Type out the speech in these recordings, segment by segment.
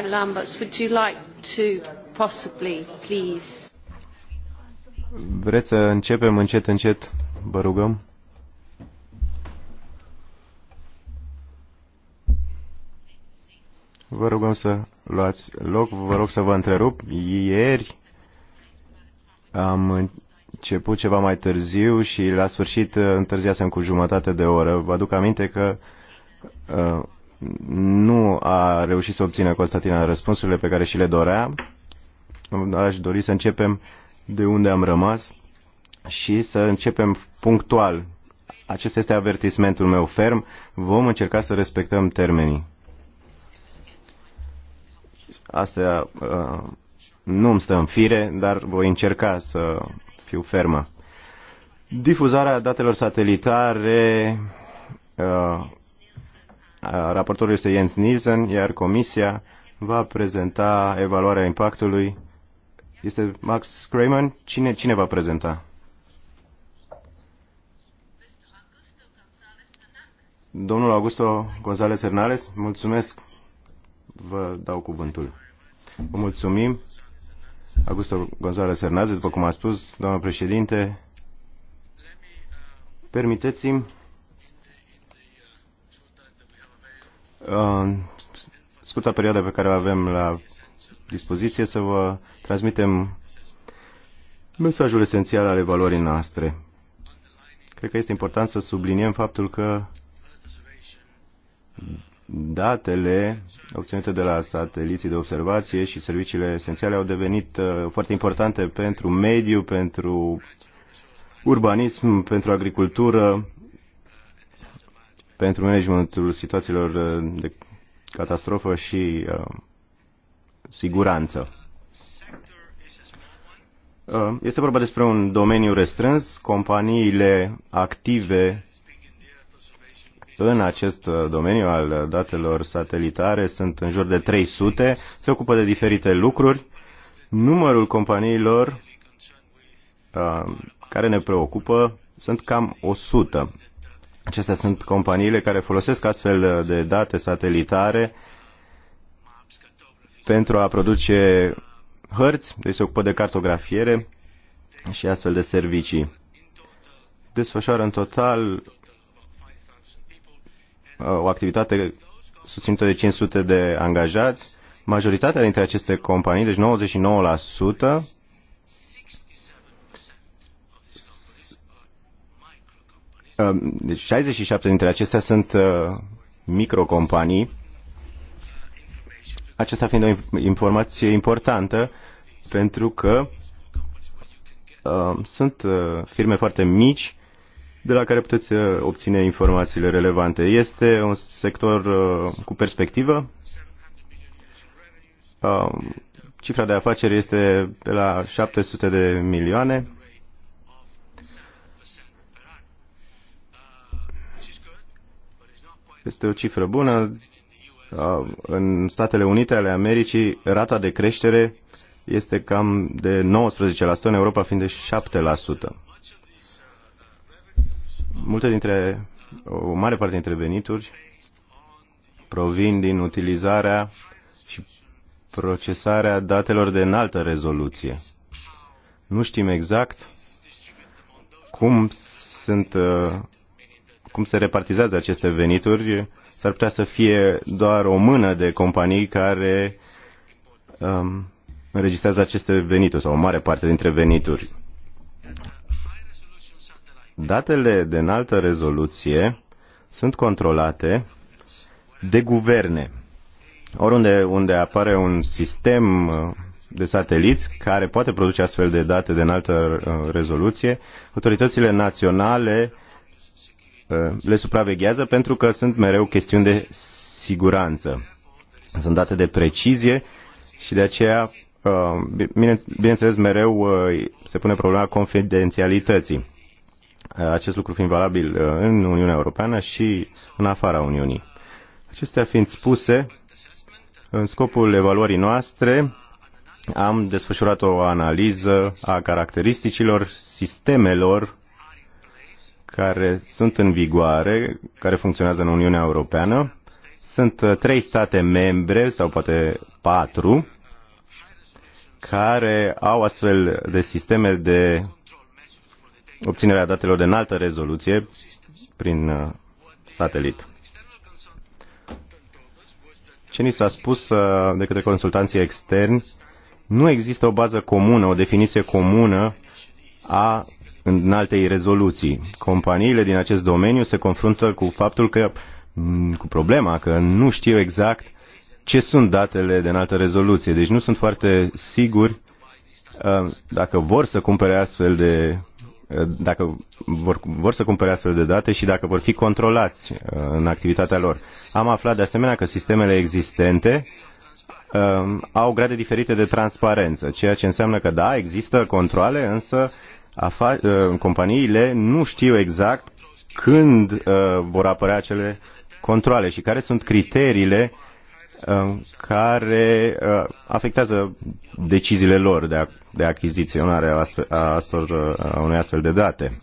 Lamberts, would you like to possibly, please? Vreți să începem încet, încet? Vă rugăm. Vă rugăm să luați loc, vă rog să vă întrerup. Ieri am început ceva mai târziu și la sfârșit întârziasem cu jumătate de oră. Vă aduc aminte că uh, nu a reușit să obțină Constantina răspunsurile pe care și le dorea. Aș dori să începem de unde am rămas și să începem punctual. Acesta este avertismentul meu ferm. Vom încerca să respectăm termenii. Asta uh, nu îmi stă în fire, dar voi încerca să fiu fermă. Difuzarea datelor satelitare uh, Raportorul este Jens Nielsen, iar comisia va prezenta evaluarea impactului. Este Max Kramer. Cine, cine va prezenta? Domnul Augusto González Hernández, mulțumesc. Vă dau cuvântul. Vă mulțumim. Augusto González Hernández, după cum a spus, doamnă președinte, permiteți-mi Uh, scurta perioadă pe care o avem la dispoziție să vă transmitem mesajul esențial al valorii noastre. Cred că este important să subliniem faptul că datele obținute de la sateliții de observație și serviciile esențiale au devenit uh, foarte importante pentru mediu, pentru urbanism, pentru agricultură, pentru managementul situațiilor uh, de catastrofă și uh, siguranță. Uh, este vorba despre un domeniu restrâns. Companiile active în acest uh, domeniu al datelor satelitare sunt în jur de 300, se ocupă de diferite lucruri. Numărul companiilor uh, care ne preocupă sunt cam 100. Acestea sunt companiile care folosesc astfel de date satelitare pentru a produce hărți, deci se ocupă de cartografiere și astfel de servicii. Desfășoară în total uh, o activitate susținută de 500 de angajați. Majoritatea dintre aceste companii, deci 99%, Um, deci 67 dintre acestea sunt uh, microcompanii. Aceasta fiind o informație importantă pentru că um, sunt uh, firme foarte mici de la care puteți uh, obține informațiile relevante. Este un sector cu perspectivă. Um, cifra de afaceri este pe la 700 de milioane Este o cifră bună. În Statele Unite ale Americii, rata de creștere este cam de 19%, în Europa fiind de 7%. Multe dintre, o mare parte dintre venituri provin din utilizarea și procesarea datelor de înaltă rezoluție. Nu știm exact cum sunt uh, cum se repartizează aceste venituri, s-ar putea să fie doar o mână de companii care um, înregistrează aceste venituri sau o mare parte dintre venituri. Datele de înaltă rezoluție sunt controlate de guverne. Oriunde unde apare un sistem uh, de sateliți care poate produce astfel de date de înaltă uh, rezoluție, autoritățile naționale Uh, le supraveghează pentru că sunt mereu chestiuni de siguranță. Sunt date de precizie și de aceea, uh, bine, bineînțeles, mereu uh, se pune problema confidențialității. Acest lucru fiind valabil în Uniunea Europeană și în afara Uniunii. Acestea fiind spuse, în scopul evaluării noastre, am desfășurat o analiză a caracteristicilor sistemelor care sunt în vigoare, care funcționează în Uniunea Europeană. Sunt uh, trei state membre, sau poate patru, care au astfel de sisteme de obținerea datelor de înaltă rezoluție prin uh, satelit. Ce ni s-a spus uh, de către consultanții externi, nu există o bază comună, o definiție comună a în altei rezoluții. Companiile din acest domeniu se confruntă cu faptul că, mm, cu problema că nu știu exact ce sunt datele de înaltă rezoluție. Deci nu sunt foarte siguri uh, dacă vor să cumpere astfel de uh, dacă vor, vor să cumpere astfel de date și dacă vor fi controlați uh, în activitatea lor. Am aflat de asemenea că sistemele existente au grade diferite de transparență, ceea ce înseamnă că da, există controle, însă Uh, companiile nu știu exact când uh, vor apărea acele controle și care sunt criteriile uh, care afectează deciziile lor de, a, de achiziționare a, astfel, a, astfel, a unei astfel de date.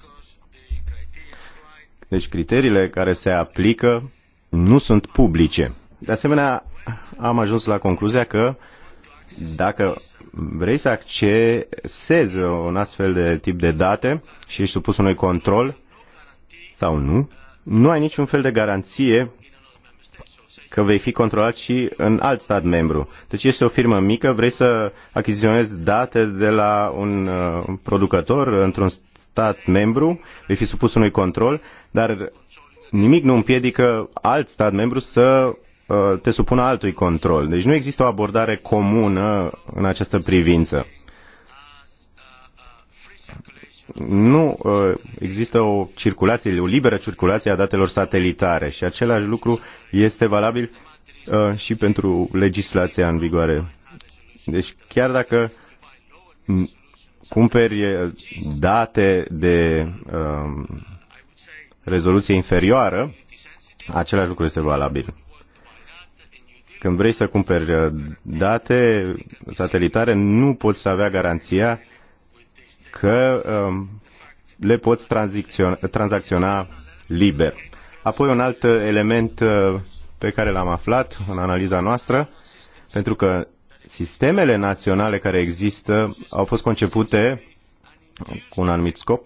Deci criteriile care se aplică nu sunt publice. De asemenea, am ajuns la concluzia că dacă vrei să accesezi un astfel de tip de date și ești supus unui control sau nu, nu ai niciun fel de garanție că vei fi controlat și în alt stat membru. Deci este o firmă mică, vrei să achiziționezi date de la un uh, producător într-un stat membru, vei fi supus unui control, dar nimic nu împiedică alt stat membru să Uh, te supună altui control. Deci nu există o abordare comună în această privință. Nu uh, există o circulație, o liberă circulație a datelor satelitare și același lucru este valabil uh, și pentru legislația în vigoare. Deci chiar dacă cumperi date de rezoluție inferioară, același lucru este valabil. Când vrei să cumperi uh, date satelitare, nu poți să avea garanția că um, le poți tranzacționa liber. Apoi un alt uh, element uh, pe care l-am aflat în analiza noastră, pentru că sistemele naționale care există au fost concepute cu un anumit scop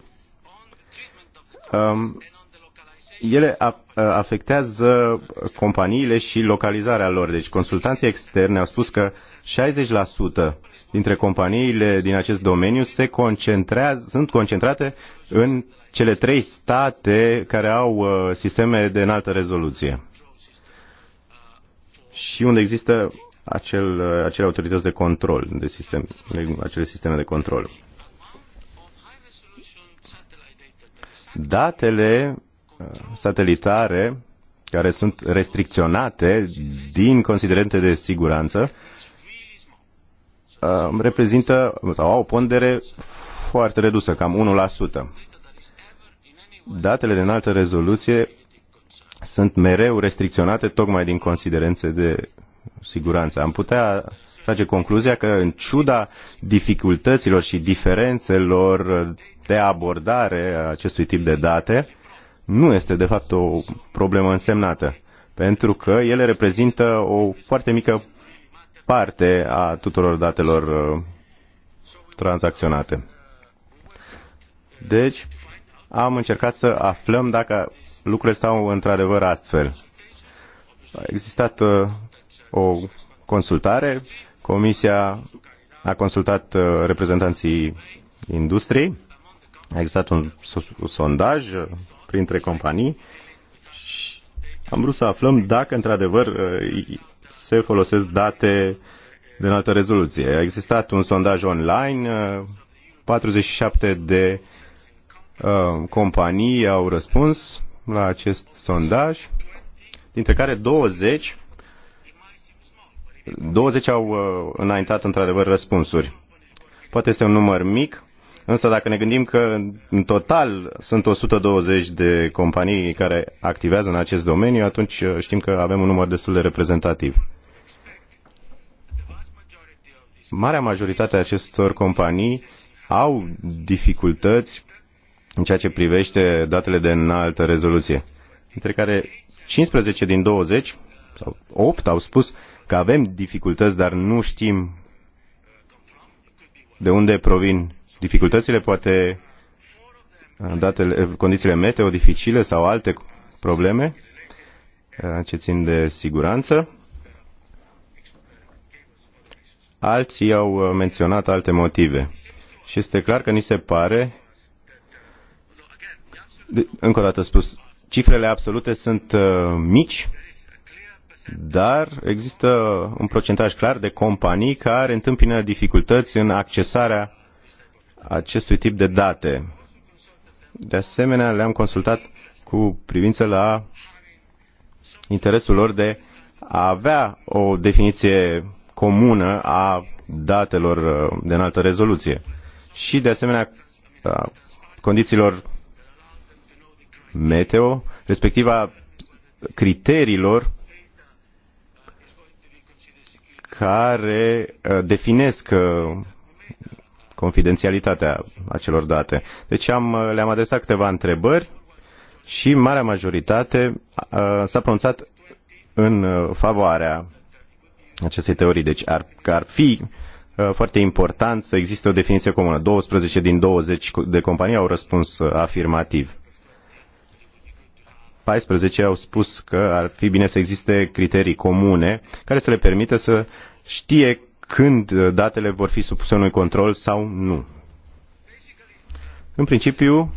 um, ele uh, afectează companiile și localizarea lor. Deci consultanții externe au spus că 60% dintre companiile din acest domeniu se concentrează, sunt concentrate în cele trei state care au uh, sisteme de înaltă rezoluție și unde există acel, uh, acele autorități de control, de sistem, acele sisteme de control. Datele Uh, satelitare care sunt restricționate din considerente de siguranță uh, reprezintă sau au o pondere foarte redusă, cam 1%. Datele de înaltă rezoluție sunt mereu restricționate tocmai din considerențe de siguranță. Am putea trage concluzia că în ciuda dificultăților și diferențelor de abordare a acestui tip de date, nu este de fapt o problemă însemnată, pentru că ele reprezintă o foarte mică parte a tuturor datelor uh, tranzacționate. Deci, am încercat să aflăm dacă lucrurile stau într-adevăr astfel. A existat uh, o consultare, comisia a consultat uh, reprezentanții industriei, a existat un sondaj printre companii și am vrut să aflăm dacă într-adevăr uh, se folosesc date de înaltă rezoluție. A existat un sondaj online, 47 uh, de uh, companii au răspuns la acest sondaj, dintre care 20 20 au înaintat într-adevăr răspunsuri. Poate este un număr mic, Însă dacă ne gândim că în total sunt 120 de companii care activează în acest domeniu, atunci uh, știm că avem un număr destul de reprezentativ. Marea majoritate a acestor companii au dificultăți în ceea ce privește datele de înaltă rezoluție, între care 15 din 20 sau 8 au spus că avem dificultăți, dar nu știm de unde provin dificultățile, poate uh, datele, uh, condițiile meteo dificile sau alte probleme uh, ce țin de siguranță. Alții au menționat alte motive. Și este clar că ni se pare, încă o dată spus, cifrele absolute sunt mici, dar există un procentaj clar de companii care întâmpină dificultăți în accesarea acestui tip de date. De asemenea, le-am consultat cu privință la interesul lor de a avea o definiție comună a datelor uh, de înaltă rezoluție și, de asemenea, a uh, condițiilor meteo, respectiv a criteriilor care uh, definesc confidențialitatea acelor date. Deci am, le-am adresat câteva întrebări și marea majoritate s-a pronunțat în uh, favoarea acestei teorii. Deci ar, ar fi uh, foarte important să existe o definiție comună. 12 din 20 de companii au răspuns uh, afirmativ. 14 au spus că ar fi bine să existe criterii comune care să le permită să știe când uh, datele vor fi supuse unui control sau nu. În principiu,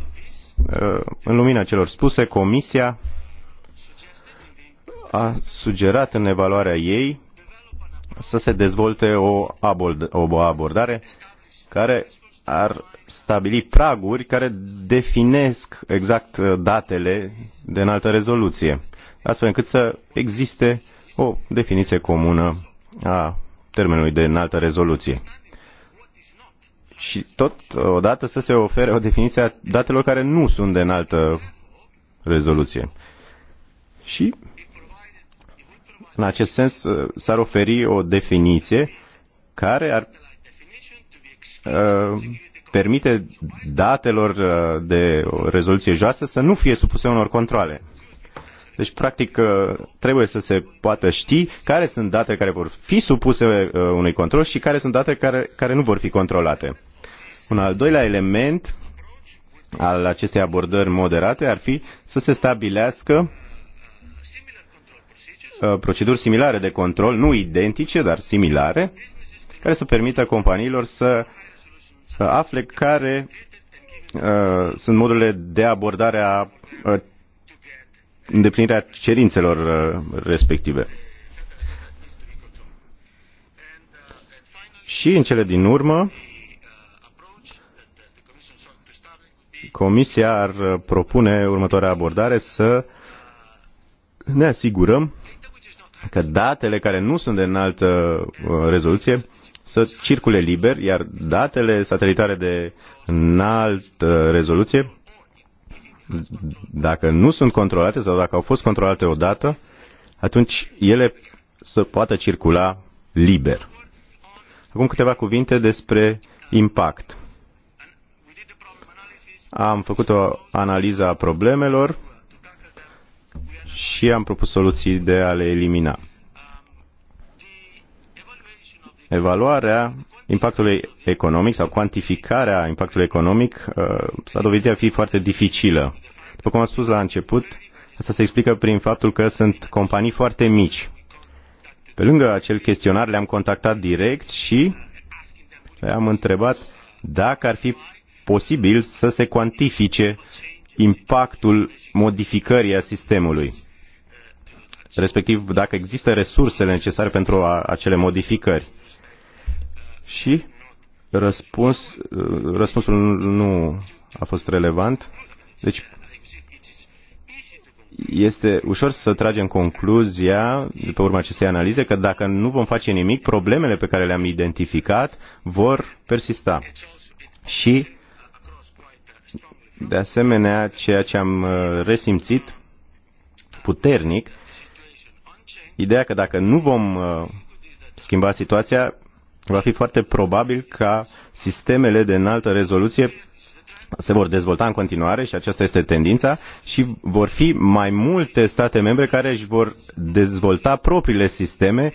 uh, în lumina celor spuse, Comisia a sugerat în evaluarea ei să se dezvolte o abordare care ar stabili praguri care definesc exact uh, datele de înaltă rezoluție, astfel încât să existe o definiție comună a termenului de înaltă rezoluție. Și tot odată să se ofere o definiție a datelor care nu sunt de înaltă rezoluție. Și în acest sens s-ar oferi o definiție care ar uh, permite datelor uh, de rezoluție joasă să nu fie supuse unor controle. Deci, practic, uh, trebuie să se poată ști care sunt datele care vor fi supuse uh, unui control și care sunt datele care, care nu vor fi controlate. Un al doilea element al acestei abordări moderate ar fi să se stabilească uh, proceduri similare de control, nu identice, dar similare, care să permită companiilor să afle care uh, sunt modurile de abordare a uh, îndeplinirea cerințelor uh, respective. Și în cele din urmă, Comisia ar uh, propune următoarea abordare să ne asigurăm că datele care nu sunt de înaltă uh, rezoluție să circule liber, iar datele satelitare de înaltă rezoluție dacă nu sunt controlate sau dacă au fost controlate odată, atunci ele să poată circula liber. Acum câteva cuvinte despre impact. Am făcut o analiză a problemelor și am propus soluții de a le elimina. Evaluarea impactului economic sau cuantificarea impactului economic uh, s-a dovedit a fi foarte dificilă. După cum am spus la început, asta se explică prin faptul că sunt companii foarte mici. Pe lângă acel chestionar le-am contactat direct și le-am întrebat dacă ar fi posibil să se cuantifice impactul modificării a sistemului, respectiv dacă există resursele necesare pentru a, acele modificări și răspuns, răspunsul nu a fost relevant. Deci este ușor să tragem concluzia, după urma acestei analize, că dacă nu vom face nimic, problemele pe care le-am identificat vor persista. Și, de asemenea, ceea ce am uh, resimțit puternic, ideea că dacă nu vom uh, schimba situația, va fi foarte probabil ca sistemele de înaltă rezoluție se vor dezvolta în continuare și aceasta este tendința și vor fi mai multe state membre care își vor dezvolta propriile sisteme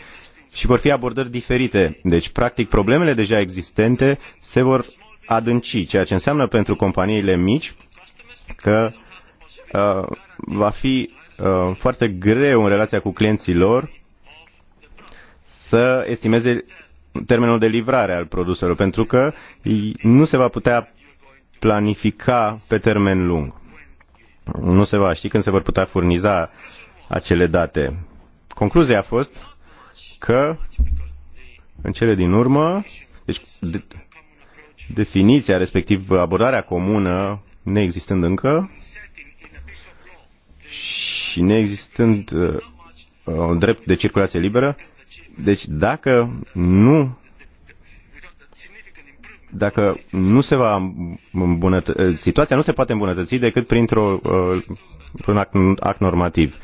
și vor fi abordări diferite. Deci, practic, problemele deja existente se vor adânci, ceea ce înseamnă pentru companiile mici că uh, va fi uh, foarte greu în relația cu clienții lor să estimeze termenul de livrare al produselor, pentru că nu se va putea planifica pe termen lung. Nu se va ști când se vor putea furniza acele date. Concluzia a fost că în cele din urmă, deci de, definiția, respectiv abordarea comună, neexistând încă și neexistând uh, un drept de circulație liberă, deci dacă nu dacă nu se va îmbunătăți, situația nu se poate îmbunătăți decât printr-o, uh, un act, act normativ.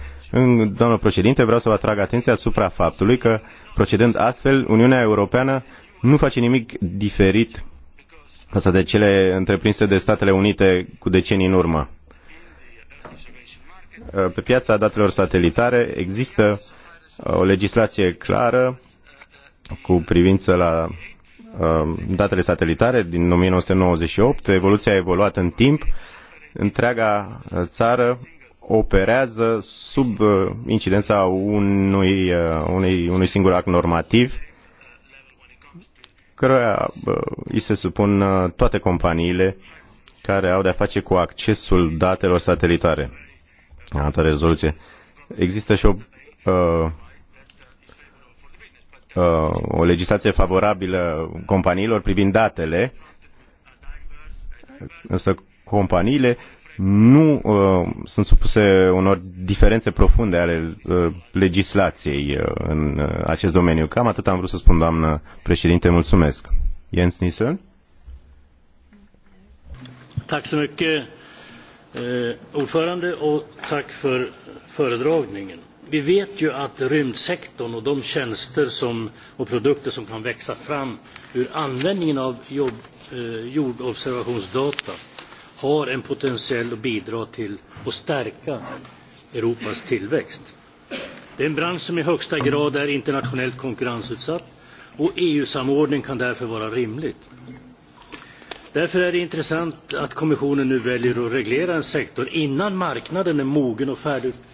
Domnul președinte, vreau să vă atrag atenția asupra faptului că, procedând astfel, Uniunea Europeană nu face nimic diferit față de cele întreprinse de Statele Unite cu decenii în urmă. Uh, pe piața datelor satelitare există uh, o legislație clară cu privință la um, datele satelitare din 1998. Evoluția a evoluat în timp. Întreaga uh, țară operează sub uh, incidența unui, uh, unui, unui singur act normativ căruia îi se supun toate companiile care au de-a face cu accesul datelor satelitare. Altă rezoluție. Există și o uh, Uh, o legislație favorabilă companiilor privind datele, însă companiile nu uh, sunt supuse unor diferențe profunde ale uh, legislației uh, în uh, acest domeniu. Cam atât am vrut să spun, doamnă președinte, mulțumesc. Jens Nissen? Tack så mycket, eh, ordförande, och tack för föredragningen vi vet ju att rymdsektorn och de tjänster som, och produkter som kan växa fram ur användningen av jobb, eh, jordobservationsdata har en potential att bidra till att stärka Europas tillväxt. Det är en bransch som i högsta grad är internationellt konkurrensutsatt och EU-samordning kan därför vara rimligt. Därför är det intressant att kommissionen nu väljer att reglera en sektor innan marknaden är mogen och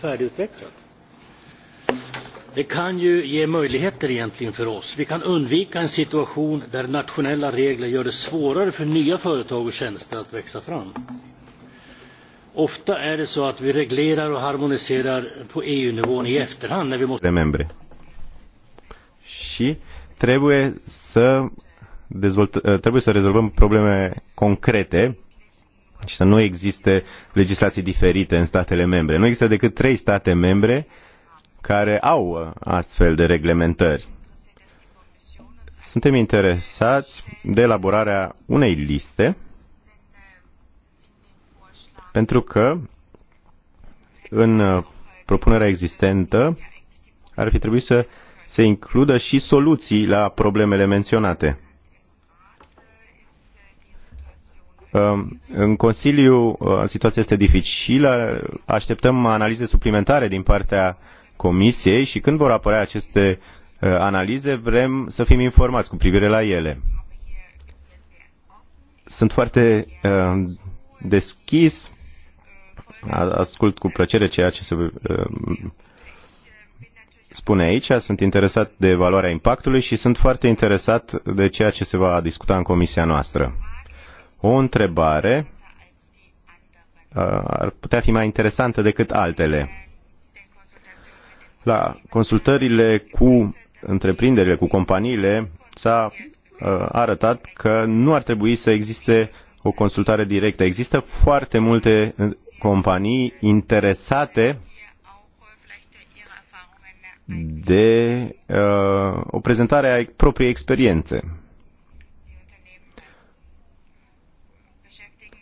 färdigutvecklad. Det kan ju ge möjligheter egentligen för oss. Vi kan undvika en situation där nationella regler gör det svårare för nya företag och tjänster att växa fram. Ofta är det så att vi reglerar och harmoniserar på EU-nivån i efterhand när vi måste... Membre. Și trebuie să, dezvolt, ă, trebuie să rezolvăm probleme concrete și să nu existe legislații diferite în statele membre. Nu există decât trei state membre uh, care au uh, astfel de reglementări. Suntem interesați de elaborarea unei liste pentru că în uh, propunerea existentă ar fi trebuit să se includă și soluții la problemele menționate. Um, în Consiliu uh, situația este dificilă, așteptăm analize suplimentare din partea Comisiei și când vor apărea aceste uh, analize, vrem să fim informați cu privire la ele. Sunt foarte uh, deschis, ascult cu plăcere ceea ce se uh, spune aici, sunt interesat de evaluarea impactului și sunt foarte interesat de ceea ce se va discuta în comisia noastră. O întrebare uh, ar putea fi mai interesantă decât altele la consultările cu întreprinderile, cu companiile, s-a uh, arătat că nu ar trebui să existe o consultare directă. Există foarte multe uh, companii interesate de uh, o prezentare a propriei experiențe.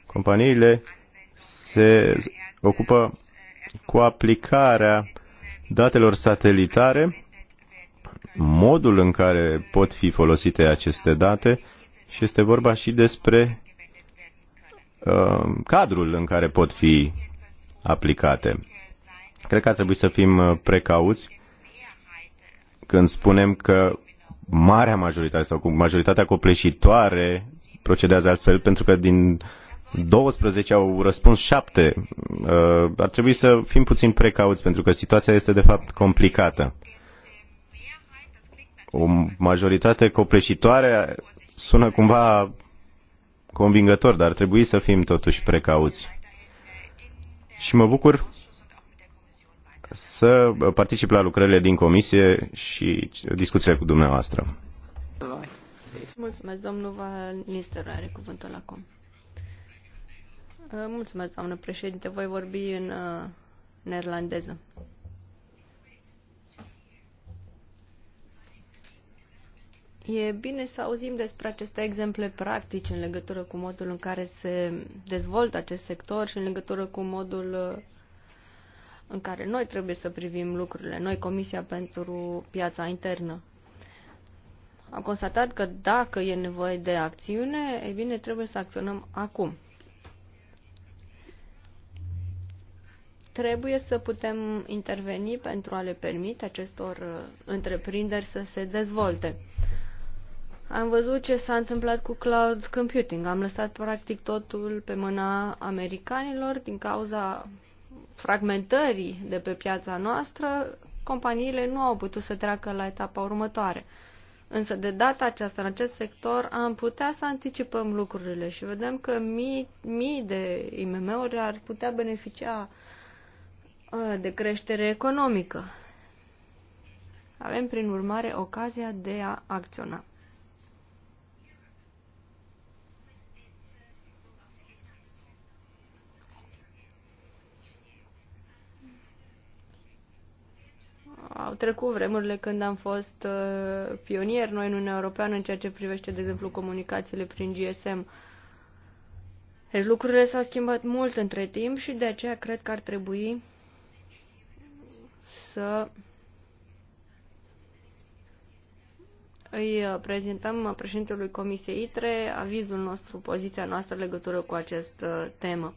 Companiile se ocupă cu aplicarea datelor satelitare, modul în care pot fi folosite aceste date și este vorba și despre uh, cadrul în care pot fi aplicate. Cred că ar trebui să fim uh, precauți când spunem că marea majoritate sau majoritatea copleșitoare procedează astfel pentru că din 12 au răspuns 7. Uh, ar trebui să fim puțin precauți pentru că situația este de fapt complicată. O majoritate copleșitoare sună cumva convingător, dar ar trebui să fim totuși precauți. Și mă bucur să particip la lucrările din comisie și discuțiile cu dumneavoastră. Mulțumesc, domnul Van are cuvântul acum. Uh, mulțumesc, doamnă președinte. Voi vorbi uh, în neerlandeză. E bine să auzim despre aceste exemple practice în legătură cu modul în care se dezvoltă acest sector și în legătură cu modul uh, în care noi trebuie să privim lucrurile, noi Comisia pentru Piața Internă. Am constatat că dacă e nevoie de acțiune, e bine, trebuie să acționăm acum. Trebuie să putem interveni pentru a le permite acestor uh, întreprinderi să se dezvolte. Am văzut ce s-a întâmplat cu cloud computing. Am lăsat practic totul pe mâna americanilor din cauza fragmentării de pe piața noastră. Companiile nu au putut să treacă la etapa următoare. Însă de data aceasta, în acest sector, am putea să anticipăm lucrurile și vedem că mii, mii de IMM-uri ar putea beneficia de creștere economică. Avem, prin urmare, ocazia de a acționa. Au trecut vremurile când am fost uh, pionier noi în Uniunea Europeană în ceea ce privește, de exemplu, comunicațiile prin GSM. Deci lucrurile s-au schimbat mult între timp și de aceea cred că ar trebui să îi prezentăm președintelui Comisiei ITRE avizul nostru, poziția noastră legătură cu această uh, temă.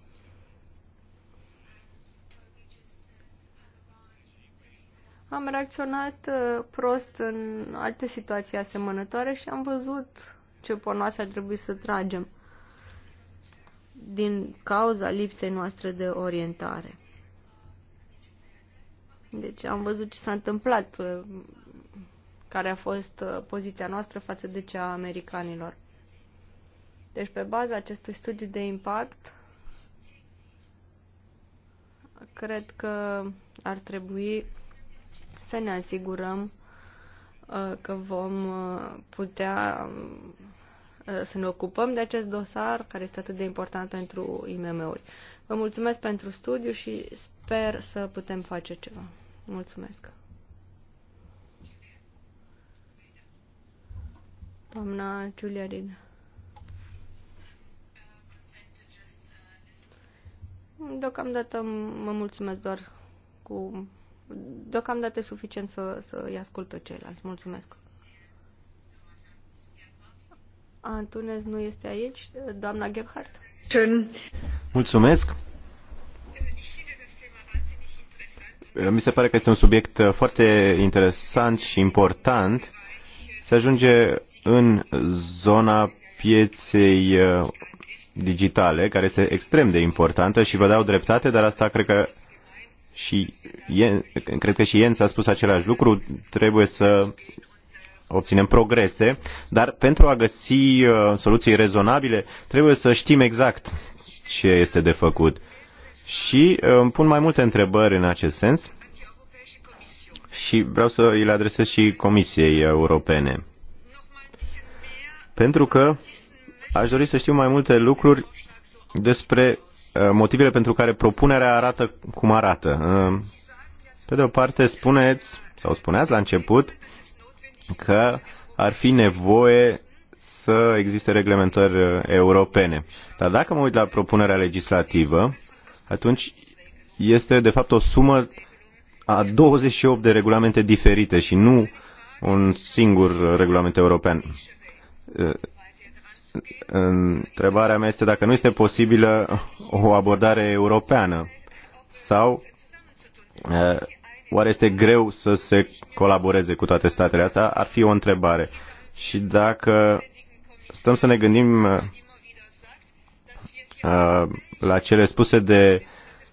Am reacționat uh, prost în alte situații asemănătoare și am văzut ce pornoase ar trebui să tragem din cauza lipsei noastre de orientare. Deci am văzut ce s-a întâmplat, uh, care a fost uh, poziția noastră față de cea a americanilor. Deci pe baza acestui studiu de impact, cred că ar trebui să ne asigurăm uh, că vom putea să ne ocupăm de acest dosar care este atât de important pentru IMM-uri. Vă mulțumesc pentru studiu și sper să putem face ceva. Mulțumesc. Doamna Rin. Deocamdată mă mulțumesc doar cu... Deocamdată e suficient să, să îi ascult pe ceilalți. Mulțumesc. Antunes nu este aici. Doamna Gebhardt? Mulțumesc. Mi se pare că este un subiect uh, foarte interesant și important. Se ajunge în zona pieței uh, digitale, care este extrem de importantă și vă dau dreptate, dar asta cred că și Ien, cred că și Jens a spus același lucru, trebuie să obținem progrese, dar pentru a găsi uh, soluții rezonabile trebuie să știm exact ce este de făcut și uh, îmi pun mai multe întrebări în acest sens și vreau să îi le adresez și Comisiei Europene. Pentru că aș dori să știu mai multe lucruri despre uh, motivele pentru care propunerea arată cum arată. Uh, pe de o parte spuneți, sau spuneați la început, că ar fi nevoie să existe reglementări europene. Dar dacă mă uit la propunerea legislativă, atunci este de fapt o sumă a 28 de regulamente diferite și nu un singur regulament european. Întrebarea mea este dacă nu este posibilă o abordare europeană sau oare este greu să se colaboreze cu toate statele? Asta ar fi o întrebare. Și dacă stăm să ne gândim la cele spuse de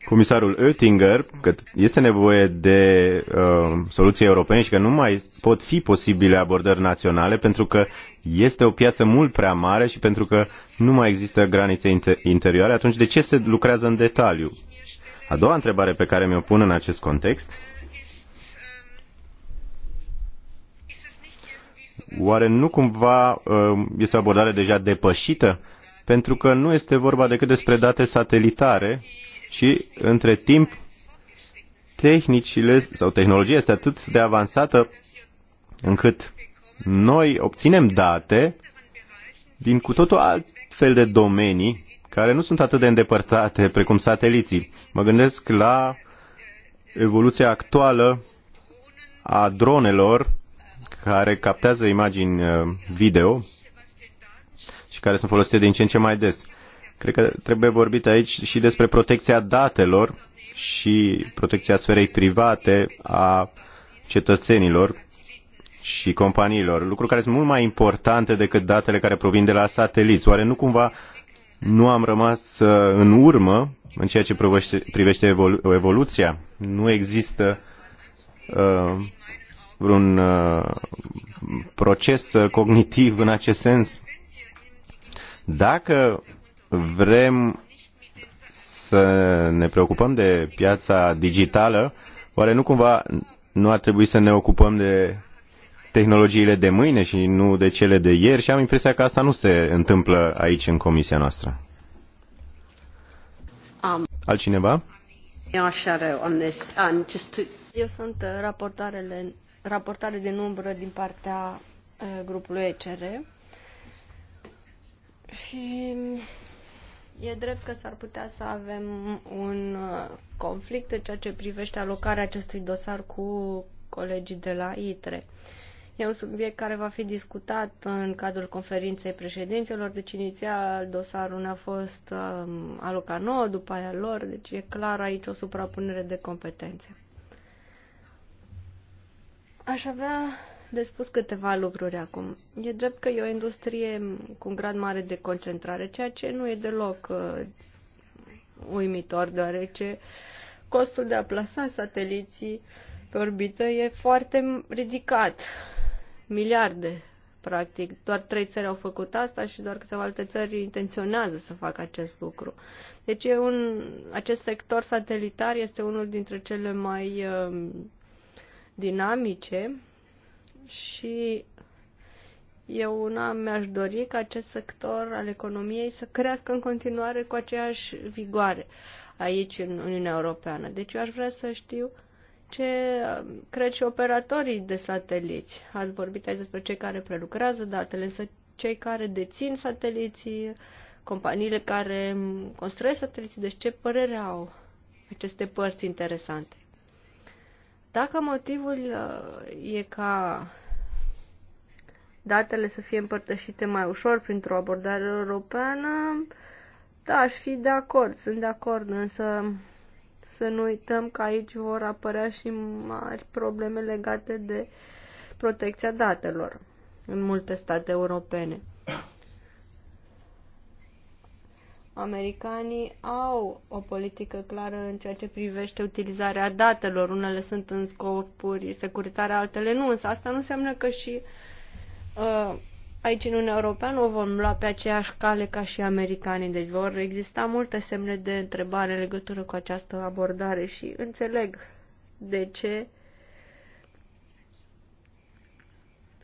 comisarul Oettinger că este nevoie de uh, soluții europene și că nu mai pot fi posibile abordări naționale pentru că este o piață mult prea mare și pentru că nu mai există granițe inter- interioare, atunci de ce se lucrează în detaliu? A doua întrebare pe care mi-o pun în acest context Oare nu cumva uh, este o abordare deja depășită pentru că nu este vorba decât despre date satelitare și, între timp, tehnicile sau tehnologia este atât de avansată încât noi obținem date din cu totul alt fel de domenii care nu sunt atât de îndepărtate precum sateliții. Mă gândesc la evoluția actuală a dronelor care captează imagini uh, video care sunt folosite din ce în ce mai des. Cred că trebuie vorbit aici și despre protecția datelor și protecția sferei private a cetățenilor și companiilor, lucruri care sunt mult mai importante decât datele care provin de la sateliți. Oare nu cumva nu am rămas uh, în urmă în ceea ce privește evolu evoluția? Nu există uh, vreun uh, proces uh, cognitiv în acest sens? Dacă vrem să ne preocupăm de piața digitală, oare nu cumva nu ar trebui să ne ocupăm de tehnologiile de mâine și nu de cele de ieri și am impresia că asta nu se întâmplă aici în comisia noastră. Um, Altcineva? Um, Eu sunt uh, raportarele, raportare de numbră din partea uh, grupului ECR și e drept că s-ar putea să avem un uh, conflict în ceea ce privește alocarea acestui dosar cu colegii de la ITRE. E un subiect care va fi discutat în cadrul conferinței președinților, deci inițial dosarul ne-a fost um, alocat nouă, după aia lor, deci e clar aici o suprapunere de competențe. Aș avea de spus câteva lucruri acum. E drept că e o industrie cu un grad mare de concentrare, ceea ce nu e deloc uh, uimitor, deoarece costul de a plasa sateliții pe orbită e foarte ridicat. Miliarde, practic. Doar trei țări au făcut asta și doar câteva alte țări intenționează să facă acest lucru. Deci e un, acest sector satelitar este unul dintre cele mai uh, dinamice și eu una mi-aș dori ca acest sector al economiei să crească în continuare cu aceeași vigoare aici în Uniunea Europeană. Deci eu aș vrea să știu ce cred și operatorii de sateliți. Ați vorbit aici despre cei care prelucrează datele, însă cei care dețin sateliții, companiile care construiesc sateliții, deci ce părere au aceste părți interesante. Dacă motivul uh, e ca datele să fie împărtășite mai ușor printr-o abordare europeană, da, aș fi de acord, sunt de acord, însă să nu uităm că aici vor apărea și mari probleme legate de protecția datelor în multe state europene. americanii au o politică clară în ceea ce privește utilizarea datelor. Unele sunt în scopuri securitare, altele nu, însă asta nu înseamnă că și uh, aici în Uniunea Europeană o vom lua pe aceeași cale ca și americanii. Deci vor exista multe semne de întrebare în legătură cu această abordare și înțeleg de ce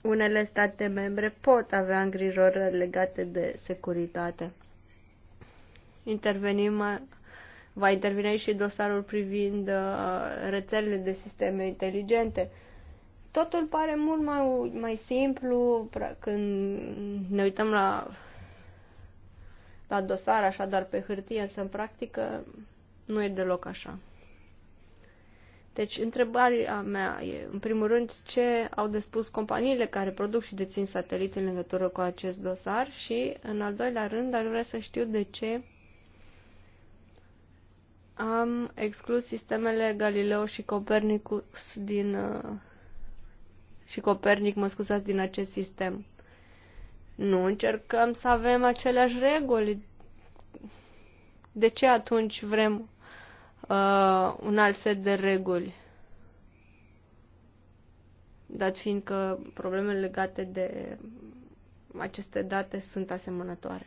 unele state membre pot avea îngrijorări legate de securitate intervenim, va interveni și dosarul privind uh, rețelele de sisteme inteligente. Totul pare mult mai, mai simplu când ne uităm la, la dosar, așa, dar pe hârtie, însă în practică nu e deloc așa. Deci, întrebarea mea e, în primul rând, ce au de spus companiile care produc și dețin sateliți în legătură cu acest dosar și, în al doilea rând, aș vrea să știu de ce am exclus sistemele Galileo și Copernicus din uh, și Copernic, mă scuzați, din acest sistem. Nu încercăm să avem aceleași reguli. De ce atunci vrem uh, un alt set de reguli? Dat fiindcă problemele legate de aceste date sunt asemănătoare.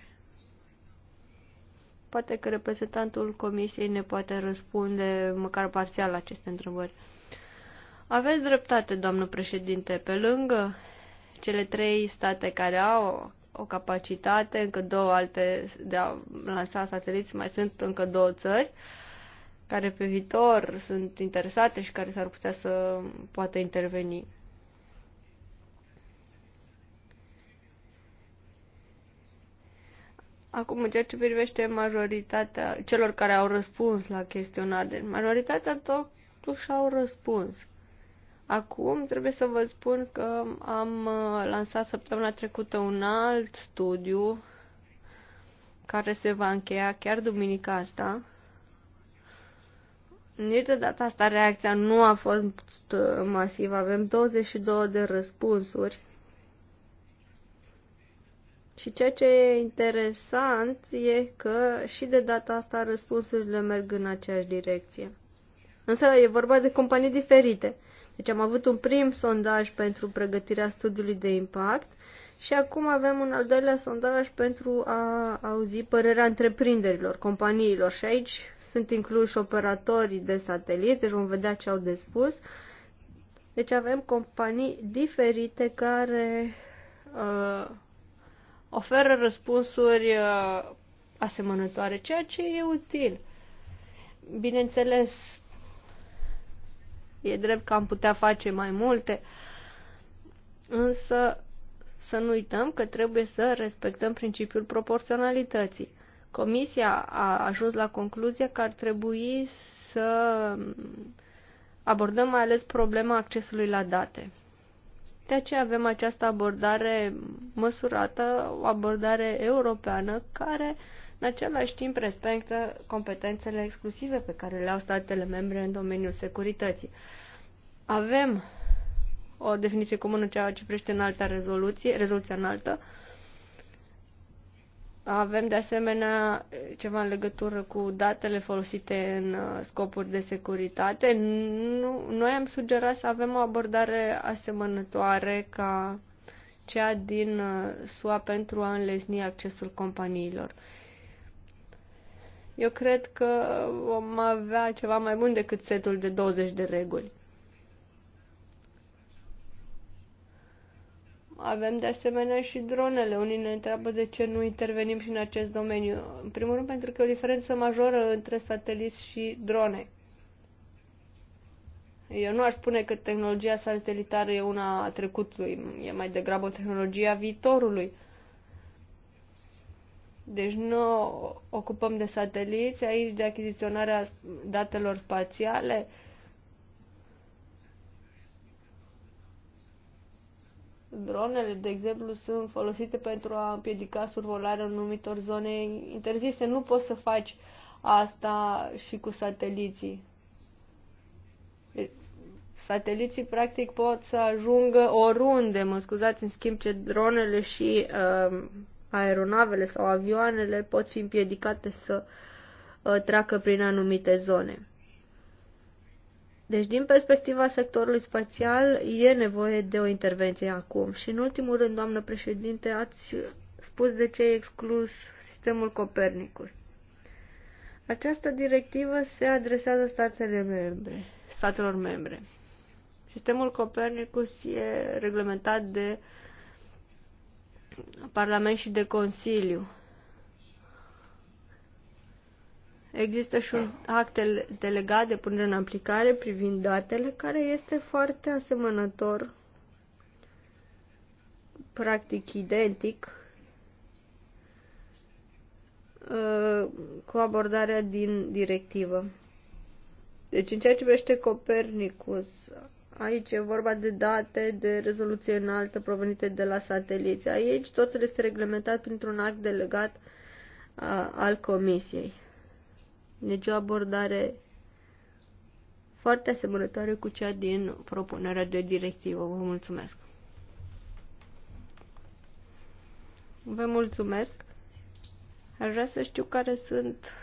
Poate că reprezentantul comisiei ne poate răspunde măcar parțial la aceste întrebări. Aveți dreptate, doamnă președinte, pe lângă cele trei state care au o capacitate, încă două alte de a lansa sateliți, mai sunt încă două țări care pe viitor sunt interesate și care s-ar putea să poată interveni. Acum, în ceea ce privește majoritatea celor care au răspuns la chestionar, deci majoritatea totuși au răspuns. Acum trebuie să vă spun că am uh, lansat săptămâna trecută un alt studiu care se va încheia chiar duminica asta. Nici de data asta reacția nu a fost uh, masivă. Avem 22 de răspunsuri și ceea ce e interesant e că și de data asta răspunsurile merg în aceeași direcție. Însă e vorba de companii diferite. Deci am avut un prim sondaj pentru pregătirea studiului de impact și acum avem un al doilea sondaj pentru a auzi părerea întreprinderilor, companiilor și aici sunt incluși operatorii de satelit. deci vom vedea ce au de spus. Deci avem companii diferite care uh, oferă răspunsuri uh, asemănătoare, ceea ce e util. Bineînțeles, e drept că am putea face mai multe, însă să nu uităm că trebuie să respectăm principiul proporționalității. Comisia a ajuns la concluzia că ar trebui să abordăm mai ales problema accesului la date. De aceea avem această abordare măsurată, o abordare europeană care în același timp respectă competențele exclusive pe care le au statele membre în domeniul securității. Avem o definiție comună ceea ce privește în alta rezoluție, rezoluția înaltă, avem de asemenea ceva în legătură cu datele folosite în uh, scopuri de securitate. Nu, noi am sugerat să avem o abordare asemănătoare ca cea din uh, SUA pentru a înlesni accesul companiilor. Eu cred că vom avea ceva mai bun decât setul de 20 de reguli. Avem de asemenea și dronele. Unii ne întreabă de ce nu intervenim și în acest domeniu. În primul rând pentru că e o diferență majoră între sateliți și drone. Eu nu aș spune că tehnologia satelitară e una a trecutului, e mai degrabă tehnologia viitorului. Deci nu ocupăm de sateliți, aici de achiziționarea datelor spațiale, uh, Dronele, de exemplu, sunt folosite pentru a împiedica survolarea anumitor zone interzise. Nu poți să faci asta și cu sateliții. Sateliții, practic, pot să ajungă oriunde, mă scuzați, în schimb ce dronele și uh, aeronavele sau avioanele pot fi împiedicate să uh, treacă prin anumite zone. Deci, din perspectiva sectorului spațial, e nevoie de o intervenție acum. Și, în ultimul rând, doamnă președinte, ați spus de ce e exclus sistemul Copernicus. Această directivă se adresează statele membre, statelor membre. Sistemul Copernicus e reglementat de Parlament și de Consiliu. Există și un act delegat de punere în aplicare privind datele, care este foarte asemănător, practic identic, uh, cu abordarea din directivă. Deci, în ceea ce privește Copernicus, aici e vorba de date de rezoluție înaltă provenite de la sateliți. Aici totul este reglementat printr-un act delegat uh, al Comisiei. Deci o abordare foarte asemănătoare cu cea din propunerea de directivă. Vă mulțumesc! Vă mulțumesc! Aș vrea să știu care sunt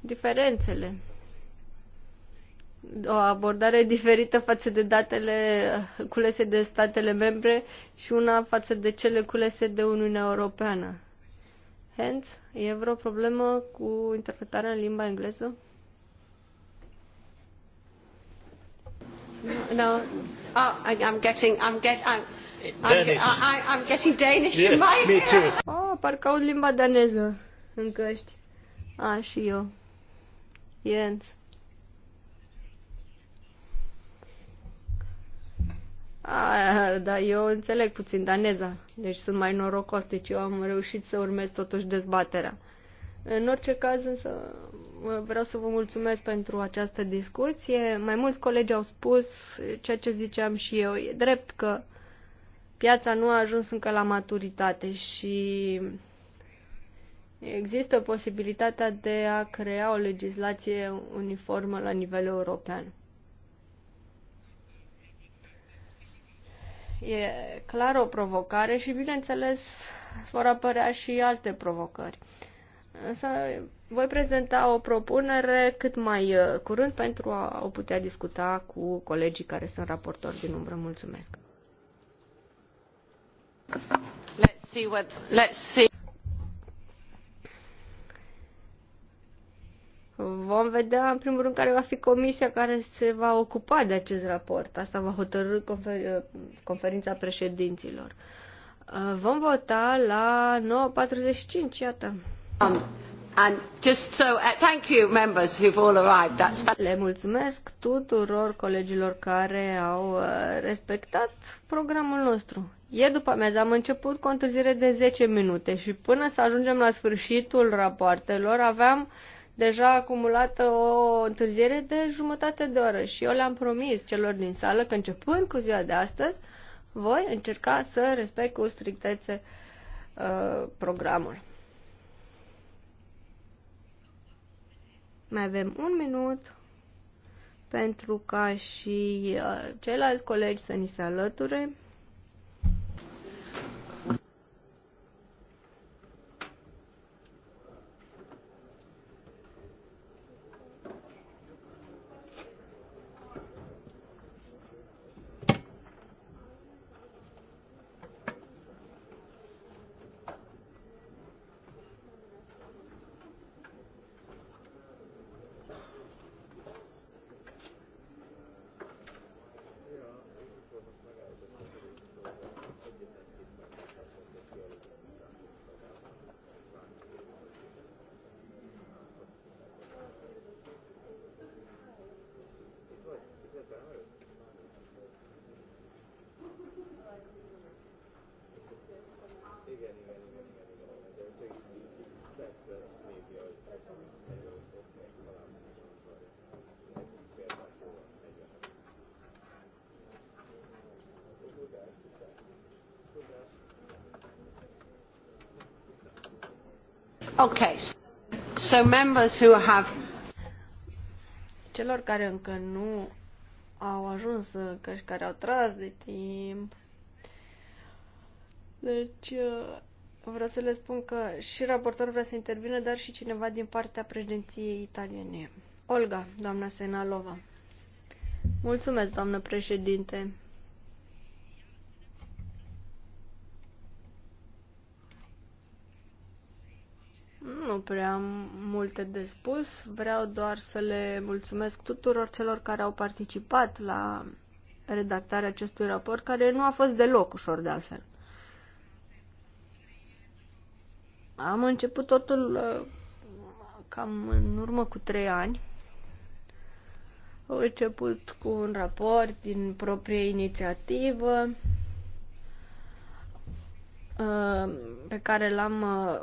diferențele. O abordare diferită față de datele culese de statele membre și una față de cele culese de Uniunea Europeană. Hands, e vreo problemă cu interpretarea în limba engleză? No. no. Oh, I, I'm getting, I'm getting, I'm, I'm, get, I'm getting Danish yes, in my me too. Oh, parcă aud limba daneză în căști. A, ah, și eu. Jens. A, da, eu înțeleg puțin daneza, deci sunt mai norocos, deci eu am reușit să urmez totuși dezbaterea. În orice caz, însă, vreau să vă mulțumesc pentru această discuție. Mai mulți colegi au spus ceea ce ziceam și eu. E drept că piața nu a ajuns încă la maturitate și există posibilitatea de a crea o legislație uniformă la nivel european. E clar o provocare și, bineînțeles, vor apărea și alte provocări. Însă voi prezenta o propunere cât mai uh, curând pentru a o putea discuta cu colegii care sunt raportori din umbră. Mulțumesc! Let's see what, let's see. Vom vedea, în primul rând, care va fi comisia care se va ocupa de acest raport. Asta va hotărâ confer- conferința președinților. Uh, vom vota la 9.45, iată. Um, and just so, uh, thank you members who've all arrived. That's Le mulțumesc tuturor colegilor care au uh, respectat programul nostru. Ieri după amiază am început cu o întârziere de 10 minute și până să ajungem la sfârșitul rapoartelor aveam deja acumulată o întârziere de jumătate de oră și eu le-am promis celor din sală că începând cu ziua de astăzi voi încerca să respect cu strictețe uh, programul. Mai avem un minut pentru ca și uh, ceilalți colegi să ni se alăture. Okay. So members who have celor care încă nu au ajuns, că și care au tras de timp. Deci, uh, vreau să le spun că și raportorul vrea să intervină, dar și cineva din partea președinției italiene. Olga, doamna Senalova. Mulțumesc, doamnă președinte. nu prea am multe de spus. Vreau doar să le mulțumesc tuturor celor care au participat la redactarea acestui raport, care nu a fost deloc ușor de altfel. Am început totul uh, cam în urmă cu trei ani. am început cu un raport din proprie inițiativă uh, pe care l-am uh,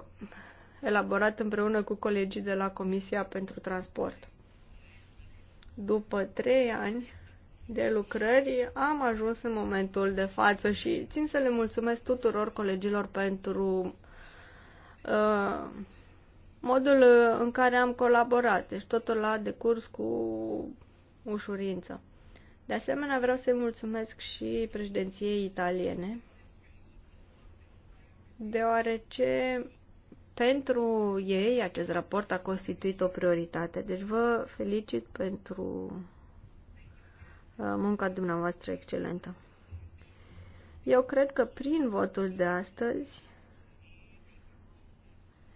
elaborat împreună cu colegii de la Comisia pentru Transport. După trei ani de lucrări am ajuns în momentul de față și țin să le mulțumesc tuturor colegilor pentru uh, modul în care am colaborat. Deci totul a decurs cu ușurință. De asemenea, vreau să-i mulțumesc și președinției italiene, deoarece pentru ei acest raport a constituit o prioritate. Deci vă felicit pentru uh, munca dumneavoastră excelentă. Eu cred că prin votul de astăzi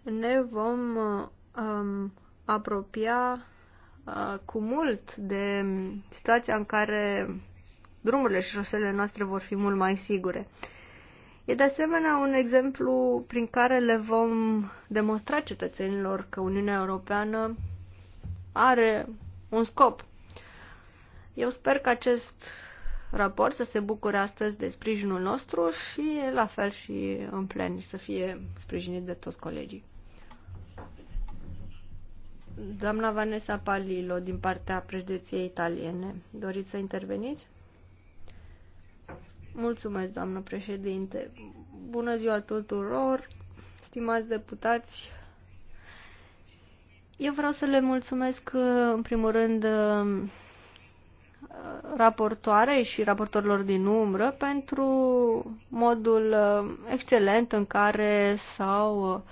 ne vom uh, um, apropia uh, cu mult de situația în care drumurile și șoselele noastre vor fi mult mai sigure. E de asemenea un exemplu prin care le vom demonstra cetățenilor că Uniunea Europeană are un scop. Eu sper că acest raport să se bucure astăzi de sprijinul nostru și la fel și în plen și să fie sprijinit de toți colegii. Doamna Vanessa Palilo, din partea președinției italiene, doriți să interveniți? Mulțumesc, doamnă președinte. Bună ziua tuturor, stimați deputați. Eu vreau să le mulțumesc, în primul rând, raportoare și raportorilor din umbră pentru modul excelent în care s-au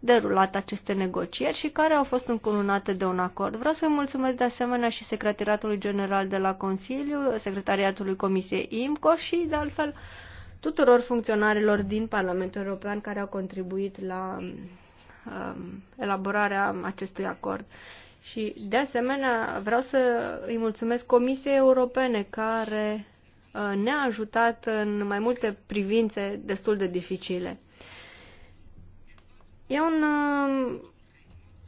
derulat aceste negocieri și care au fost încununate de un acord. Vreau să mulțumesc de asemenea și Secretariatului General de la Consiliu, Secretariatului Comisiei IMCO și, de altfel, tuturor funcționarilor din Parlamentul European care au contribuit la um, elaborarea acestui acord. Și, de asemenea, vreau să îi mulțumesc Comisiei Europene care uh, ne-a ajutat în mai multe privințe destul de dificile. E un um,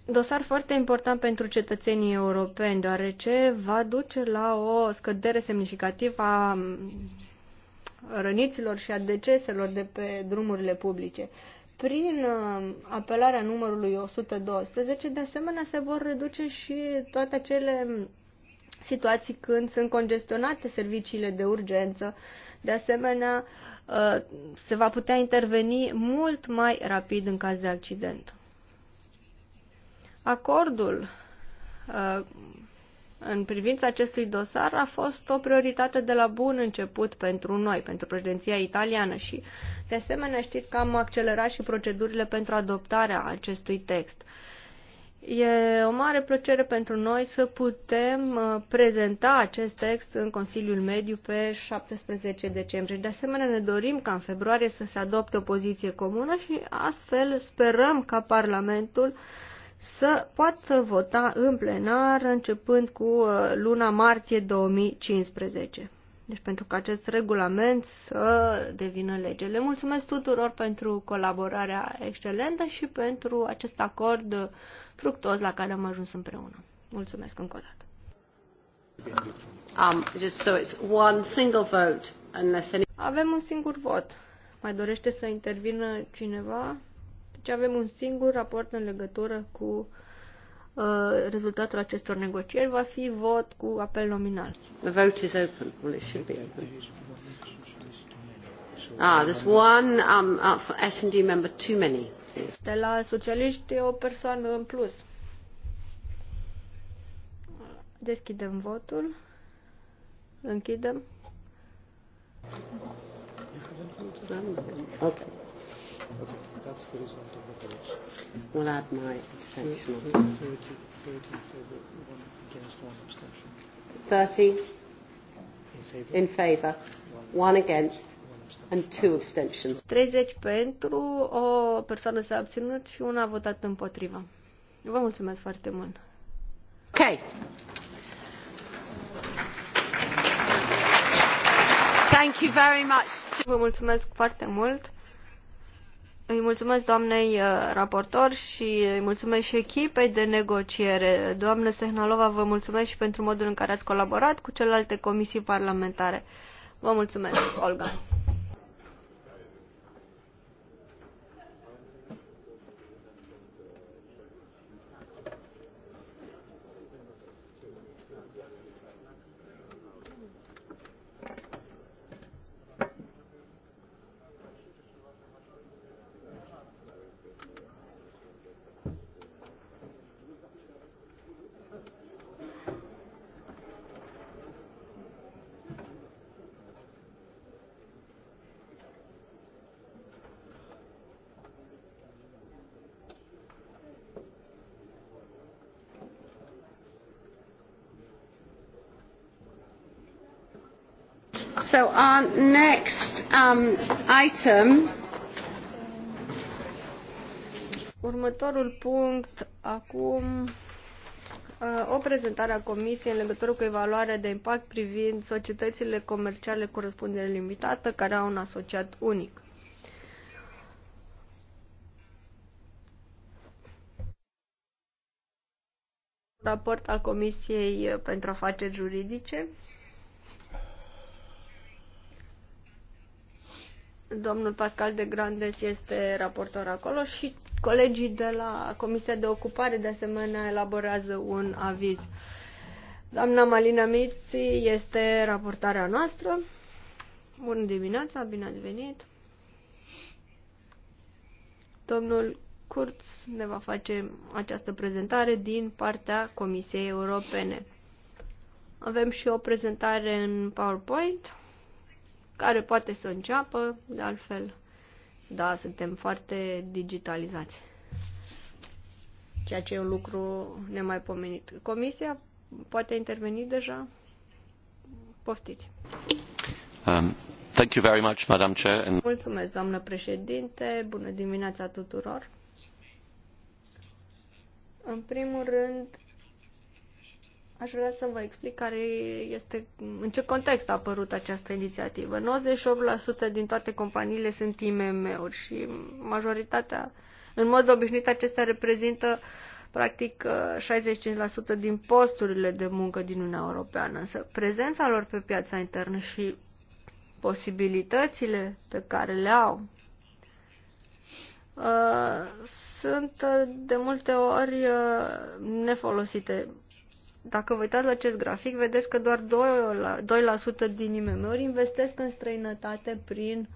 dosar foarte important pentru cetățenii europeni, deoarece va duce la o scădere semnificativă a um, răniților și a deceselor de pe drumurile publice. Prin um, apelarea numărului 112, de asemenea, se vor reduce și toate acele situații când sunt congestionate serviciile de urgență. De asemenea, uh, Uh, se va putea interveni mult mai rapid în caz de accident. Acordul uh, în privința acestui dosar a fost o prioritate de la bun început pentru noi, pentru președinția italiană și, de asemenea, știți că am accelerat și procedurile pentru adoptarea acestui text. Uh, E o mare plăcere pentru noi să putem uh, prezenta acest text în Consiliul Mediu pe 17 decembrie. De asemenea, ne dorim ca în februarie să se adopte o poziție comună și astfel sperăm ca Parlamentul să poată vota în plenar începând cu uh, luna martie 2015. Deci pentru că acest regulament să devină lege. Le mulțumesc tuturor pentru colaborarea excelentă și pentru acest acord fructos la care am ajuns împreună. Mulțumesc încă o dată. Um, just so it's one single vote, unless any... Avem un singur vot. Mai dorește să intervină cineva? Deci avem un singur raport în legătură cu Uh, rezultatul acestor negocieri va fi vot cu apel nominal. The vote is open. Well, it should be open. Ah, there's one um, uh, S&D member too many. De la socialiști o persoană în plus. Deschidem votul. Închidem. Okay. That's the result of the vote. We'll add my abstention. 30, 30, in favour, one against, one abstention. 30 in favour, in favour one, against, and two abstentions. 30 pentru, o persoană s-a abținut și una a votat împotriva. Vă mulțumesc foarte mult. Ok. Thank you very much. Vă mulțumesc foarte mult îi mulțumesc doamnei uh, raportor și îi mulțumesc și echipei de negociere. Doamnă Sehnalova, vă mulțumesc și pentru modul în care ați colaborat cu celelalte comisii parlamentare. Vă mulțumesc, Olga. So our next um, item. Următorul punct acum uh, o prezentare a Comisiei în legătură cu evaluarea de impact privind societățile comerciale cu răspundere limitată care au un asociat unic. raport al Comisiei pentru Afaceri Juridice Domnul Pascal de Grandes este raportor acolo și colegii de la Comisia de Ocupare de asemenea elaborează un aviz. Doamna Malina Miți este raportarea noastră. Bună dimineața, bine ați venit. Domnul Curț ne va face această prezentare din partea Comisiei Europene. Avem și o prezentare în PowerPoint care poate să înceapă, de altfel, da, suntem foarte digitalizați. Ceea ce e un lucru nemaipomenit. Comisia poate interveni deja? Poftiți. Um, thank you very much, Madam Chair. And... Mulțumesc, doamnă președinte. Bună dimineața tuturor. În primul rând, Aș vrea să vă explic care este, în ce context a apărut această inițiativă. 98% din toate companiile sunt IMM-uri și majoritatea, în mod obișnuit, acestea reprezintă practic 65% din posturile de muncă din Uniunea Europeană. Însă prezența lor pe piața internă și posibilitățile pe care le au uh, sunt uh, de multe ori uh, nefolosite dacă vă uitați la acest grafic, vedeți că doar 2%, din IMM-uri investesc în străinătate prin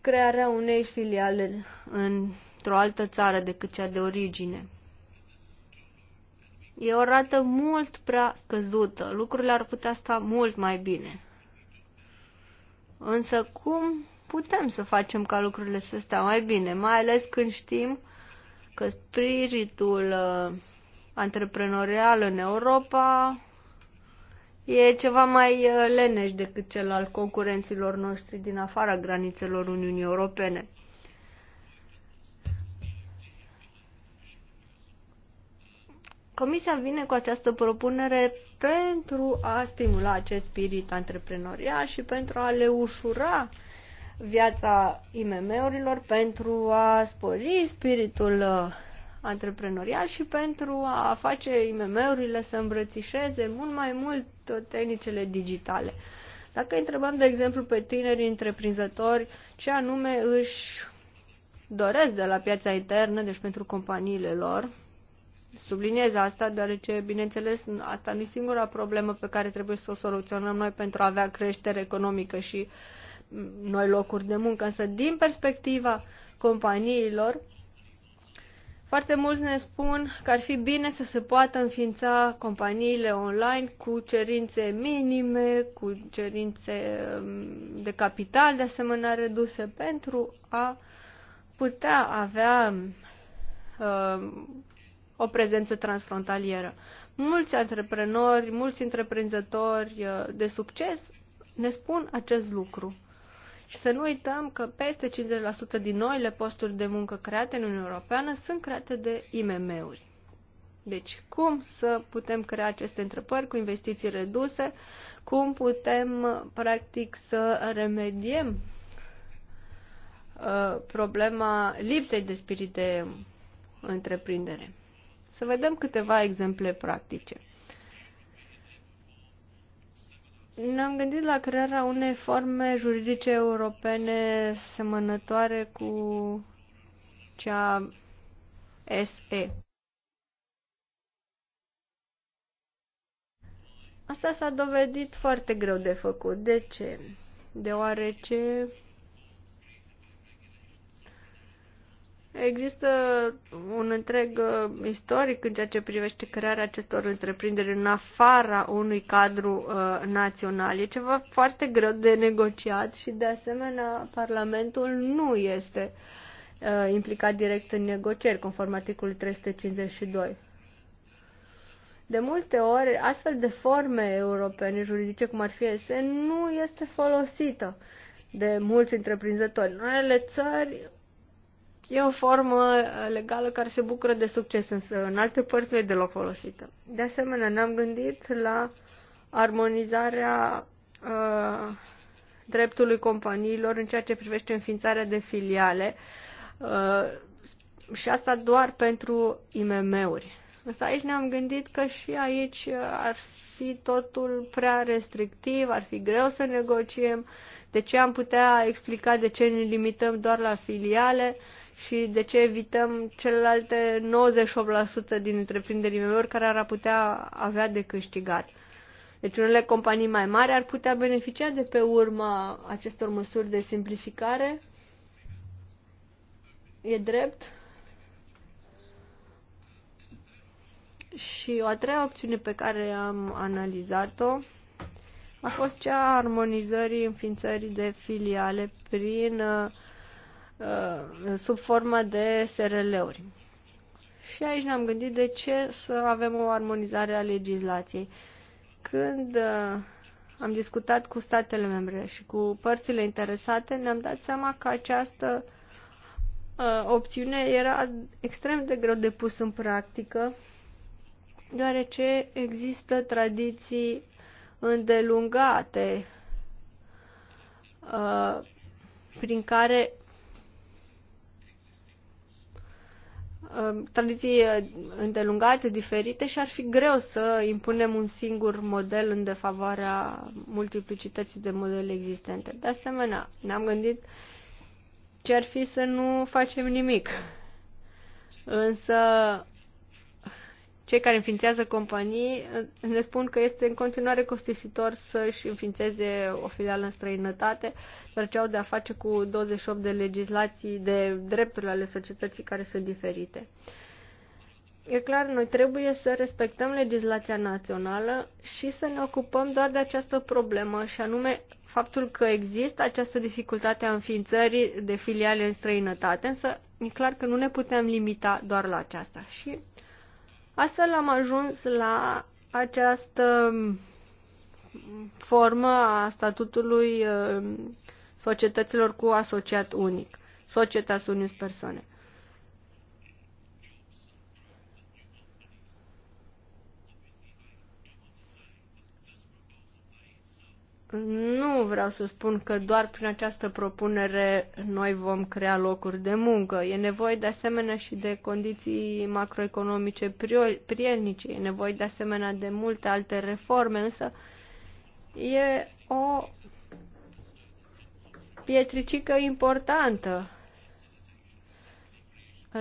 crearea unei filiale într-o altă țară decât cea de origine. E o rată mult prea căzută. Lucrurile ar putea sta mult mai bine. Însă cum putem să facem ca lucrurile să stea mai bine, mai ales când știm că spiritul uh, antreprenorial în Europa e ceva mai uh, leneș decât cel al concurenților noștri din afara granițelor Uniunii Europene. Comisia vine cu această propunere pentru a stimula acest spirit antreprenorial și pentru a le ușura viața IMM-urilor, pentru a spori spiritul uh, antreprenorial și pentru a face IMM-urile să îmbrățișeze mult mai mult tehnicele digitale. Dacă îi întrebăm, de exemplu, pe tinerii întreprinzători ce anume își doresc de la piața internă, deci pentru companiile lor, subliniez asta deoarece, bineînțeles, asta nu e singura problemă pe care trebuie să o soluționăm noi pentru a avea creștere economică și mm, noi locuri de muncă, însă din perspectiva companiilor, foarte mulți ne spun că ar fi bine să se poată înființa companiile online cu cerințe minime, cu cerințe um, de capital de asemenea reduse pentru a putea avea uh, o prezență transfrontalieră. Mulți antreprenori, mulți întreprinzători uh, de succes ne spun acest lucru. Și să nu uităm că peste 50% din noile posturi de muncă create în Uniunea Europeană sunt create de IMM-uri. Deci, cum să putem crea aceste întrebări cu investiții reduse? Cum putem, practic, să remediem uh, problema lipsei de spirit de uh, întreprindere? Să vedem câteva exemple practice. Ne-am gândit la crearea unei forme juridice europene semănătoare cu cea SE. Asta s-a dovedit foarte greu de făcut. De ce? Deoarece Există un întreg uh, istoric în ceea ce privește crearea acestor întreprinderi în afara unui cadru uh, național. E ceva foarte greu de negociat și, de asemenea, Parlamentul nu este uh, implicat direct în negocieri, conform articolului 352. De multe ori, astfel de forme europene juridice, cum ar fi este, nu este folosită de mulți întreprinzători. În unele țări, E o formă uh, legală care se bucură de succes, însă în alte părți nu e deloc folosită. De asemenea, ne-am gândit la armonizarea uh, dreptului companiilor în ceea ce privește înființarea de filiale uh, și asta doar pentru IMM-uri. Însă aici ne-am gândit că și aici uh, ar fi totul prea restrictiv, ar fi greu să negociem, de ce am putea explica de ce ne limităm doar la filiale și de ce evităm celelalte 98% din întreprinderii lor care ar putea avea de câștigat. Deci unele companii mai mari ar putea beneficia de pe urma acestor măsuri de simplificare. E drept. Și o a treia opțiune pe care am analizat-o a fost cea a armonizării înființării de filiale prin uh, Uh, sub formă de SRL-uri. Și aici ne-am gândit de ce să avem o armonizare a legislației. Când uh, am discutat cu statele membre și cu părțile interesate, ne-am dat seama că această uh, opțiune era extrem de greu de pus în practică, deoarece există tradiții îndelungate prin care Uh, tradiții uh, îndelungate, diferite și ar fi greu să impunem un singur model în defavoarea multiplicității de modele existente. De asemenea, ne-am gândit ce ar fi să nu facem nimic. Însă cei care înființează companii eh, ne spun că este în continuare costisitor să-și înființeze o filială în străinătate, ce au de-a face cu 28 de legislații, de drepturi ale societății care sunt diferite. E clar, noi trebuie să respectăm legislația națională și să ne ocupăm doar de această problemă, și anume faptul că există această dificultate a înființării de filiale în străinătate, însă e clar că nu ne putem limita doar la aceasta. Și Astfel am ajuns la această formă a statutului uh, societăților cu asociat unic, societas unius persoane. nu vreau să spun că doar prin această propunere noi vom crea locuri de muncă. E nevoie de asemenea și de condiții macroeconomice prielnice, e nevoie de asemenea de multe alte reforme, însă e o pietricică importantă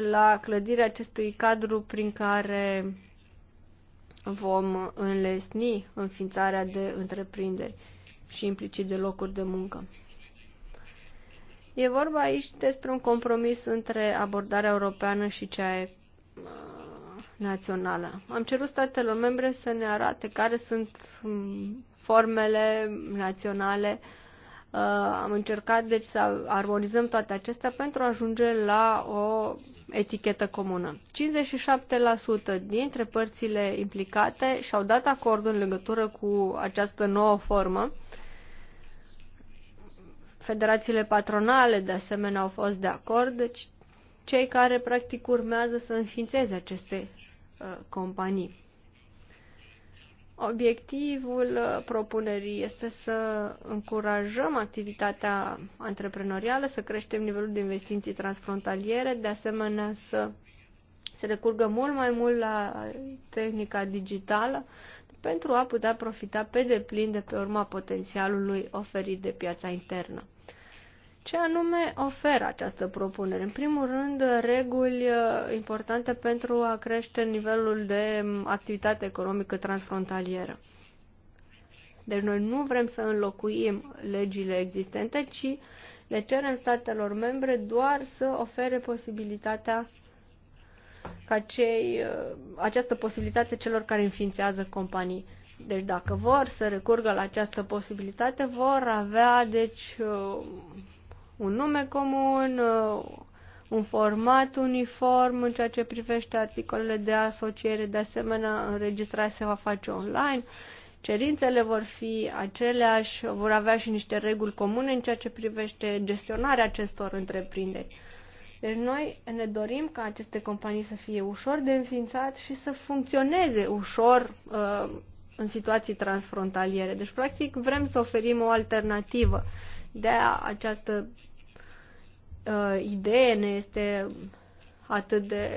la clădirea acestui cadru prin care vom înlesni înființarea de întreprinderi și implicit de locuri de muncă. E vorba aici despre un compromis între abordarea europeană și cea uh, națională. Am cerut statelor membre să ne arate care sunt um, formele naționale. Uh, am încercat deci să armonizăm toate acestea pentru a ajunge la o etichetă comună. 57% dintre părțile implicate și-au dat acord în legătură cu această nouă formă Federațiile patronale, de asemenea, au fost de acord, deci cei care, practic, urmează să înființeze aceste uh, companii. Obiectivul uh, propunerii este să încurajăm activitatea antreprenorială, să creștem nivelul de investiții transfrontaliere, de asemenea să se recurgă mult mai mult la tehnica digitală pentru a putea profita pe deplin de pe urma potențialului oferit de piața internă. Ce anume oferă această propunere? În primul rând, reguli uh, importante pentru a crește nivelul de um, activitate economică transfrontalieră. Deci noi nu vrem să înlocuim legile existente, ci le cerem statelor membre doar să ofere posibilitatea ca cei, uh, această posibilitate celor care înființează companii. Deci dacă vor să recurgă la această posibilitate, vor avea deci uh, un nume comun, uh, un format uniform în ceea ce privește articolele de asociere, de asemenea înregistrarea se va face online, cerințele vor fi aceleași, vor avea și niște reguli comune în ceea ce privește gestionarea acestor întreprinderi. Deci noi ne dorim ca aceste companii să fie ușor de înființat și să funcționeze ușor uh, în situații transfrontaliere. Deci, practic, vrem să oferim o alternativă de această uh, idee ne este atât de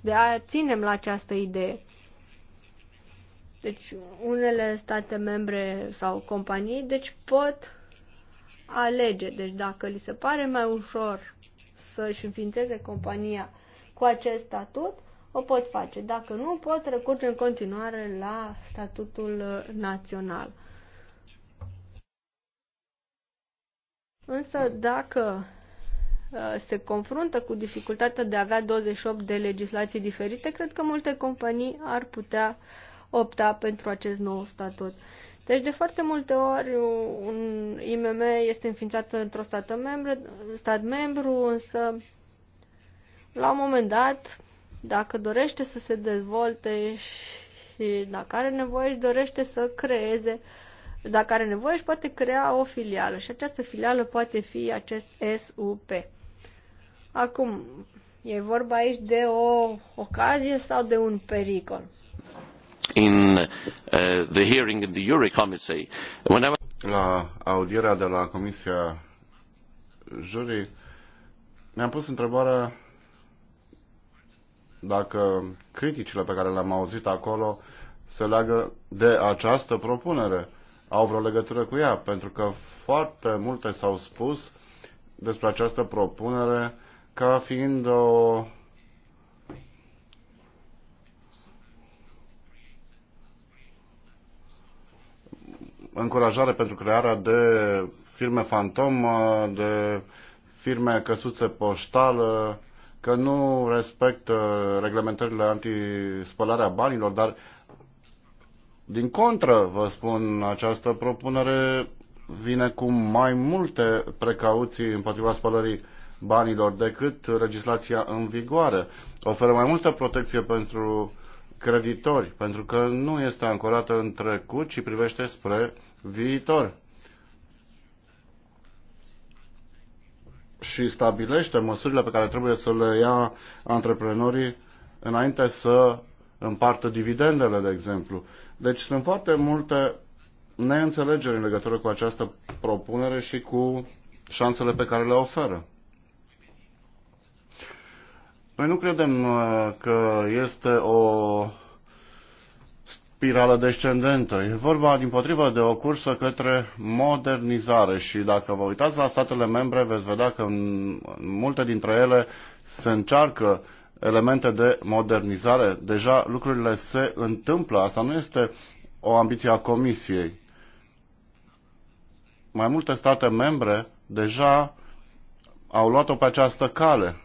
de a ținem la această idee. Deci unele state membre sau companii deci pot alege, deci dacă li se pare mai ușor să-și înființeze compania cu acest statut, o pot face. Dacă nu, pot recurge în continuare la statutul uh, național. Însă dacă uh, se confruntă cu dificultatea de a avea 28 de legislații diferite, cred că multe companii ar putea opta pentru acest nou statut. Deci, de foarte multe ori, un IMM este înființat într-o stat membru, stat membru, însă, la un moment dat, dacă dorește să se dezvolte și dacă are nevoie și dorește să creeze uh, dacă are nevoie, își poate crea o filială și această filială poate fi acest SUP. Acum, e vorba aici de o ocazie sau de un pericol? In uh, the hearing in the Euro Committee, La audierea de la Comisia Jurii, mi-am pus întrebarea dacă criticile pe care le-am auzit acolo se leagă de această propunere au vreo legătură cu ea, pentru că foarte multe s-au spus despre această propunere ca fiind o încurajare pentru crearea de firme fantom, de firme căsuțe poștală, că nu respectă reglementările anti-spălarea banilor, dar din contră, vă spun, această propunere vine cu mai multe precauții împotriva spălării banilor decât legislația în vigoare. Oferă mai multă protecție pentru creditori, pentru că nu este ancorată în trecut, ci privește spre viitor. Și stabilește măsurile pe care trebuie să le ia antreprenorii înainte să împartă dividendele, de exemplu. Deci sunt foarte multe neînțelegeri în legătură cu această propunere și cu șansele pe care le oferă. Noi nu credem uh, că este o spirală descendentă. E vorba, din potrivă, de o cursă către modernizare și dacă vă uitați la statele membre, veți vedea că în multe dintre ele se încearcă elemente de modernizare. Deja lucrurile se întâmplă. Asta nu este o ambiție a Comisiei. Mai multe state membre deja au luat-o pe această cale.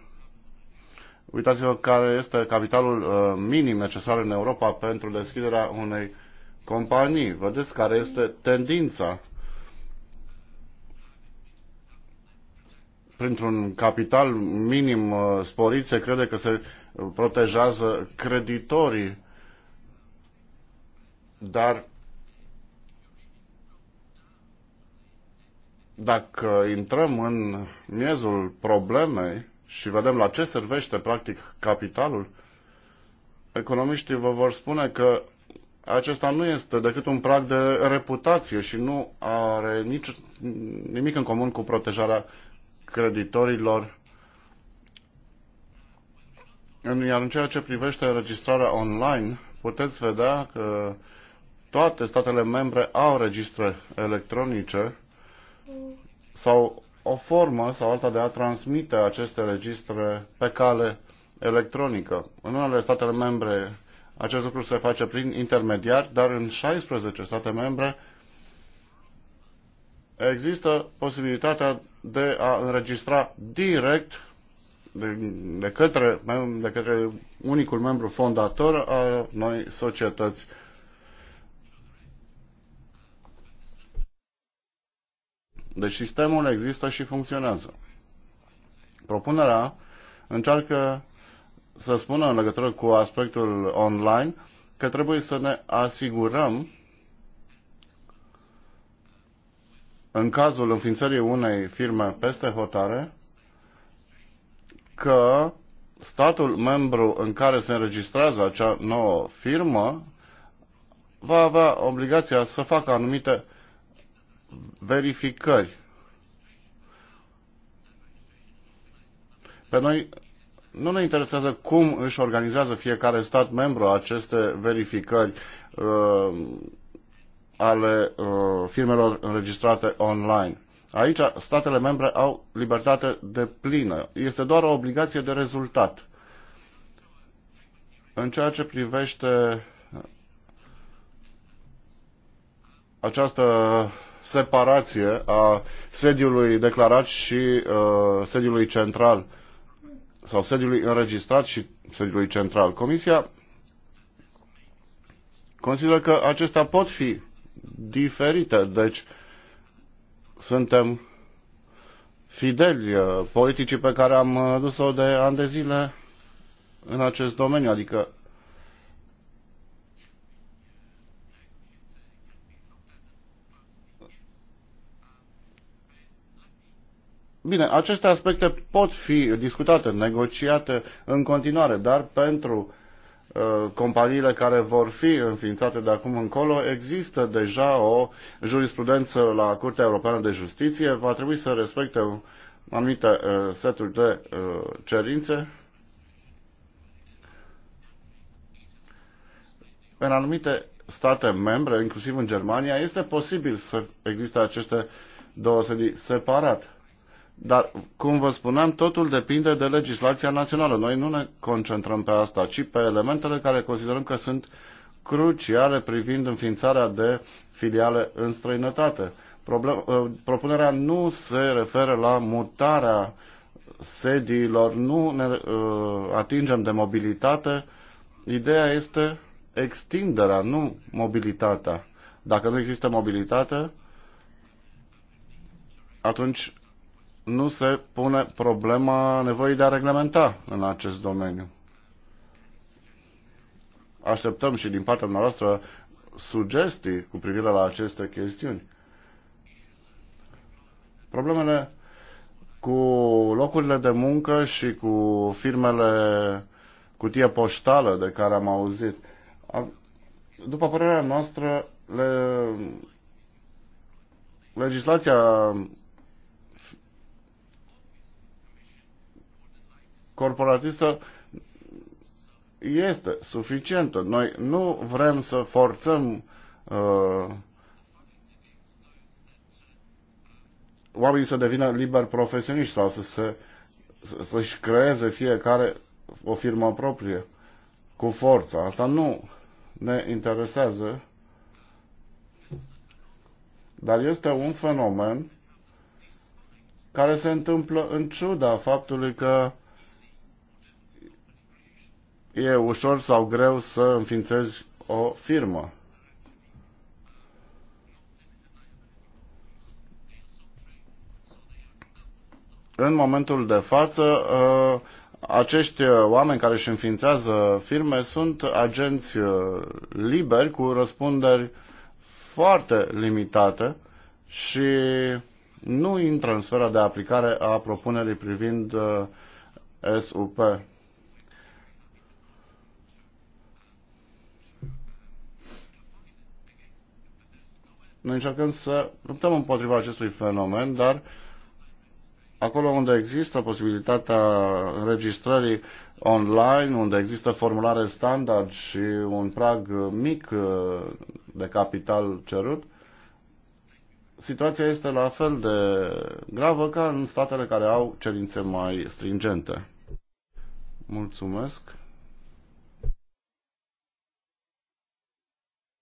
Uitați-vă care este capitalul uh, minim necesar în Europa pentru deschiderea unei companii. Vedeți care este tendința. printr-un capital minim uh, sporit se crede că se uh, protejează creditorii, dar dacă intrăm în miezul problemei și vedem la ce servește practic capitalul, economiștii vă vor spune că acesta nu este decât un prag de reputație și nu are nici, nimic în comun cu protejarea creditorilor. Iar în ceea ce privește registrarea online, puteți vedea că toate statele membre au registre electronice sau o formă sau alta de a transmite aceste registre pe cale electronică. În unele statele membre acest lucru se face prin intermediari, dar în 16 state membre există posibilitatea de a înregistra direct de, de, către, de către unicul membru fondator a noi societăți. Deci sistemul există și funcționează. Propunerea încearcă să spună în legătură cu aspectul online că trebuie să ne asigurăm în cazul înființării unei firme peste hotare că statul membru în care se înregistrează acea nouă firmă va avea obligația să facă anumite verificări. Pe noi nu ne interesează cum își organizează fiecare stat membru aceste verificări uh, ale uh, firmelor înregistrate online. Aici statele membre au libertate de plină. Este doar o obligație de rezultat. În ceea ce privește această separație a sediului declarat și uh, sediului central sau sediului înregistrat și sediului central. Comisia consideră că acestea pot fi diferite. Deci suntem fideli uh, politicii pe care am uh, dus-o de ani de zile în acest domeniu, adică Bine, aceste aspecte pot fi discutate, negociate în continuare, dar pentru Uh, companiile care vor fi înființate de acum încolo, există deja o jurisprudență la Curtea Europeană de Justiție, va trebui să respecte anumite uh, seturi de uh, cerințe. În anumite state membre, inclusiv în Germania, este posibil să existe aceste două sedii separat. Dar, cum vă spuneam, totul depinde de legislația națională. Noi nu ne concentrăm pe asta, ci pe elementele care considerăm că sunt cruciale privind înființarea de filiale în străinătate. Problem, ă, propunerea nu se referă la mutarea sediilor, nu ne uh, atingem de mobilitate. Ideea este extinderea, nu mobilitatea. Dacă nu există mobilitate, atunci nu se pune problema nevoii de a reglementa în acest domeniu. Așteptăm și din partea noastră sugestii cu privire la aceste chestiuni. Problemele cu locurile de muncă și cu firmele cutie poștală de care am auzit. După părerea noastră, le, legislația corporatistă este suficientă. Noi nu vrem să forțăm uh, oamenii să devină liberi profesioniști sau să se, să-și creeze fiecare o firmă proprie cu forța. Asta nu ne interesează, dar este un fenomen care se întâmplă în ciuda faptului că e ușor sau greu să înființezi o firmă. În momentul de față, ă, acești oameni care își înființează firme sunt agenți ă, liberi cu răspunderi foarte limitate și nu intră în sfera de aplicare a propunerii privind ă, SUP. Noi încercăm să luptăm împotriva acestui fenomen, dar acolo unde există posibilitatea înregistrării online, unde există formulare standard și un prag mic uh, de capital cerut, situația este la fel de gravă ca în statele care au cerințe mai stringente. Mulțumesc.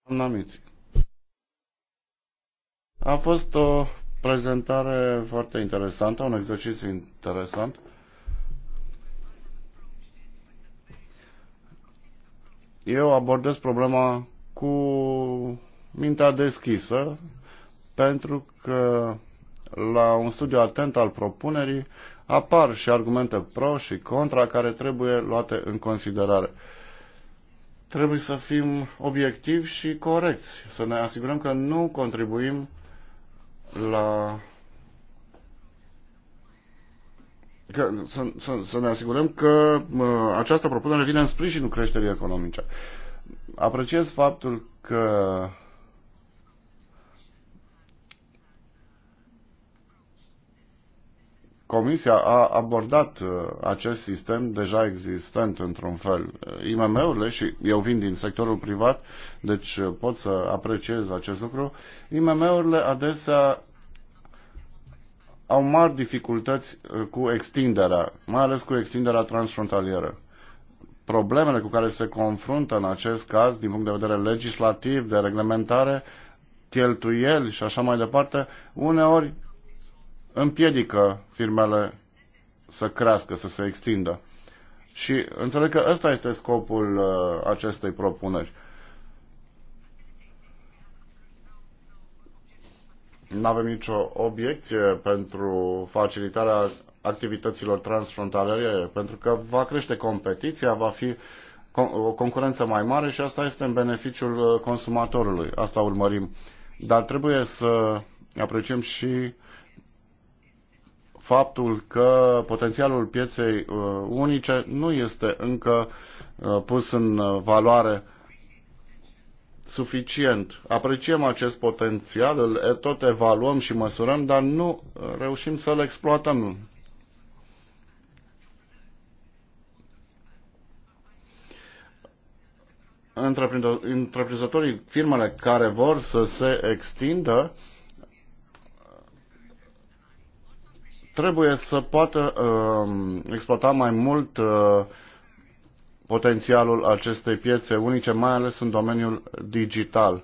Doamna Miții. A fost o prezentare foarte interesantă, un exercițiu interesant. Eu abordez problema cu mintea deschisă, pentru că la un studiu atent al propunerii apar și argumente pro și contra care trebuie luate în considerare. Trebuie să fim obiectivi și corecți, să ne asigurăm că nu contribuim la că, să, să, să ne asigurăm că mă, această propunere vine în sprijinul creșterii economice. Apreciez faptul că Comisia a abordat uh, acest sistem deja existent într-un fel. Uh, IMM-urile, și eu vin din sectorul privat, deci uh, pot să apreciez acest lucru, IMM-urile adesea au mari dificultăți cu extinderea, mai ales cu extinderea transfrontalieră. Problemele cu care se confruntă în acest caz, din punct de vedere legislativ, de reglementare, cheltuieli și așa mai departe, uneori împiedică firmele să crească, să se extindă. Și înțeleg că ăsta este scopul uh, acestei propuneri. Nu avem nicio obiecție pentru facilitarea activităților transfrontaliere, pentru că va crește competiția, va fi o concurență mai mare și asta este în beneficiul uh, consumatorului. Asta urmărim. Dar trebuie să apreciem și faptul că potențialul pieței uh, unice nu este încă uh, pus în uh, valoare suficient. Apreciem acest potențial, îl tot evaluăm și măsurăm, dar nu reușim să-l exploatăm. Întreprinzătorii, firmele care vor să se extindă, trebuie să poată uh, exploata mai mult uh, potențialul acestei piețe unice, mai ales în domeniul digital.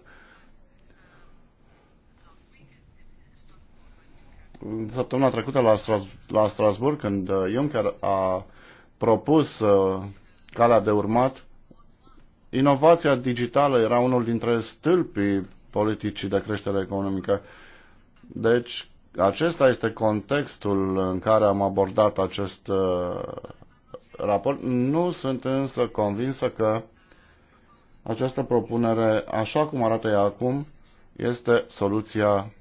Săptămâna trecută la, Stras- la Strasburg, când uh, Juncker a propus uh, calea de urmat, inovația digitală era unul dintre stâlpii politicii de creștere economică. Deci, acesta este contextul în care am abordat acest uh, raport. Nu sunt însă convinsă că această propunere, așa cum arată ea acum, este soluția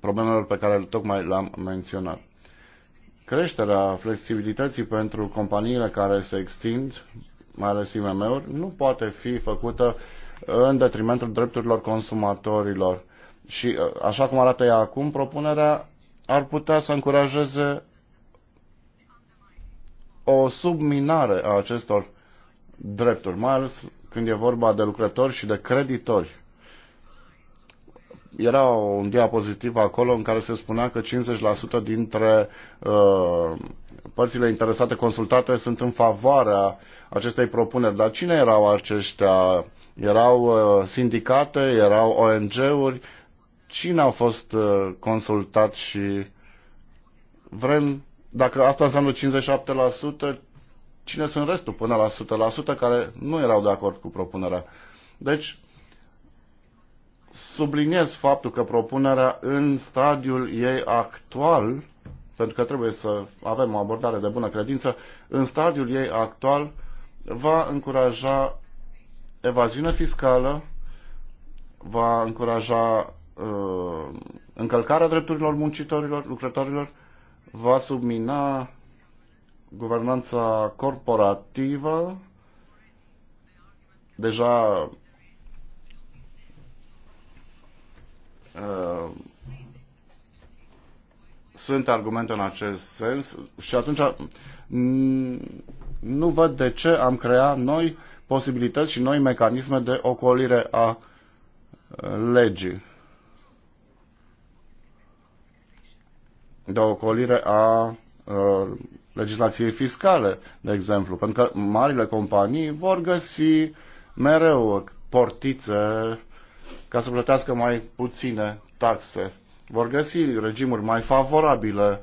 problemelor pe care tocmai le-am menționat. Creșterea flexibilității pentru companiile care se extind, mai ales IMM-uri, nu poate fi făcută în detrimentul drepturilor consumatorilor și uh, așa cum arată ea acum, propunerea ar putea să încurajeze o subminare a acestor drepturi, mai ales când e vorba de lucrători și de creditori. Era un diapozitiv acolo în care se spunea că 50% dintre uh, părțile interesate consultate sunt în favoarea acestei propuneri. Dar cine erau aceștia? Erau uh, sindicate, erau ONG-uri, uh, cine au fost uh, consultați și vrem, dacă asta înseamnă 57%, cine sunt restul până la 100% care nu erau de acord cu propunerea. Deci, subliniez faptul că propunerea în stadiul ei actual, pentru că trebuie să avem o abordare de bună credință, în stadiul ei actual va încuraja evaziune fiscală, va încuraja uh, încălcarea drepturilor muncitorilor, lucrătorilor, va submina guvernanța corporativă. Deja uh, sunt argumente în acest sens și atunci mm, nu văd de ce am creat noi posibilități și noi mecanisme de ocolire a legii. de ocolire a legislației fiscale, de exemplu, pentru că marile companii vor găsi mereu portițe ca să plătească mai puține taxe. Vor găsi regimuri mai favorabile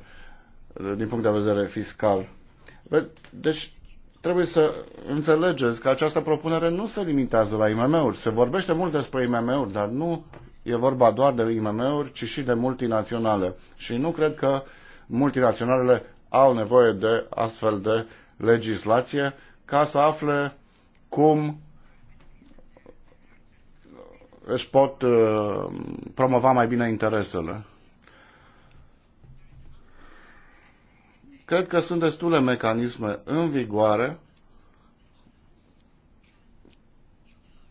uh, din punct de vedere fiscal. Deci trebuie să înțelegeți că această propunere nu se limitează la IMM-uri. Se vorbește mult despre IMM-uri, dar nu e vorba doar de IMM-uri, ci și de multinaționale. Și nu cred că multinaționalele au nevoie de astfel de legislație ca să afle cum își pot uh, promova mai bine interesele. Cred că sunt destule mecanisme în vigoare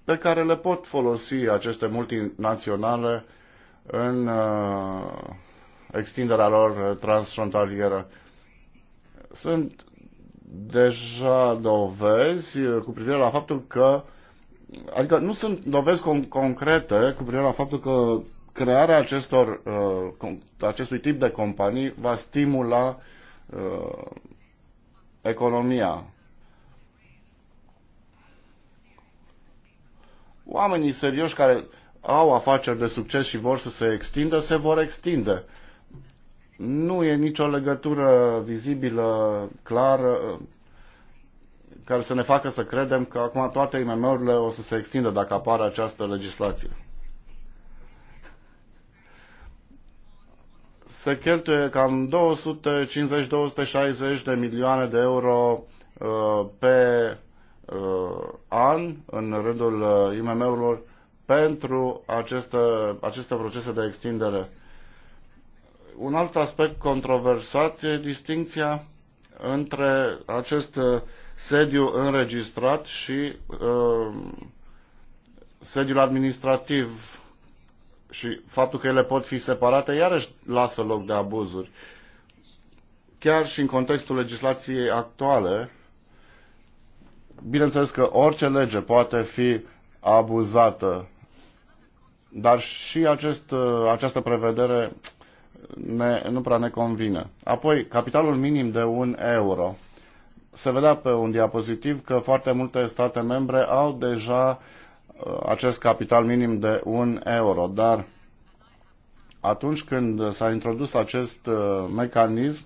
pe care le pot folosi aceste multinaționale în uh, extinderea lor transfrontalieră. Sunt deja dovezi uh, cu privire la faptul că adică nu sunt dovezi con- concrete cu privire la faptul că crearea acestor, uh, acestui tip de companii va stimula uh, economia. Oamenii serioși care au afaceri de succes și vor să se extindă, se vor extinde. Nu e nicio legătură vizibilă, clară, care să ne facă să credem că acum toate IMM-urile o să se extindă dacă apare această legislație. Se cheltuie cam 250-260 de milioane de euro uh, pe Uh, an în rândul uh, IMM-urilor pentru aceste, aceste procese de extindere. Un alt aspect controversat e distinția între acest uh, sediu înregistrat și uh, sediul administrativ și faptul că ele pot fi separate iarăși lasă loc de abuzuri. Chiar și în contextul legislației actuale, Bineînțeles că orice lege poate fi abuzată, dar și acest, uh, această prevedere ne, nu prea ne convine. Apoi, capitalul minim de un euro. Se vedea pe un diapozitiv că foarte multe state membre au deja uh, acest capital minim de un euro, dar atunci când s-a introdus acest uh, mecanism,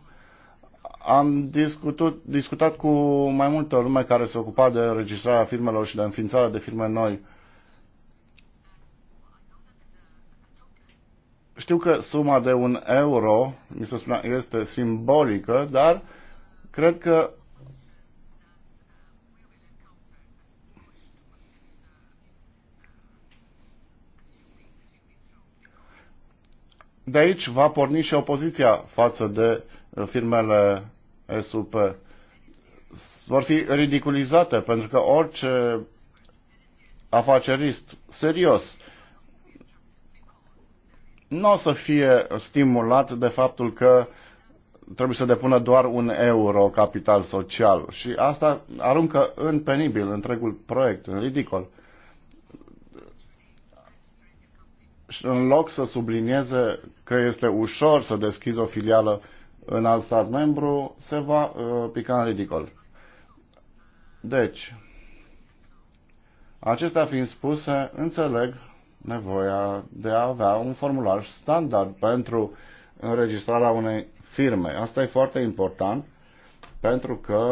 am discutat, discutat cu mai multă lume care se ocupa de registrarea firmelor și de înființarea de firme noi. Știu că suma de un euro, mi se spunea, este simbolică, dar cred că de aici va porni și opoziția față de uh, firmele sub, vor fi ridiculizate, pentru că orice afacerist serios nu o să fie stimulat de faptul că trebuie să depună doar un euro capital social și asta aruncă în penibil întregul proiect, în ridicol. Și în loc să sublinieze că este ușor să deschizi o filială uh, în alt stat membru, se va uh, pica în ridicol. Deci, acestea fiind spuse, înțeleg nevoia de a avea un formular standard pentru înregistrarea unei firme. Asta e foarte important pentru că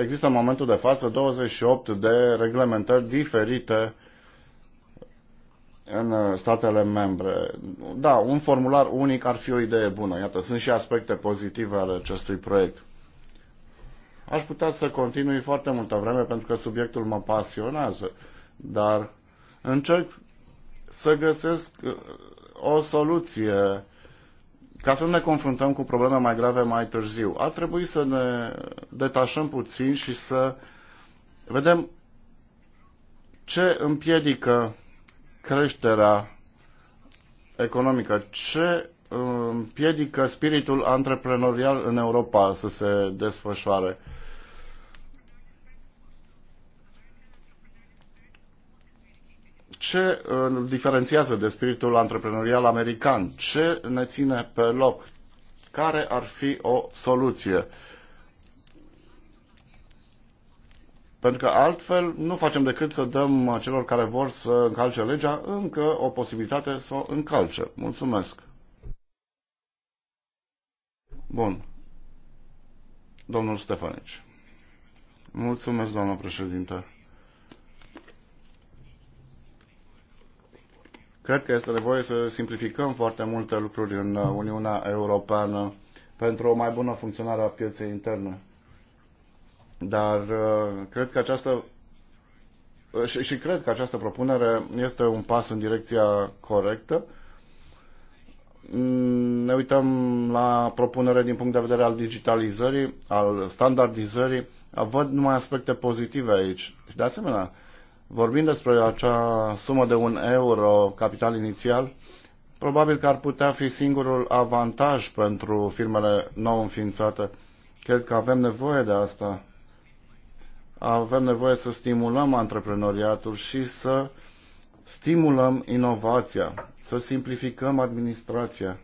există în momentul de față 28 de reglementări diferite în uh, statele membre. Da, un formular unic ar fi o idee bună. Iată, sunt și aspecte pozitive ale acestui proiect. Aș putea să continui foarte multă vreme pentru că subiectul mă pasionează, dar încerc să găsesc uh, o soluție ca să ne confruntăm cu probleme mai grave mai târziu. Ar trebui să ne detașăm puțin și să vedem ce împiedică creșterea economică. Ce împiedică spiritul antreprenorial în Europa să se desfășoare? Ce îl uh, diferențiază de spiritul antreprenorial american? Ce ne ține pe loc? Care ar fi o soluție? Pentru că altfel nu facem decât să dăm celor care vor să încalce legea încă o posibilitate să o încalce. Mulțumesc. Bun. Domnul Stefanici. Mulțumesc, doamnă președinte. Cred că este nevoie să simplificăm foarte multe lucruri în Uniunea Europeană pentru o mai bună funcționare a pieței interne. Dar uh, cred că această uh, și, și cred că această propunere este un pas în direcția corectă. Mm, ne uităm la propunere din punct de vedere al digitalizării, al standardizării. Văd numai aspecte pozitive aici. Și de asemenea, vorbind despre acea sumă de un euro capital inițial, probabil că ar putea fi singurul avantaj pentru firmele nou înființate. Cred că avem nevoie de asta avem nevoie să stimulăm antreprenoriatul și să stimulăm inovația, să simplificăm administrația.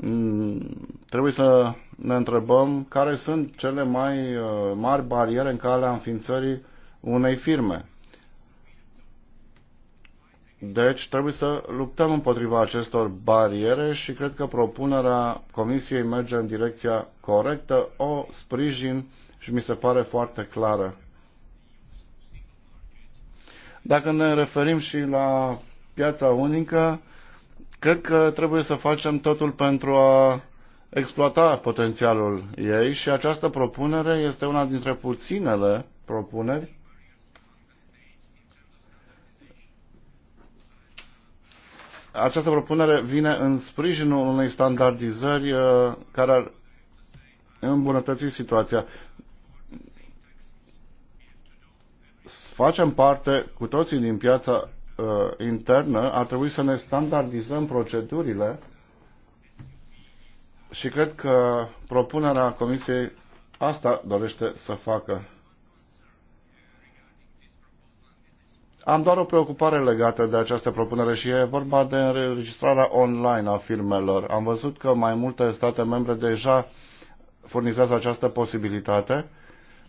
Mm, trebuie să ne întrebăm care sunt cele mai uh, mari bariere în calea înființării unei firme. Deci trebuie să luptăm împotriva acestor bariere și cred că propunerea Comisiei merge în direcția corectă. O sprijin și mi se pare foarte clară. Dacă ne referim și la piața unică, cred că trebuie să facem totul pentru a exploata potențialul ei și această propunere este una dintre puținele propuneri Această propunere vine în sprijinul unei standardizări uh, care ar îmbunătăți situația. facem parte cu toții din piața uh, internă, ar trebui să ne standardizăm procedurile și cred că propunerea Comisiei asta dorește să facă. Am doar o preocupare legată de această propunere și e vorba de înregistrarea online a firmelor. Am văzut că mai multe state membre deja furnizează această posibilitate,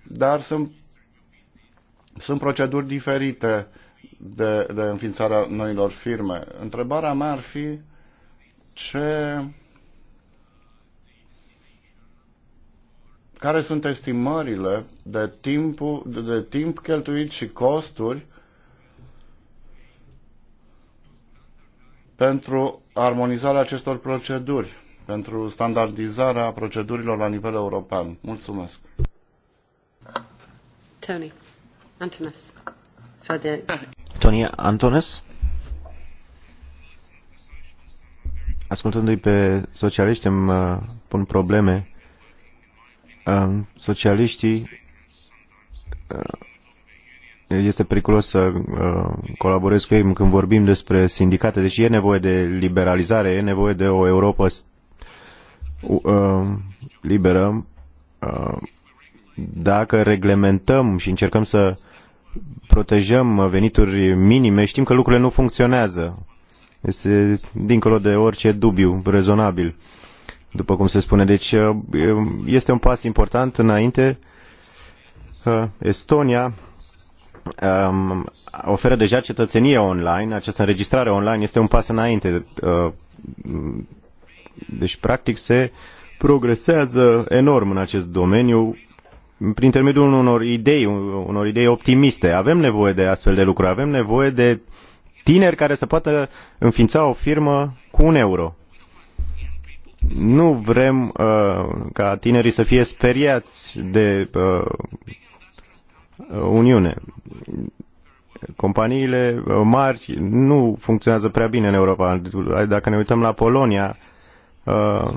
dar sunt sunt proceduri diferite de, de înființarea noilor firme. Întrebarea mea ar fi ce care sunt estimările de, timpul, de, de timp cheltuit și costuri pentru armonizarea acestor proceduri, pentru standardizarea procedurilor la nivel european. Mulțumesc. Tony. Antonis. Tonia Antones. Ascultându-i pe socialiști îmi uh, pun probleme. Um, socialiștii uh, este periculos să uh, colaborez cu ei când vorbim despre sindicate. Deci e nevoie de liberalizare, e nevoie de o Europa liberă dacă reglementăm și încercăm să protejăm venituri minime, știm că lucrurile nu funcționează. Este dincolo de orice dubiu rezonabil, după cum se spune. Deci uh, este un pas important înainte. Uh, Estonia um, oferă deja cetățenie online, această înregistrare online este un pas înainte. Uh, deci, practic, se progresează enorm în acest domeniu prin intermediul unor idei, unor idei optimiste. Avem nevoie de astfel de lucruri, avem nevoie de tineri care să poată înființa o firmă cu un euro. Nu vrem uh, ca tinerii să fie speriați de uh, uh Uniune. Companiile uh, mari nu funcționează prea bine în Europa. Dacă ne uităm la Polonia, uh,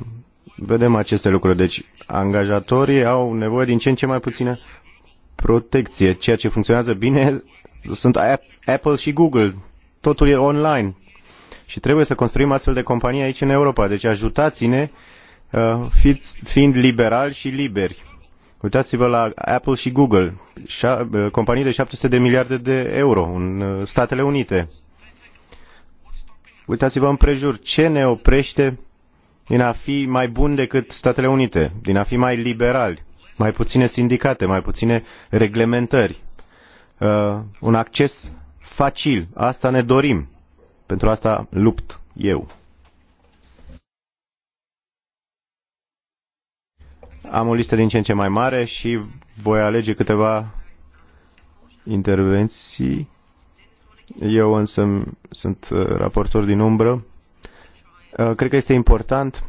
vedem aceste lucruri. Deci angajatorii au nevoie din ce în ce mai puțină protecție. Ceea ce funcționează bine sunt Apple și Google. Totul e online. Și trebuie să construim astfel de companii aici în Europa. Deci ajutați-ne uh, fiind liberali și liberi. Uitați-vă la Apple și Google, uh, companii de 700 de miliarde de euro în uh, Statele Unite. Uitați-vă în prejur ce ne oprește din a fi mai bun decât Statele Unite, din a fi mai liberali, mai puține sindicate, mai puține reglementări, uh, un acces facil. Asta ne dorim. Pentru asta lupt eu. Am o listă din ce în ce mai mare și voi alege câteva intervenții. Eu însă sunt uh, raportor din umbră Uh, cred că este important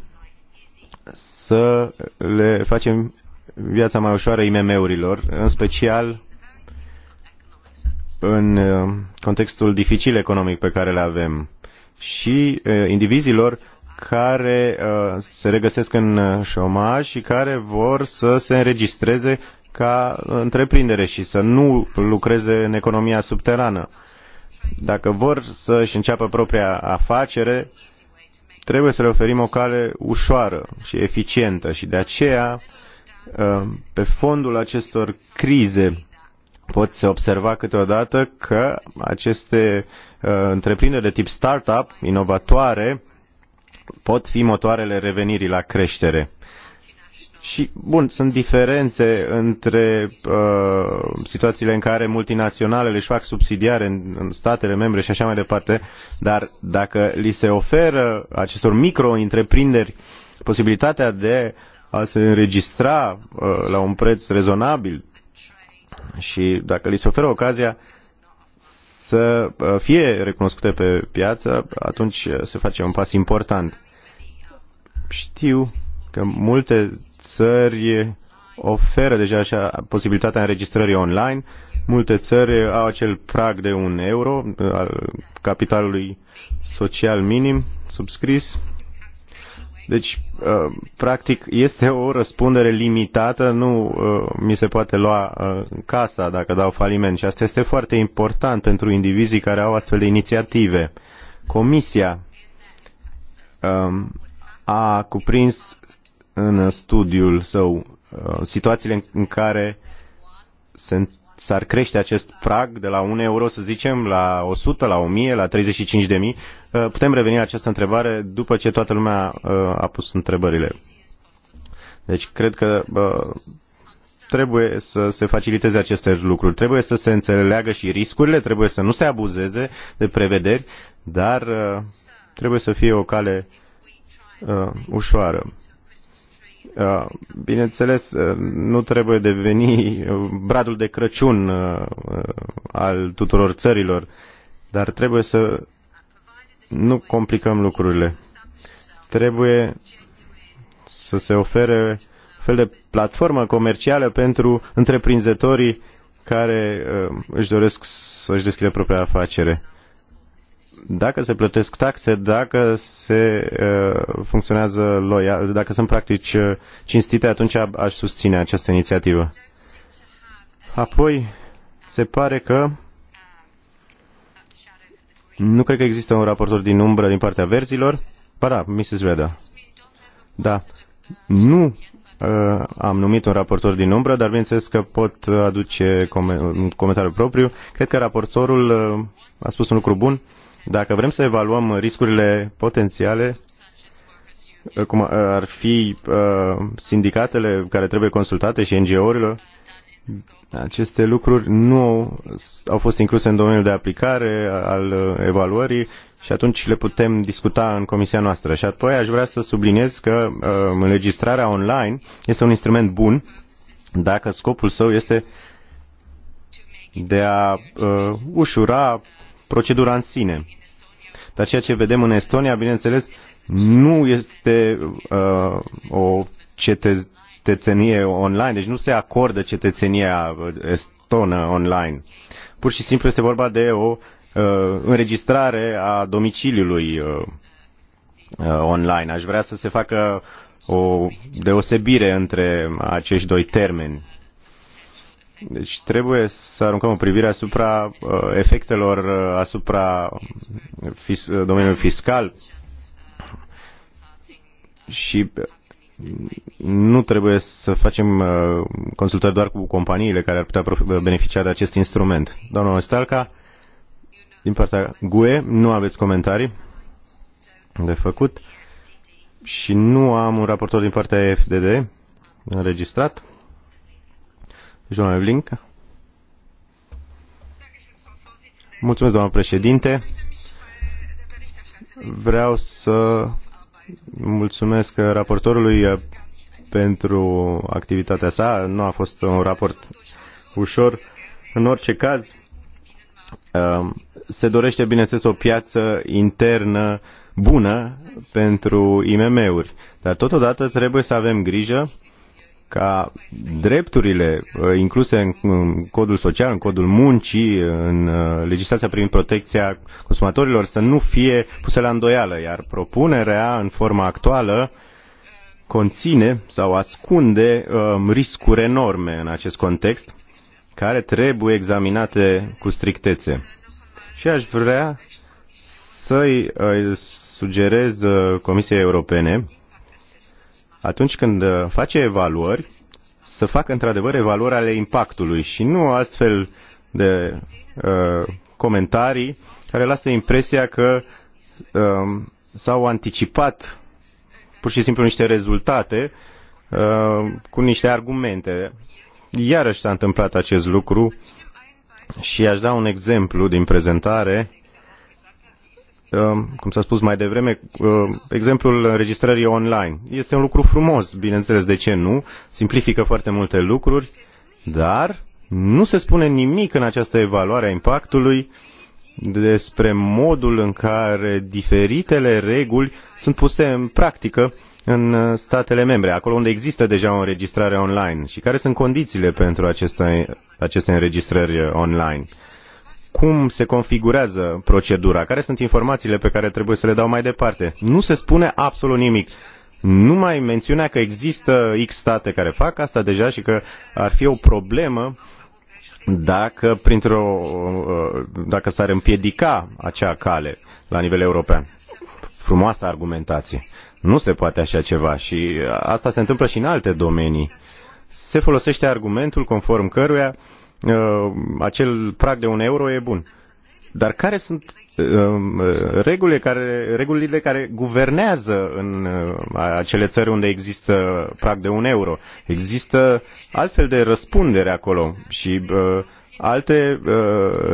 să le facem viața mai ușoară IMM-urilor, în special în uh, contextul dificil economic pe care le avem și uh, indivizilor care se regăsesc în șomaj și care vor să se înregistreze ca întreprindere și să nu lucreze în economia subterană. Dacă vor să-și înceapă propria afacere, Trebuie să le oferim o cale ușoară și eficientă și de aceea, uh, pe fondul acestor crize, pot se observa câteodată că aceste uh, întreprinderi de tip startup, inovatoare, pot fi motoarele revenirii la creștere. Și, bun, sunt diferențe între uh, situațiile în care multinaționalele își fac subsidiare în, în statele membre și așa mai departe, dar dacă li se oferă acestor micro-întreprinderi posibilitatea de a se înregistra uh, la un preț rezonabil și dacă li se oferă ocazia să uh, fie recunoscute pe piață, atunci se face un pas important. Știu că multe țări oferă deja așa posibilitatea înregistrării online. Multe țări au acel prag de un euro uh, al capitalului social minim subscris. Deci, uh, practic, este o răspundere limitată, nu uh, mi se poate lua casa dacă dau faliment și asta este foarte important pentru indivizii care au astfel de inițiative. Comisia um, a cuprins în studiul său uh, situațiile în care s-ar crește acest prag de la 1 euro, să zicem, la 100, la 1000, la 35 de mii. Uh, putem reveni la această întrebare după ce toată lumea uh, a pus întrebările. Deci cred că trebuie să se faciliteze aceste lucruri. Trebuie să se înțeleagă și riscurile, trebuie să nu se abuzeze de prevederi, dar trebuie să fie o cale uh, ușoară. Uh, bineînțeles, uh, nu trebuie deveni uh, bradul de Crăciun al tuturor țărilor, dar trebuie să nu complicăm lucrurile. Trebuie să se ofere fel de platformă comercială pentru întreprinzătorii care își doresc să-și deschidă propria afacere dacă se plătesc taxe, dacă se uh, funcționează loial, dacă sunt practici uh, cinstite, atunci aș susține această inițiativă. Apoi, se pare că nu cred că există un raportor din umbră din partea verzilor. Ba da, Mrs. Reda. Da. Nu uh, am numit un raportor din umbră, dar bineînțeles că pot aduce com un comentariu propriu. Cred că raportorul uh, a spus un lucru bun. Uh, dacă vrem să evaluăm riscurile potențiale, uh, cum ar fi uh, sindicatele care trebuie consultate și NGO-urile, aceste lucruri nu au fost incluse în domeniul de aplicare al uh, evaluării și atunci le putem discuta în comisia noastră. Și apoi aș vrea să subliniez că uh, înregistrarea online este un instrument bun dacă scopul său este de a uh, ușura procedura în sine. Dar ceea ce vedem în Estonia, bineînțeles, nu este uh, o cetățenie online, deci nu se acordă cetățenia uh, estonă online. Pur și simplu este vorba de o uh, înregistrare a domiciliului uh, uh, online. Aș vrea să se facă o deosebire între acești doi termeni. Deci trebuie să aruncăm o privire asupra uh, efectelor uh, asupra uh, fis, domeniului fiscal și nu trebuie să facem consultări doar cu companiile care ar putea beneficia de acest instrument. Doamna Ostalca, din partea GUE, nu aveți comentarii de făcut și nu am un raportor din partea FDD înregistrat. Joana Blinca. Mulțumesc, doamnă președinte. Vreau să mulțumesc raportorului pentru activitatea sa. Nu a fost un raport ușor. În orice caz, um, se dorește, bineînțeles, o piață internă bună pentru IMM-uri. Dar totodată trebuie să avem grijă ca drepturile uh, incluse în codul social, în codul muncii, în uh, legislația privind protecția consumatorilor să nu fie puse la îndoială, iar propunerea în forma actuală conține sau ascunde um, riscuri enorme în acest context care trebuie examinate cu strictețe. Și aș vrea să-i uh, sugerez Comisiei Europene atunci când uh, face evaluări, să facă într-adevăr evaluări ale impactului și nu astfel de uh, comentarii care lasă impresia că uh, s-au anticipat pur și simplu niște rezultate uh, cu niște argumente. Iarăși s-a întâmplat acest lucru și aș da un exemplu din prezentare Um, cum s-a spus mai devreme, um, exemplul înregistrării online. Este un lucru frumos, bineînțeles, de ce nu? Simplifică foarte multe lucruri, dar nu se spune nimic în această evaluare a impactului despre modul în care diferitele reguli sunt puse în practică în statele membre, acolo unde există deja o înregistrare online și care sunt condițiile pentru aceste, aceste înregistrări online cum se configurează procedura, care sunt informațiile pe care trebuie să le dau mai departe. Nu se spune absolut nimic. Numai mențiunea că există X state care fac asta deja și că ar fi o problemă dacă, printr-o, uh, dacă s-ar împiedica acea cale la nivel european. Frumoasă argumentație. Nu se poate așa ceva și asta se întâmplă și în alte domenii. Se folosește argumentul conform căruia uh, Uh, acel prag de un euro e bun. Dar care sunt uh, uh, regulile care, regulile care guvernează în acele țări unde există prag de un euro? Există altfel de răspundere acolo și alte uh,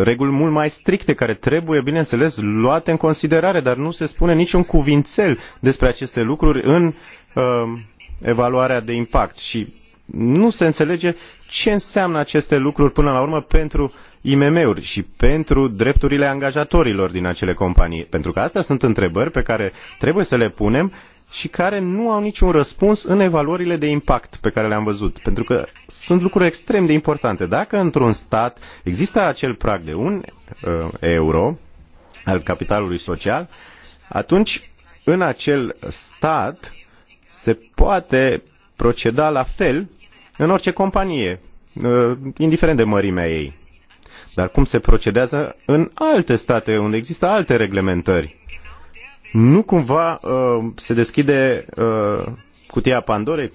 reguli mult mai stricte care trebuie, bineînțeles, luate în considerare, dar nu se spune niciun cuvințel despre aceste lucruri în uh, evaluarea de impact și nu se înțelege ce înseamnă aceste lucruri până la urmă pentru IMM-uri și pentru drepturile angajatorilor din acele companii? Pentru că astea sunt întrebări pe care trebuie să le punem și care nu au niciun răspuns în evaluările de impact pe care le-am văzut. Pentru că sunt lucruri extrem de importante. Dacă într-un stat există acel prag de un uh, euro al capitalului social, atunci în acel stat se poate proceda la fel în orice companie, uh, indiferent de mărimea ei. Dar cum se procedează în alte state unde există alte reglementări? Nu cumva uh, se deschide uh, cutia Pandorei?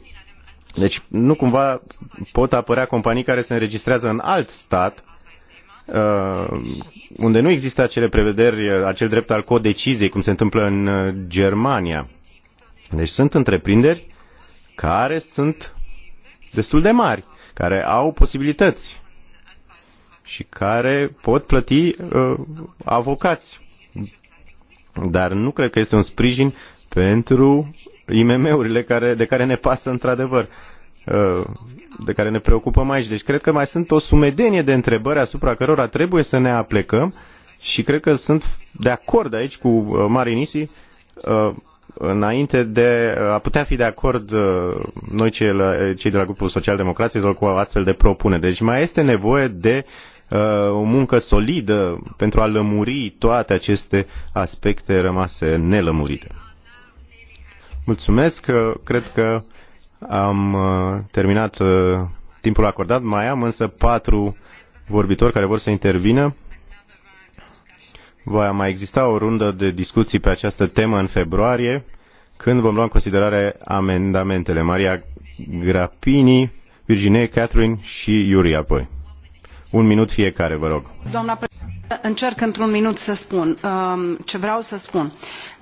Deci nu cumva pot apărea companii care se înregistrează în alt stat Uh, unde nu există acele prevederi, uh, acel drept al codeciziei, cum se întâmplă în uh, Germania. Deci sunt întreprinderi care sunt destul de mari, care au posibilități și care pot plăti uh, avocați. Dar nu cred că este un sprijin pentru IMM-urile care, de care ne pasă într-adevăr, uh, de care ne preocupăm aici. Deci cred că mai sunt o sumedenie de întrebări asupra cărora trebuie să ne aplecăm și cred că sunt de acord aici cu uh, Marinisi. Uh, înainte de a putea fi de acord uh, noi cei, la, cei de la grupul social-democraților cu astfel de propuneri. Deci mai este nevoie de uh, o muncă solidă pentru a lămuri toate aceste aspecte rămase nelămurite. Mulțumesc, uh, cred că am terminat timpul acordat. Mai am însă patru vorbitori care vor să intervină va mai exista o rundă de discuții pe această temă în februarie, când vom lua în considerare amendamentele. Maria Grapini, Virginie, Catherine și Iuri apoi. Un minut fiecare, vă rog. Doamna președintă, încerc într-un minut să spun um, ce vreau să spun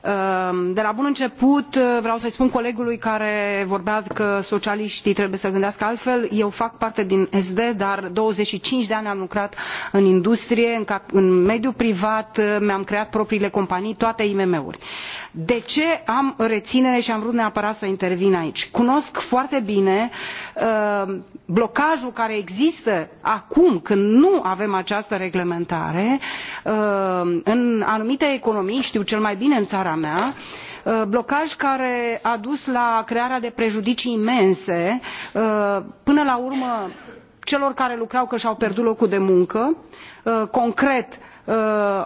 Ehm, de la bun început eh, vreau să i spun colegului care vorbea că socialiștii trebuie să gândească altfel eu fac parte din sd dar douăzeci și cinci de ani am lucrat în industrie în mediul privat eh, mi am creat propriile companii toate imm uri. de ce am reținere și am vrut neapărat să intervin aici? cunosc foarte bine ehm, blocajul care există acum când nu avem această reglementare ehm, în anumite economii știu cel mai bine în țara țara mea uh, blocaj care a dus la crearea de prejudicii imense uh, până la urmă celor care lucrau că și au pierdut locul de muncă uh, concret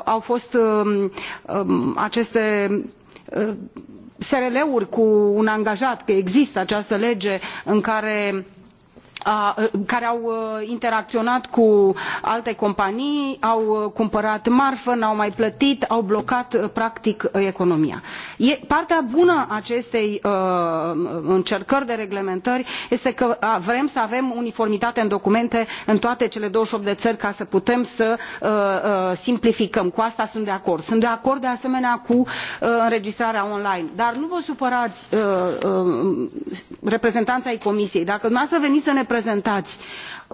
au fost um, um, aceste srl uri cu un angajat că există această lege în care care au uh, interacționat cu alte companii au uh, cumpărat marfă n au mai plătit au blocat uh, practic economia. partea bună a acestei încercări de reglementări este că vrem să avem uniformitate în documente în toate cele douăzeci și opt de țări ca să putem să simplificăm cu asta sunt de acord. sunt de acord de asemenea cu înregistrarea online dar nu vă supărați reprezentanți ai comisiei dacă dumneavoastră veniți să ne reprezentați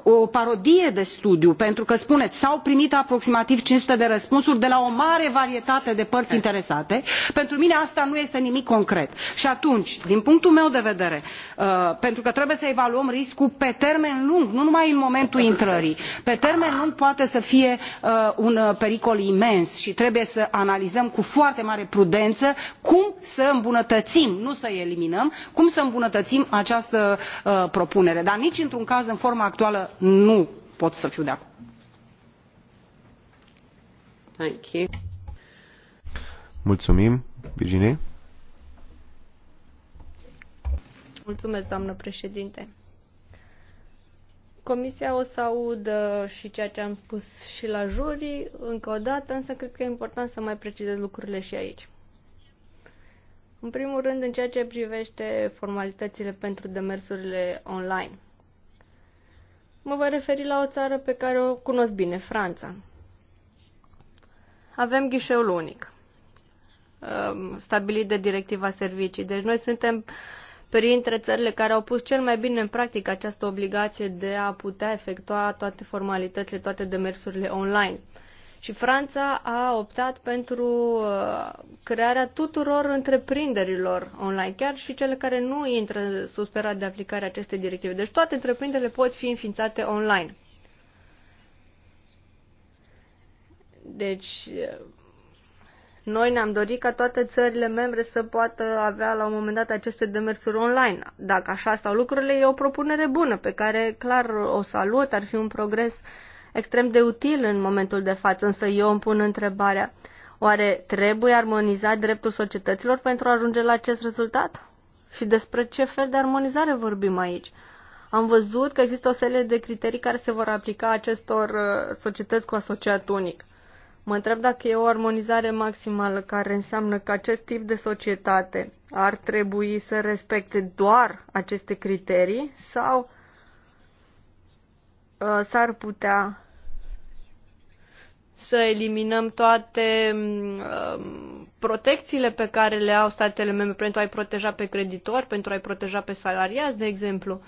o parodie de studiu pentru că spuneți s au primit aproximativ cinci sute de răspunsuri de la o mare varietate de părți interesate pentru mine asta nu este nimic concret și atunci din punctul meu de vedere uh, pentru că trebuie să evaluăm riscul pe termen lung nu numai în momentul exact. intrării pe termen lung poate să fie uh, un uh, pericol imens și trebuie să analizăm cu foarte mare prudență cum să îmbunătățim nu să eliminăm cum să îmbunătățim această propunere dar nici într un caz în forma actuală nu pot să fiu de acord. Thank you. Mulțumim, Virginie. Mulțumesc, doamnă președinte. Comisia o să audă și ceea ce am spus și la jurii încă o dată, însă cred că e important să mai precizez lucrurile și aici. În primul rând, în ceea ce privește formalitățile pentru demersurile online. Mă voi referi la o țară pe care o cunosc bine, Franța. Avem ghișeul unic, um, stabilit de directiva servicii. Deci noi suntem printre țările care au pus cel mai bine în practică această obligație de a putea efectua toate formalitățile, toate demersurile online. Și Franța a optat pentru uh, crearea tuturor întreprinderilor online, chiar și cele care nu intră sub de aplicare a acestei directive. Deci toate întreprinderile pot fi înființate online. Deci uh, noi ne-am dorit ca toate țările membre să poată avea la un moment dat aceste demersuri online. Dacă așa stau lucrurile, e o propunere bună pe care clar o salut, ar fi un progres uh, extrem de util în momentul de față, însă eu îmi pun întrebarea, oare trebuie armonizat dreptul societăților pentru a ajunge la acest rezultat? Și despre ce fel de armonizare vorbim aici? Am văzut că există o serie de criterii care se vor aplica acestor uh, societăți cu asociat unic. Mă întreb dacă e o armonizare maximală care înseamnă că acest tip de societate ar trebui să respecte doar aceste criterii sau uh, s-ar putea să eliminăm toate mm, um, protecțiile pe care le au statele membre pentru a-i proteja pe creditori, pentru a-i proteja pe salariați, de exemplu.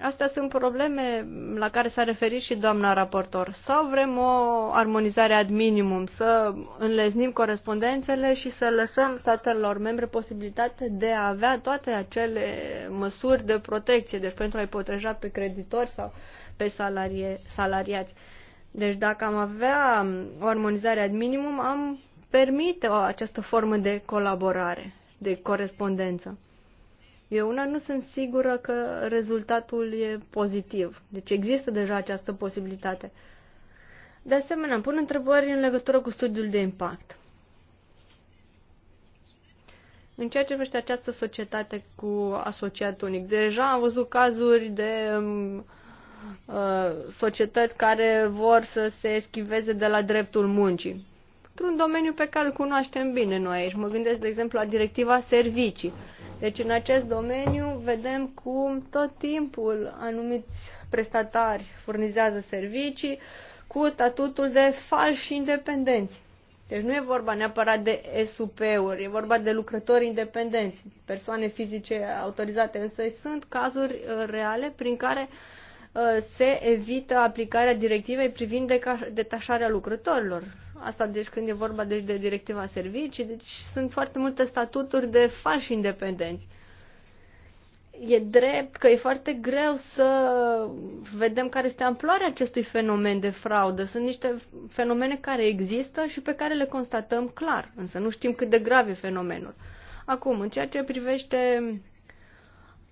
Astea sunt probleme la care s-a referit și doamna raportor. Sau vrem o armonizare ad minimum, să înleznim corespondențele și să lăsăm statelor membre posibilitatea de a avea toate acele măsuri de protecție, deci pentru a-i proteja pe creditori sau pe salarie, salariați. Uh, deci dacă am avea um, o armonizare ad minimum, am permite o, această formă de colaborare, de corespondență. Eu una nu sunt sigură că rezultatul e pozitiv. Deci există deja această posibilitate. De asemenea, pun întrebări în legătură cu studiul de impact. În ceea ce vește această societate cu asociat unic, deja am văzut cazuri de um, Uh, societăți care vor să se eschiveze de la dreptul muncii. Într-un domeniu pe care îl cunoaștem bine noi aici. Mă gândesc, de exemplu, la directiva servicii. Deci, în acest domeniu, vedem cum tot timpul anumiți prestatari furnizează servicii cu statutul de falși independenți. Deci nu e vorba neapărat de SUP-uri, e vorba de lucrători independenți, persoane fizice autorizate, însă sunt cazuri uh, reale prin care uh, Uh, se evită aplicarea directivei privind detașarea lucrătorilor. Asta deci când e vorba deci, de directiva servicii, deci sunt foarte multe statuturi de falși independenți. E drept că e foarte greu să vedem care este amploarea acestui fenomen de fraudă. Sunt niște fenomene care există și pe care le constatăm clar, însă nu știm cât de grav e fenomenul. Acum, în ceea ce privește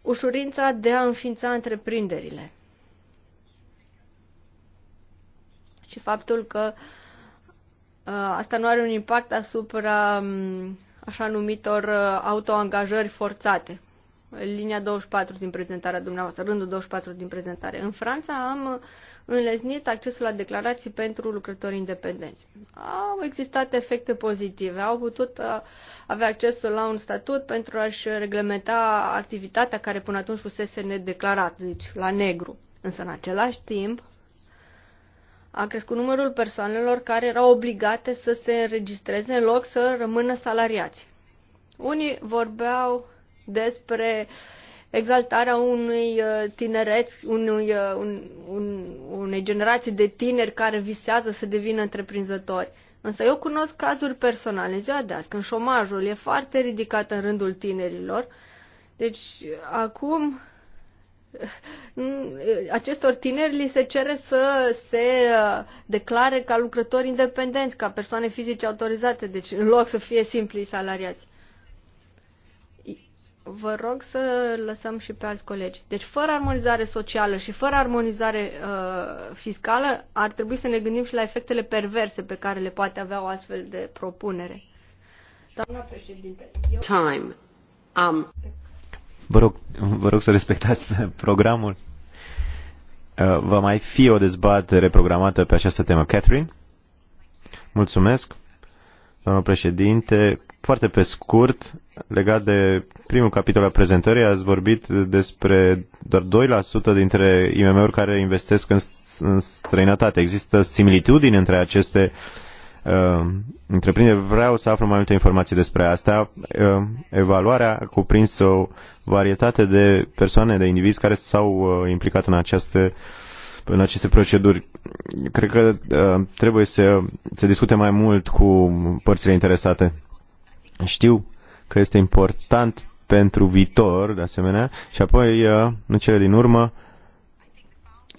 ușurința de a înființa întreprinderile. și faptul că uh, asta nu are un impact asupra um, așa numitor uh, autoangajări forțate. Linia 24 din prezentarea dumneavoastră, rândul 24 din prezentare. În Franța am înleznit accesul la declarații pentru lucrători independenți. Au existat efecte pozitive, au putut uh, avea accesul la un statut pentru a-și reglementa activitatea care până atunci fusese nedeclarată, deci la negru. Însă, în același timp, a crescut numărul persoanelor care erau obligate să se înregistreze în loc să rămână salariați. Unii vorbeau despre exaltarea unui uh, tinereț, unui, uh, un, un, unei generații de tineri care visează să devină întreprinzători. Însă eu cunosc cazuri personale, ziua de azi, când șomajul e foarte ridicat în rândul tinerilor. Deci acum acestor tineri li se cere să se uh, declare ca lucrători independenți, ca persoane fizice autorizate, deci în loc să fie simpli salariați. Vă rog să lăsăm și pe alți colegi. Deci fără armonizare socială și fără armonizare uh, fiscală ar trebui să ne gândim și la efectele perverse pe care le poate avea o astfel de propunere. Doamna președinte, eu... Time. Um. Vă rog, vă rog să respectați programul. Uh, va mai fi o dezbatere programată pe această temă. Catherine? Mulțumesc, doamnă președinte. Foarte pe scurt, legat de primul capitol al prezentării, ați vorbit despre doar 2% dintre IMM-uri care investesc în, în străinătate. Există similitudini între aceste uh, uh, Vreau să aflu mai multe informații despre asta. Uh, evaluarea a cuprins o varietate de persoane, de indivizi care s-au uh, implicat în aceste în aceste proceduri. Cred că uh, trebuie să se discute mai mult cu părțile interesate. Știu că este important pentru viitor, de asemenea, și apoi, uh, în cele din urmă,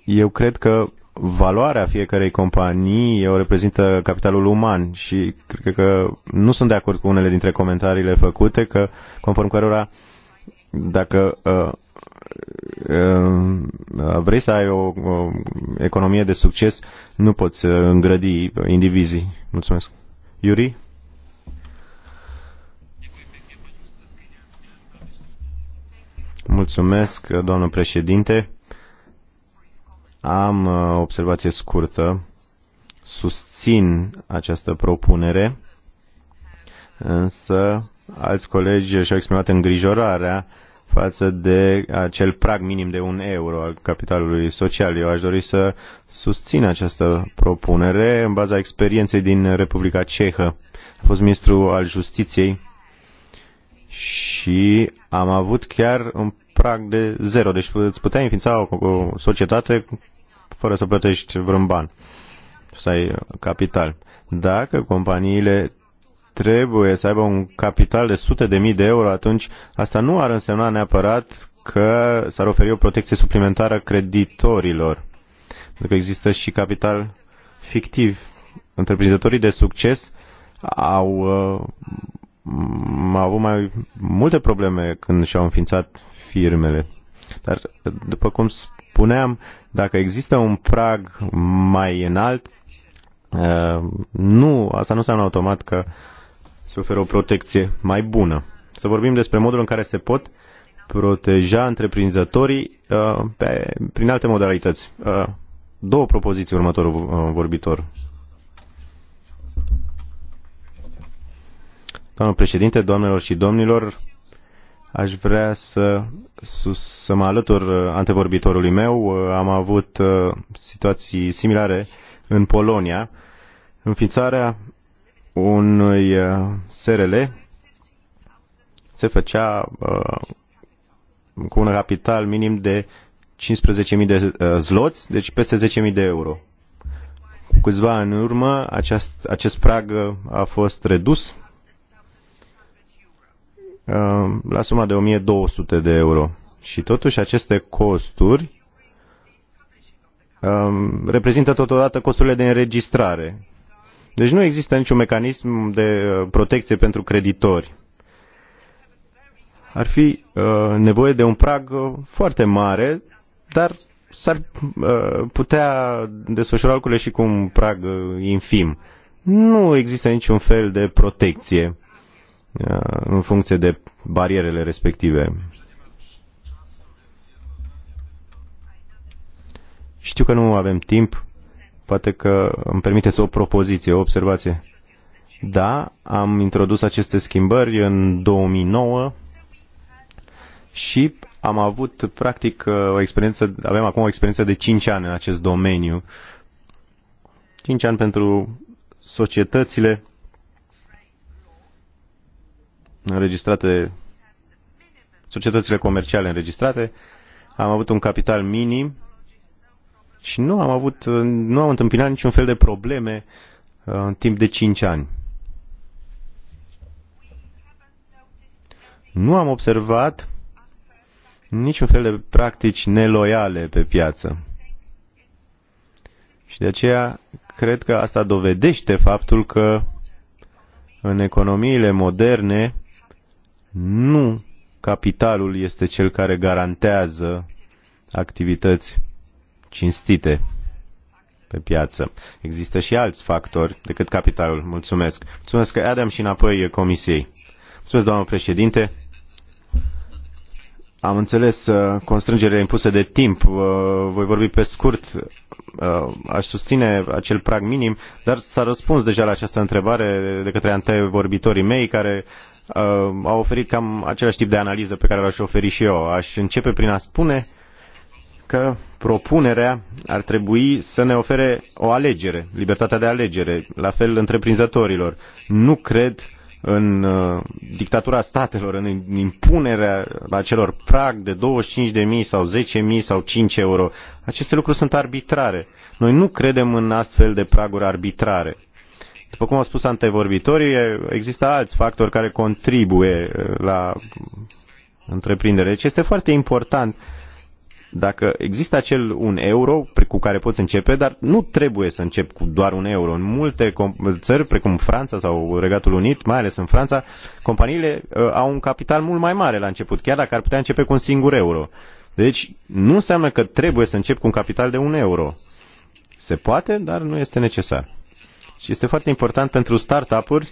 eu cred că valoarea fiecarei companii o reprezintă capitalul uman și cred că nu sunt de acord cu unele dintre comentariile făcute, că conform cărora dacă uh, uh, uh vrei să ai o, o economie de succes, nu poți uh, îngrădi indivizii. Mulțumesc. Yuri? Mulțumesc, doamnă președinte. Am uh, o observație scurtă. Susțin această propunere, însă alți colegi și-au exprimat îngrijorarea față de acel prag minim de un euro al capitalului social. Eu aș dori să susțin această propunere în baza experienței din Republica Cehă. A fost ministru al justiției și am avut chiar un prag de zero. Deci îți puteai înființa o, o societate fără să plătești vreun ban, să ai capital. Dacă companiile trebuie să aibă un capital de sute de mii de euro, atunci asta nu ar însemna neapărat că s-ar oferi o protecție suplimentară creditorilor. Pentru că există și capital fictiv. Întreprinzătorii de succes au, uh, au avut mai multe probleme când și-au înființat firmele. Dar, după cum spuneam, dacă există un prag mai înalt, uh, nu, asta nu înseamnă automat că se oferă o protecție mai bună. Să vorbim despre modul în care se pot proteja întreprinzătorii uh, pe, prin alte modalități. Uh, două propoziții următorul vorbitor. Doamnă președinte, doamnelor și domnilor, Aș vrea să, să mă alătur uh, antevorbitorului meu. Uh, am avut uh, situații similare în Polonia. Înființarea unui SRL se făcea cu un capital minim de 15.000 de zloți, deci peste 10.000 de euro. Cu câțiva ani în urmă, acest, acest prag a fost redus la suma de 1200 de euro. Și totuși aceste costuri um, reprezintă totodată costurile de înregistrare. Deci nu există niciun mecanism de uh, protecție pentru creditori. Ar fi uh, nevoie de un prag uh, foarte mare, dar s-ar putea desfășura lucrurile și cu un prag infim. Nu există niciun fel de protecție. Uh, în funcție de barierele respective. Știu că nu avem timp, poate că îmi permiteți o propoziție, o observație. Da, am introdus aceste schimbări în 2009 și am avut practic uh, o experiență, avem acum o experiență de 5 ani în acest domeniu. 5 ani pentru societățile înregistrate, societățile comerciale înregistrate, am avut un capital minim și nu am avut, nu am întâmpinat niciun fel de probleme uh, în timp de 5 ani. Nu am observat niciun fel de practici neloiale pe piață. Și de aceea cred că asta dovedește faptul că în economiile moderne nu capitalul este cel care garantează activități cinstite pe piață. Există și alți factori decât capitalul. Mulțumesc. Mulțumesc că Adam și înapoi Comisiei. Mulțumesc, doamnă președinte. Am înțeles uh, constrângerile impuse de timp. Uh, voi vorbi pe scurt. Uh, aș susține acel prag minim, dar s-a răspuns deja la această întrebare de către antevorbitorii mei care Uh, a oferit cam același tip de analiză pe care l-aș oferi și eu. Aș începe prin a spune că propunerea ar trebui să ne ofere o alegere, libertatea de alegere, la fel întreprinzătorilor. Nu cred în uh, dictatura statelor, în impunerea acelor prag de 25.000 sau 10.000 sau 5 euro. Aceste lucruri sunt arbitrare. Noi nu credem în astfel de praguri arbitrare. După cum au spus antevorbitorii, există alți factori care contribuie uh, la întreprindere. Deci este foarte important dacă există acel un euro cu care poți începe, dar nu trebuie să încep cu doar un euro. În multe țări, precum Franța sau Regatul Unit, mai ales în Franța, companiile uh, au un capital mult mai mare la început, chiar dacă ar putea începe cu un singur euro. Deci nu înseamnă că trebuie să încep cu un capital de un euro. Se poate, dar nu este necesar. Și este foarte important pentru startup-uri,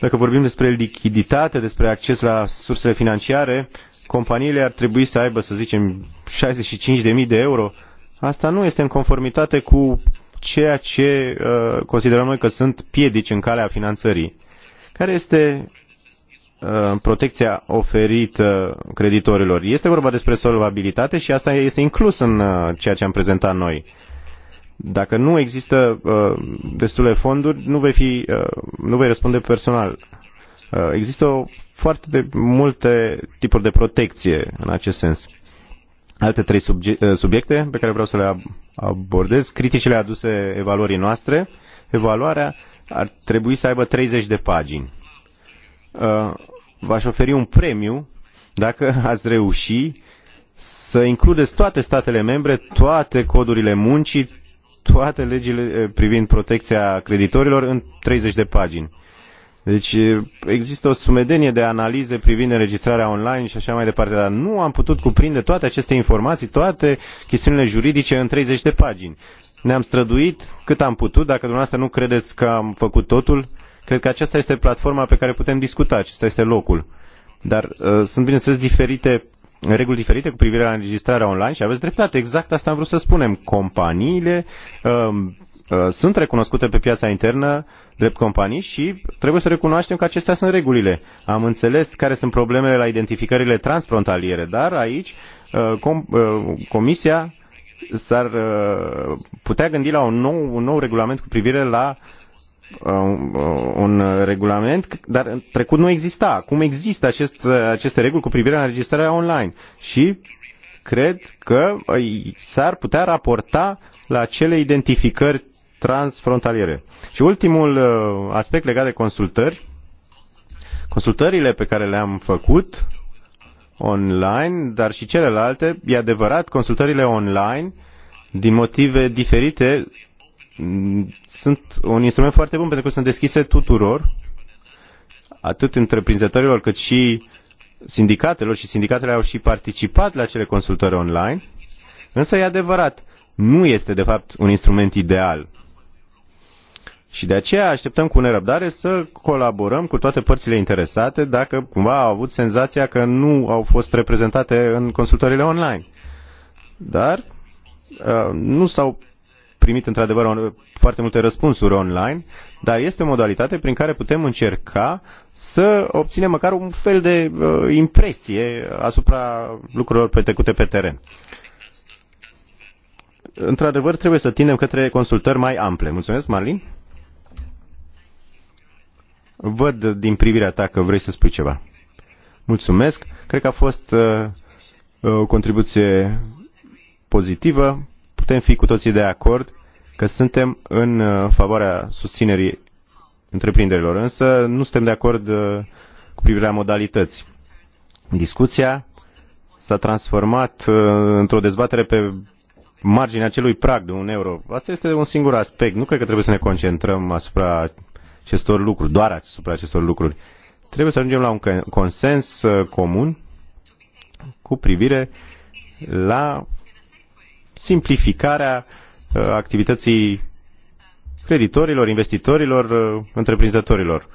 dacă vorbim despre lichiditate, despre acces la sursele financiare, companiile ar trebui să aibă, să zicem, 65.000 de euro. Asta nu este în conformitate cu ceea ce uh, considerăm noi că sunt piedici în calea finanțării. Care este uh, protecția oferită creditorilor? Este vorba despre solvabilitate și asta este inclus în uh, ceea ce am prezentat noi. Dacă nu există uh, destule fonduri, nu vei, fi, uh, nu vei răspunde personal. Uh, există foarte de, multe tipuri de protecție în acest sens. Alte trei uh, subiecte pe care vreau să le abordez, criticile aduse evaluării noastre, evaluarea ar trebui să aibă 30 de pagini. Uh, v-aș oferi un premiu dacă ați reuși să includeți toate statele membre, toate codurile muncii, toate legile eh, privind protecția creditorilor în 30 de pagini. Deci eh, există o sumedenie de analize privind înregistrarea online și așa mai departe, dar nu am putut cuprinde toate aceste informații, toate chestiunile juridice în 30 de pagini. Ne-am străduit cât am putut, dacă dumneavoastră nu credeți că am făcut totul, cred că aceasta este platforma pe care putem discuta, acesta este locul. Dar uh, sunt, bineînțeles, diferite reguli diferite cu privire la înregistrarea online și aveți dreptate, exact asta am vrut să spunem. Companiile uh, uh, sunt recunoscute pe piața internă drept companii și trebuie să recunoaștem că acestea sunt regulile. Am înțeles care sunt problemele la identificările transfrontaliere, dar aici uh, com, uh, Comisia s-ar uh, putea gândi la un nou, un nou regulament cu privire la uh, un uh, regulament, dar în trecut nu exista. Acum există acest, uh, aceste reguli cu privire la înregistrarea online și cred că uh, s-ar putea raporta la cele identificări transfrontaliere. Și ultimul aspect legat de consultări, consultările pe care le-am făcut online, dar și celelalte, e adevărat, consultările online, din motive diferite, Mm, sunt un instrument foarte bun pentru că sunt deschise tuturor, atât întreprinzătorilor cât și sindicatelor și sindicatele au și participat la cele consultări online, însă e adevărat, nu este de fapt un instrument ideal. Și de aceea așteptăm cu nerăbdare să colaborăm cu toate părțile interesate dacă cumva au avut senzația că nu au fost reprezentate în consultările online. Dar uh, nu s-au primit într-adevăr foarte multe răspunsuri online, dar este o modalitate prin care putem încerca să obținem măcar un fel de uh, impresie asupra lucrurilor petrecute pe teren. Într-adevăr, trebuie să tindem către consultări mai ample. Mulțumesc, Marlin. Văd din privirea ta că vrei să spui ceva. Mulțumesc. Cred că a fost uh, o contribuție pozitivă. Putem fi cu toții de acord că suntem în uh, favoarea susținerii întreprinderilor, însă nu suntem de acord uh, cu privire la modalități. Discuția s-a transformat uh, într-o dezbatere pe marginea acelui prag de un euro. Asta este un singur aspect. Nu cred că trebuie să ne concentrăm asupra acestor lucruri, doar asupra acestor lucruri. Trebuie să ajungem la un consens comun cu privire la simplificarea uh, Uh, activității creditorilor, investitorilor, uh, întreprinzătorilor.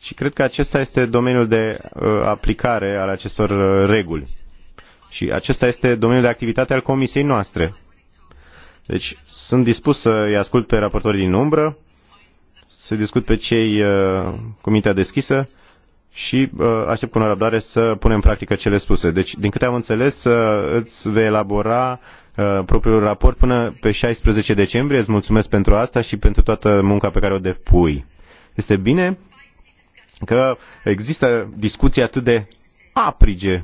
Și cred că acesta este domeniul de uh, aplicare al acestor reguli. Și acesta este domeniul de activitate al comisiei noastre. Deci sunt dispus să-i ascult pe raportorii din umbră, să discut pe cei cu mintea deschisă și aștept cu nerăbdare să punem în practică cele spuse. Deci, din câte am înțeles, îți vei elabora Uh, propriul raport până pe 16 decembrie. Îți mulțumesc pentru asta și pentru toată munca pe care o depui. Este bine că există discuții atât de aprige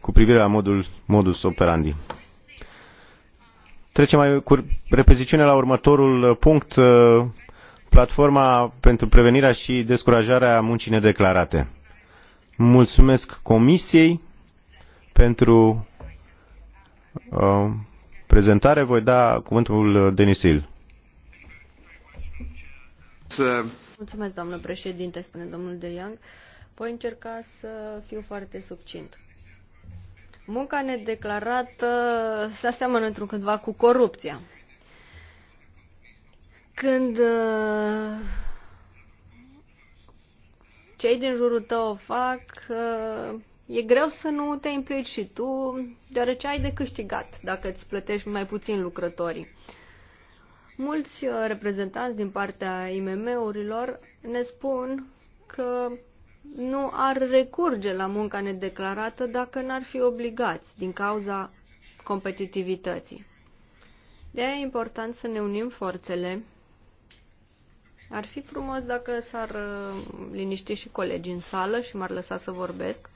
cu privire la modul, modus operandi. Trecem mai cu repeziciune la următorul punct, uh, platforma pentru prevenirea și descurajarea muncii nedeclarate. Mulțumesc Comisiei pentru uh, prezentare, voi da cuvântul Denisil. Mulțumesc, doamnă președinte, spune domnul De Young. Voi încerca să fiu foarte succint. Munca nedeclarată se aseamănă într-un cândva cu corupția. Când uh, cei din jurul tău o fac, uh, e greu să nu te implici și tu, deoarece ai de câștigat dacă îți plătești mai puțin lucrătorii. Mulți uh, reprezentanți din partea IMM-urilor ne spun că nu ar recurge la munca nedeclarată dacă n-ar fi obligați din cauza competitivității. De aia e important să ne unim forțele. Ar fi frumos dacă s-ar uh, liniști și colegii în sală și m-ar lăsa să vorbesc.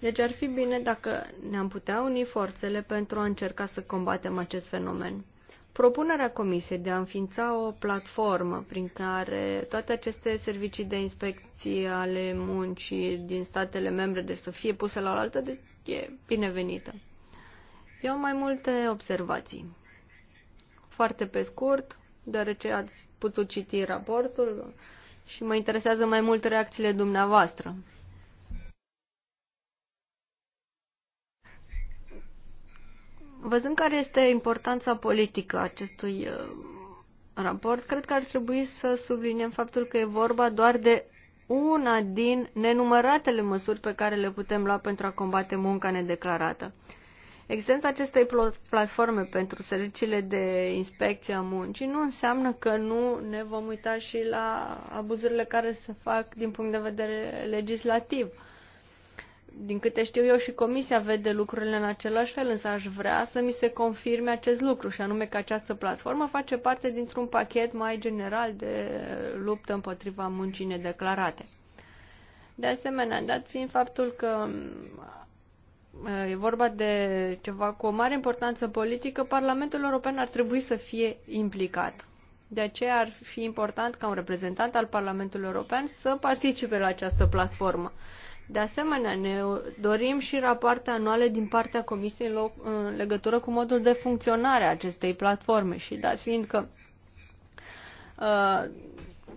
Deci ar fi bine dacă ne-am putea uni forțele pentru a încerca să combatem acest fenomen. Propunerea Comisiei de a înființa o platformă prin care toate aceste servicii de inspecție ale muncii din statele membre de deci să fie puse la oaltă de- deci e binevenită. Eu am mai multe observații. Foarte pe scurt, deoarece ați putut citi raportul și mă interesează mai mult reacțiile dumneavoastră. Văzând care este importanța politică acestui uh, raport, cred că ar trebui să subliniem faptul că e vorba doar de una din nenumăratele măsuri pe care le putem lua pentru a combate munca nedeclarată. Existența acestei platforme pentru serviciile de inspecție a muncii nu înseamnă că nu ne vom uita și la abuzurile care se fac din punct de vedere legislativ. Din câte știu eu și comisia vede lucrurile în același fel, însă aș vrea să mi se confirme acest lucru și anume că această platformă face parte dintr-un pachet mai general de luptă împotriva muncii nedeclarate. De asemenea, dat fiind faptul că e vorba de ceva cu o mare importanță politică, Parlamentul European ar trebui să fie implicat. De aceea ar fi important ca un reprezentant al Parlamentului European să participe la această platformă. De asemenea, ne dorim și rapoarte anuale din partea Comisiei în legătură cu modul de funcționare a acestei platforme și dat fiind că uh,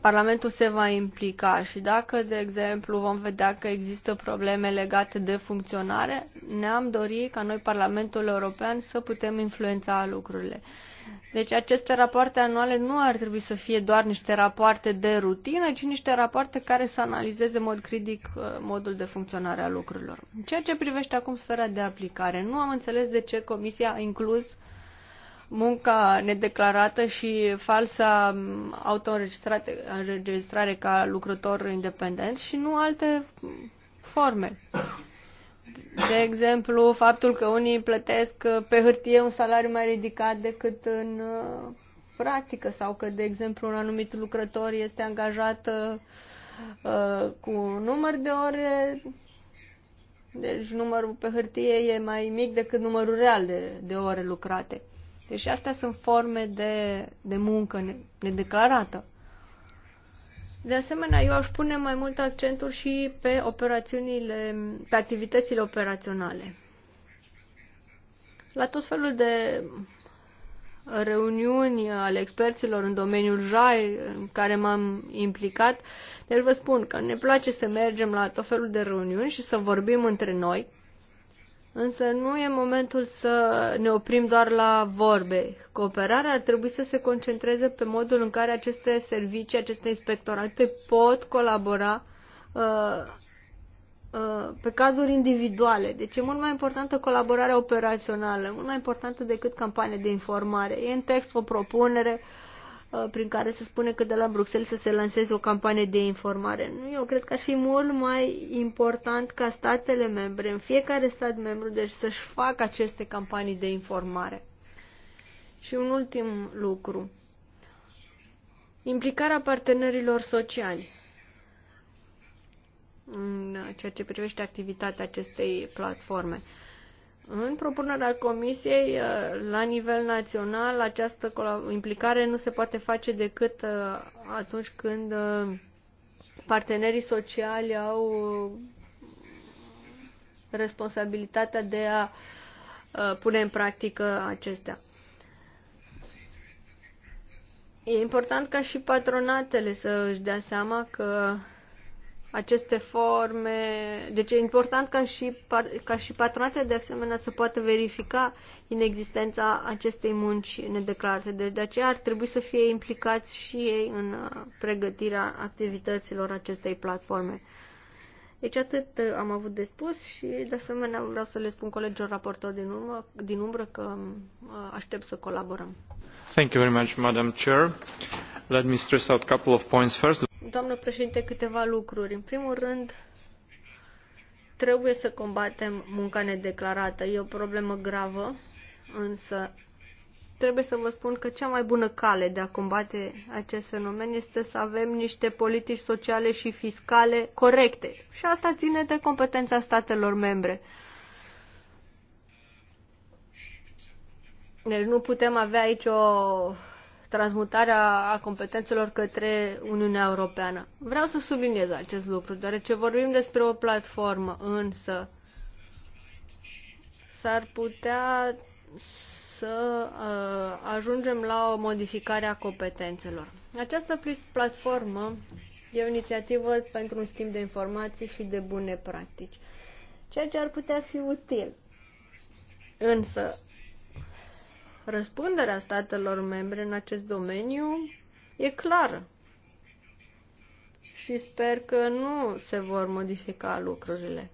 Parlamentul se va implica și dacă, de exemplu, vom vedea că există probleme legate de funcționare, ne-am dorit ca noi, Parlamentul European, să putem influența lucrurile. Uh, deci aceste rapoarte anuale nu ar trebui să fie doar niște rapoarte de rutină, ci niște rapoarte care să analizeze în mod critic uh, modul de funcționare a lucrurilor. În ceea ce privește acum sfera de aplicare, nu am înțeles de ce Comisia a inclus munca nedeclarată și falsa um, înregistrare ca lucrător independent și nu alte um, forme. De exemplu, faptul că unii plătesc uh, pe hârtie un salariu mai ridicat decât în uh, practică sau că, de exemplu, un anumit lucrător este angajat uh, uh cu un număr de ore, deci numărul pe hârtie e mai mic decât numărul real de, de ore lucrate. Deci astea sunt forme de, de muncă nedeclarată. De asemenea, eu aș pune mai mult accentul și pe operațiunile, pe activitățile operaționale. La tot felul de reuniuni ale experților în domeniul JAI în care m-am implicat, deci vă spun că ne place să mergem la tot felul de reuniuni și să vorbim între noi, Însă nu e momentul să ne oprim doar la vorbe. Cooperarea ar trebui să se concentreze pe modul în care aceste servicii, aceste inspectorate pot colabora uh, uh, pe cazuri individuale. Deci e mult mai importantă colaborarea operațională, mult mai importantă decât campanie de informare. E în text o propunere Uh, prin care se spune că de la Bruxelles să se lanseze o campanie de informare. Eu cred că ar fi mult mai important ca statele membre, în fiecare stat membru, deci să-și facă aceste campanii de informare. Și un ultim lucru. Implicarea partenerilor sociali în ceea ce privește activitatea acestei platforme. Uh, în propunerea Comisiei, uh, la nivel național, această implicare nu se poate face decât uh, atunci când uh, partenerii sociali au responsabilitatea de a pune în practică acestea. E important ca și patronatele să își dea seama că aceste forme. Deci e important ca și, ca și patronatele de asemenea să poată verifica inexistența acestei munci nedeclarate. Deci de aceea ar trebui să fie implicați și ei în uh, pregătirea activităților acestei platforme. Deci atât uh, am avut de spus și de asemenea vreau să le spun colegilor raportor din, urmă, din umbră că uh, aștept să colaborăm. Thank you very much, Madam Chair. Let me stress out a couple of points first doamnă președinte, câteva lucruri. În primul rând, trebuie să combatem munca nedeclarată. E o problemă gravă, însă trebuie să vă spun că cea mai bună cale de a combate acest fenomen este să avem niște politici sociale și fiscale corecte. Și asta ține de competența statelor membre. Deci nu putem avea aici o transmutarea a competențelor către Uniunea Europeană. Vreau să subliniez acest lucru, deoarece vorbim despre o platformă, însă s-ar putea să uh, ajungem la o modificare a competențelor. Această platformă e o inițiativă pentru un schimb de informații și de bune practici, ceea ce ar putea fi util. Însă, Răspunderea statelor membre în acest domeniu e clară. Și sper că nu se vor modifica lucrurile.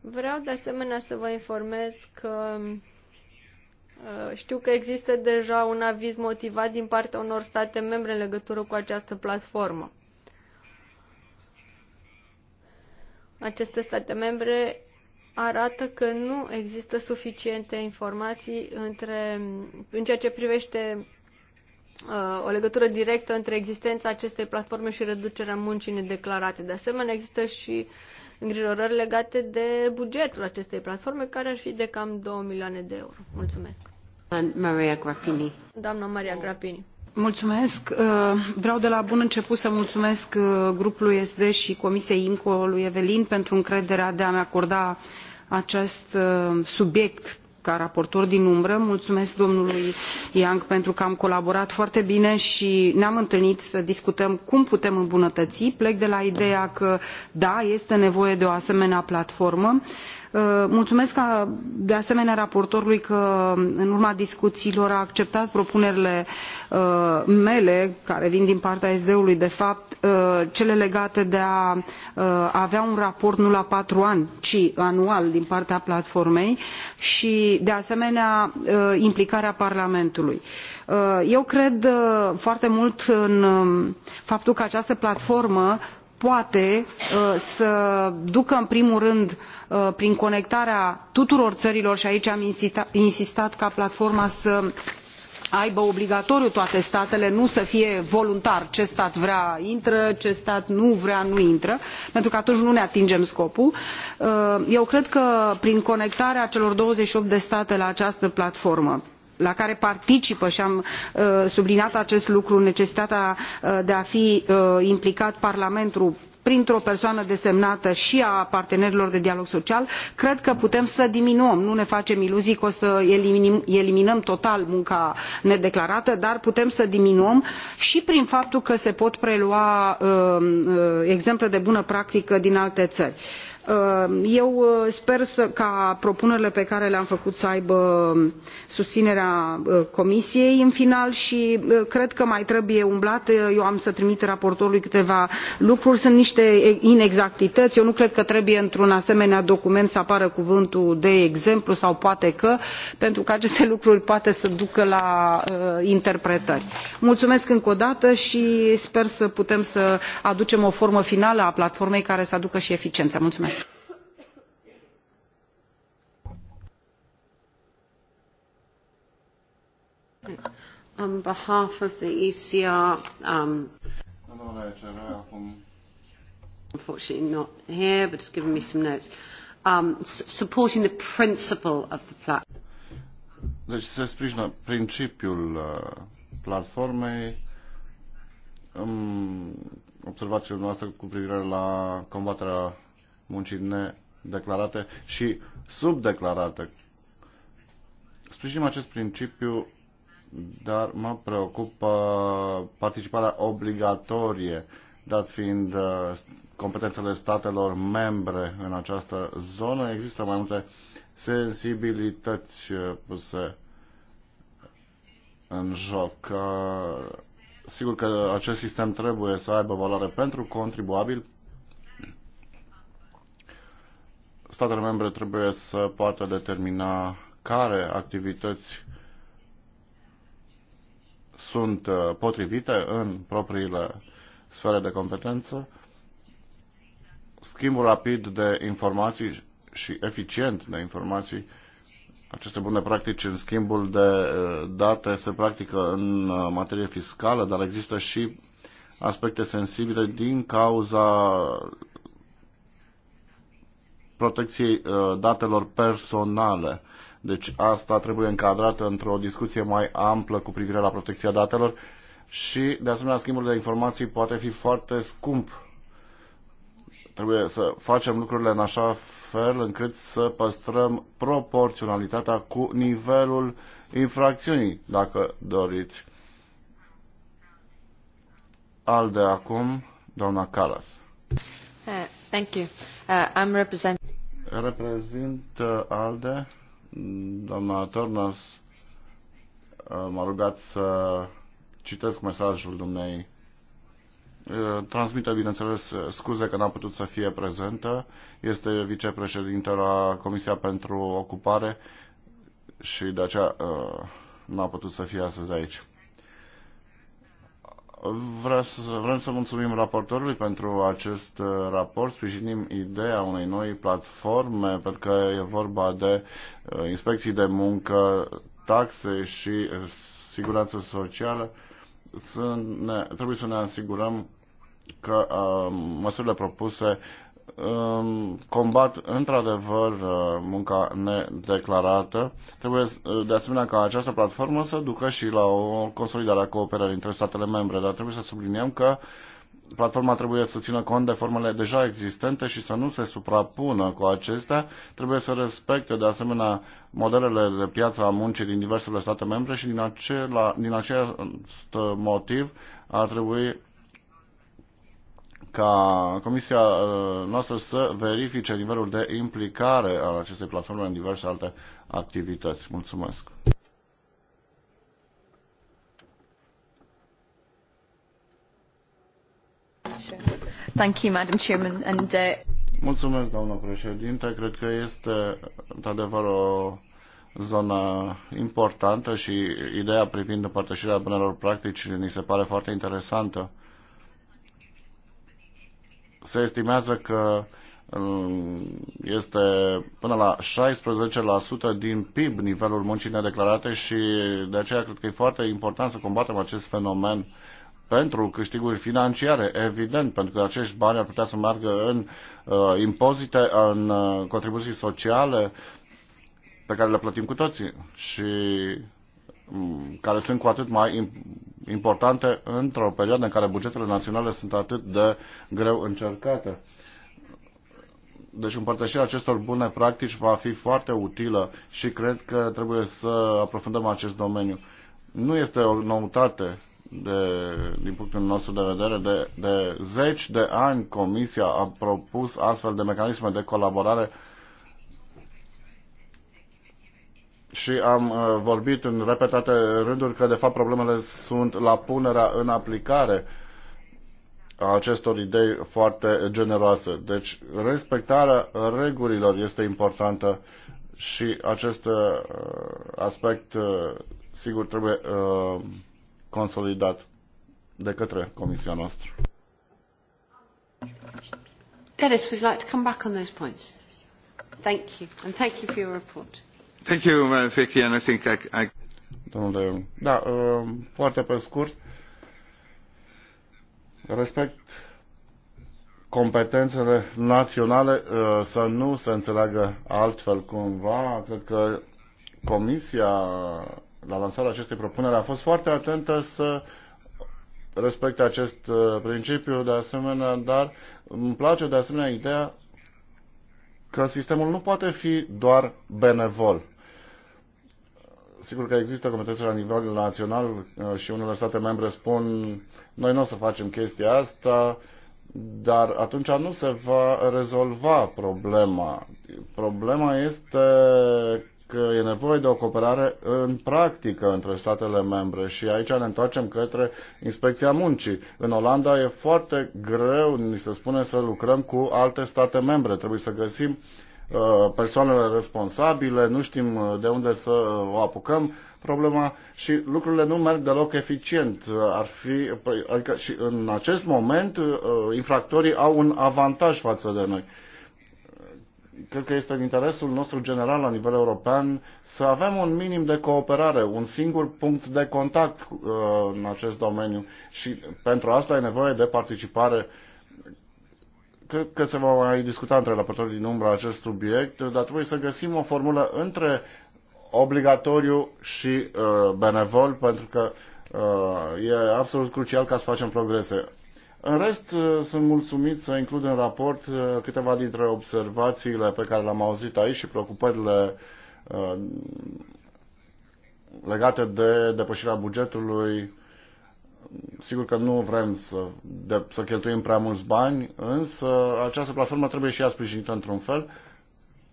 Vreau de asemenea să vă informez că uh, știu că există deja un aviz motivat din partea unor state membre în legătură cu această platformă. Aceste state membre arată că nu există suficiente informații între, în ceea ce privește uh, o legătură directă între existența acestei platforme și reducerea muncii nedeclarate. De asemenea, există și îngrijorări legate de bugetul acestei platforme, care ar fi de cam 2 milioane de euro. Mulțumesc. Maria Grappini. Doamna Maria Grappini. Mulțumesc. Uh, vreau de la bun început să mulțumesc uh, grupului sd și comisiei INCO lui Evelin pentru încrederea de a mi acorda acest uh, subiect ca raportor din umbră mulțumesc domnului young pentru că am colaborat foarte bine și ne am întâlnit să discutăm cum putem îmbunătăți plec de la ideea că da este nevoie de o asemenea platformă și Uh, mulțumesc de asemenea raportorului că în urma discuțiilor a acceptat propunerile uh, mele care vin din partea sd ului de fapt uh, cele legate de a avea un raport nu la patru ani ci anual din partea platformei și de asemenea implicarea parlamentului eu cred foarte mult în um, faptul că această platformă poate uh, să ducă în primul rând uh, prin conectarea tuturor țărilor și aici am insistat ca platforma să aibă obligatoriu toate statele nu să fie voluntar ce stat vrea intră ce stat nu vrea nu intră pentru că atunci nu ne atingem scopul. Uh, eu cred că prin conectarea celor douăzeci și opt de state la această platformă la care participă și am uh, subliniat acest lucru necesitatea uh, de a fi uh, implicat parlamentul printr o persoană desemnată și a partenerilor de dialog social cred că putem să diminuăm nu ne facem iluzii că o să eliminăm, eliminăm total munca nedeclarată dar putem să diminuăm și prin faptul că se pot prelua uh, exemple de bună practică din alte țări. Uh, eu uh, sper să, ca propunerile pe care le am făcut să aibă susținerea uh, comisiei în final și cred că mai trebuie umblat eu am să trimit raportorului câteva lucruri sunt niște inexactități eu nu cred că trebuie într un asemenea document să apară cuvântul de exemplu sau poate că pentru că aceste lucruri poate să ducă la interpretări. mulțumesc încă o dată și sper să putem să aducem o formă finală a platformei care să aducă și eficiență. mulțumesc. On behalf of the ECR, um, unfortunately not here, but it's given me some notes. Um, supporting the principle of the platform. Deci se sprijină principiul uh, platformei observațiile noastre cu privire la combaterea muncii nedeclarate și subdeclarate. Sprijinim acest principiu dar mă preocupă participarea obligatorie, dat fiind uh, competențele statelor membre în această zonă. Există mai multe sensibilități uh, puse în joc. Uh, sigur că acest sistem trebuie să aibă valoare pentru contribuabil. Statele membre trebuie să poată determina care activități sunt uh, potrivite în propriile sfere de competență, schimbul rapid de informații și eficient de informații, aceste bune practici în schimbul de uh, date se practică în uh, materie fiscală, dar există și aspecte sensibile din cauza protecției datelor personale. Deci asta trebuie încadrată într-o discuție mai amplă cu privire la protecția datelor și, de asemenea, schimbul de informații poate fi foarte scump. Trebuie să facem lucrurile în așa fel încât să păstrăm proporționalitatea cu nivelul infracțiunii, dacă doriți. Al de acum, doamna Calas. Uh, thank you. Uh, I'm represent... Reprezint uh, ALDE. Doamna Turner uh, m-a rugat să citesc mesajul dumnei. Uh, transmite, bineînțeles, scuze că n-a putut să fie prezentă. Este vicepreședinte la Comisia pentru Ocupare și de aceea uh, n-a putut să fie astăzi aici vreau să, vrem să mulțumim raportorului pentru acest uh, raport. Sprijinim ideea unei noi platforme, pentru că e vorba de uh, inspecții de muncă, taxe și uh, siguranță socială. Să ne, trebuie să ne asigurăm că uh, măsurile propuse Um, combat într-adevăr uh, munca nedeclarată. Trebuie uh, de asemenea ca această platformă să ducă și la o consolidare a cooperării între statele membre, dar trebuie să subliniem că platforma trebuie să țină cont de formele deja existente și să nu se suprapună cu acestea. Trebuie să respecte de asemenea modelele de piață a muncii din diversele state membre și din, acela, din acest motiv ar trebui ca Comisia uh, noastră să verifice nivelul de implicare al acestei platforme în diverse alte activități. Mulțumesc! Thank you, Madam Chairman. And, uh... Mulțumesc, doamnă președinte. Cred că este într-adevăr o zonă importantă și ideea privind împărtășirea bunelor practici ni se pare foarte interesantă se estimează că um, este până la 16% din PIB nivelul muncii nedeclarate și de aceea cred că e foarte important să combatem acest fenomen pentru câștiguri financiare, evident, pentru că acești bani ar putea să meargă în uh, impozite, în uh, contribuții sociale pe care le plătim cu toții. Și Mm, care sunt cu atât mai importante într-o perioadă în care bugetele naționale sunt atât de greu încercate. Deci împărtășirea acestor bune practici va fi foarte utilă și cred că trebuie să aprofundăm acest domeniu. Nu este o noutate de, din punctul nostru de vedere, de, de zeci de ani Comisia a propus astfel de mecanisme de colaborare uh, și am uh, vorbit în repetate rânduri că de fapt problemele sunt la punerea în aplicare a acestor idei foarte generoase. Deci respectarea regulilor este importantă și acest uh, aspect uh, sigur trebuie consolidat de către comisia noastră. Dennis, would you like to come back on those points? Thank you, and thank you for your report. Thank you, Vicky, and I think I, I... Domnule, da, uh, foarte pe scurt, respect competențele naționale uh, să nu se înțeleagă altfel cumva. Cred că Comisia, la lansarea acestei propuneri, a fost foarte atentă să respecte acest uh, principiu de asemenea, dar îmi place de asemenea ideea că sistemul nu poate fi doar benevol. Sigur că există comitete la nivel național uh, și unele state membre spun noi nu o să facem chestia asta, dar atunci nu se va rezolva problema. Problema este că e nevoie de o cooperare în practică între statele membre și aici ne întoarcem către inspecția muncii. În Olanda e foarte greu, ni se spune, să lucrăm cu alte state membre. Trebuie să găsim uh, Uh, persoanele responsabile, nu știm uh, de unde să uh, o apucăm problema și lucrurile nu merg deloc eficient. Ar fi, păi, adică și în acest moment infractorii au un avantaj față de noi. Cred că este în interesul nostru general la nivel european să avem un minim de cooperare, un singur punct de contact în acest domeniu și pentru asta e nevoie de participare uh, cred că se va mai discuta între raportorii din umbră acest subiect, dar trebuie să găsim o formulă între obligatoriu și uh, benevol, pentru că uh, e absolut crucial ca să facem progrese. În rest, uh, sunt mulțumit să includ în raport uh, câteva dintre observațiile pe care le-am auzit aici și preocupările uh, legate de depășirea bugetului Sigur că nu vrem să, de, să cheltuim prea mulți bani, însă această platformă trebuie și ea sprijinită într-un fel.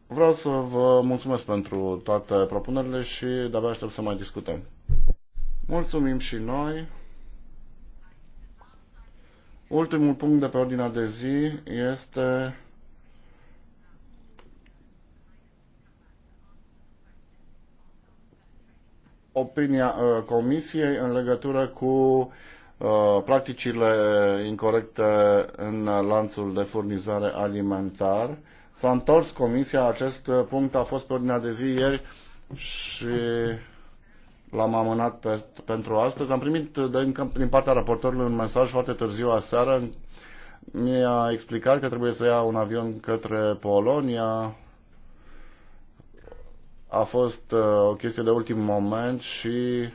Vreau să vă mulțumesc pentru toate propunerile și de-abia aștept să mai discutăm. Mulțumim și noi. Ultimul punct de pe ordinea de zi este opinia uh, Comisiei în legătură cu uh, practicile incorrecte în lanțul de furnizare alimentar. S-a întors Comisia, acest uh, punct a fost pe ordinea de zi ieri și l-am amânat pe, pentru astăzi. Am primit de, din partea raportorului un mesaj foarte târziu aseară. Mi-a explicat că trebuie să ia un avion către Polonia a fost uh, o chestie de ultim moment și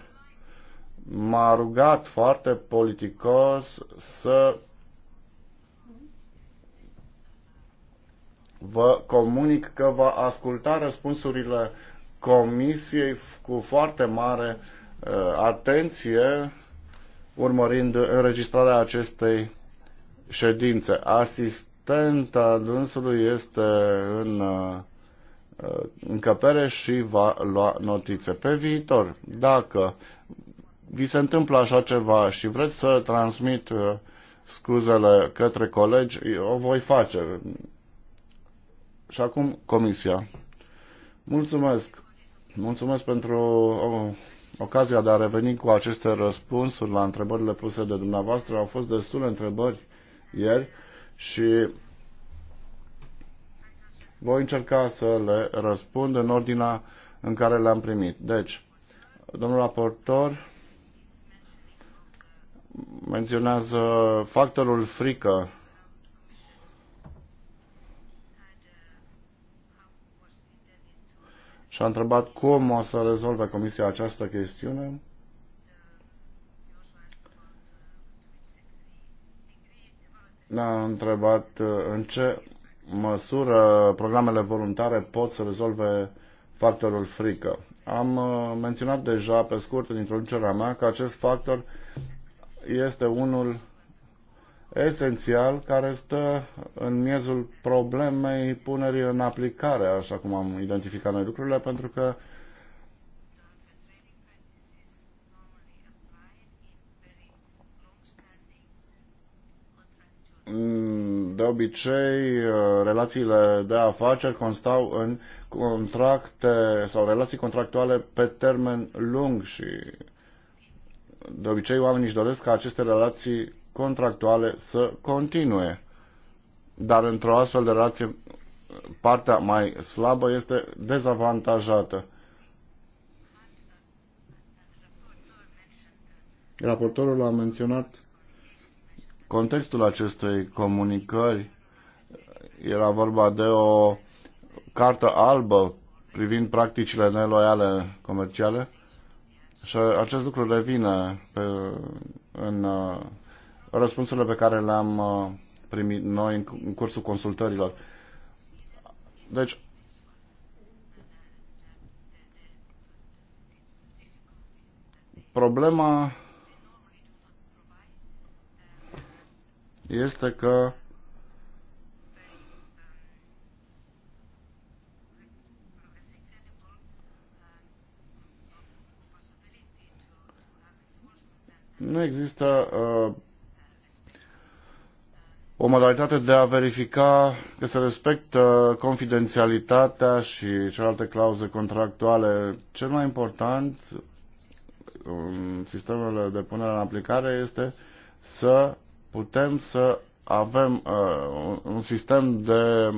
m-a rugat foarte politicos să vă comunic că va asculta răspunsurile comisiei cu foarte mare uh, atenție urmărind înregistrarea acestei ședințe. Asistenta dânsului este în uh, Uh, încăpere și va lua notițe. Pe viitor, dacă vi se întâmplă așa ceva și vreți să transmit uh, scuzele către colegi, o voi face. Și acum comisia. Mulțumesc. Mulțumesc pentru o, ocazia de a reveni cu aceste răspunsuri la întrebările puse de dumneavoastră. Au fost destule întrebări ieri și voi încerca să le răspund în ordinea în care le-am primit. Deci, domnul raportor menționează factorul frică și a întrebat cum o să rezolve Comisia această chestiune. Ne-a întrebat uh, în ce măsură programele voluntare pot să rezolve factorul frică. Am uh, menționat deja pe scurt în introducerea mea că acest factor este unul esențial care stă în miezul problemei punerii în aplicare, așa cum am identificat noi lucrurile, pentru că de obicei, uh, relațiile de afaceri constau în contracte sau relații contractuale pe termen lung și de obicei oamenii își doresc ca aceste relații contractuale să continue. Dar într-o astfel de relație, partea mai slabă este dezavantajată. Raportorul a menționat Contextul acestei comunicări era vorba de o cartă albă privind practicile neloiale comerciale și acest lucru revine pe, în uh, răspunsurile pe care le-am uh, primit noi în cursul consultărilor. Deci, problema este că nu există uh, o modalitate de a verifica că se respectă confidențialitatea și celelalte clauze contractuale. Cel mai important în sistemele de punere în aplicare este să putem să avem uh, un sistem de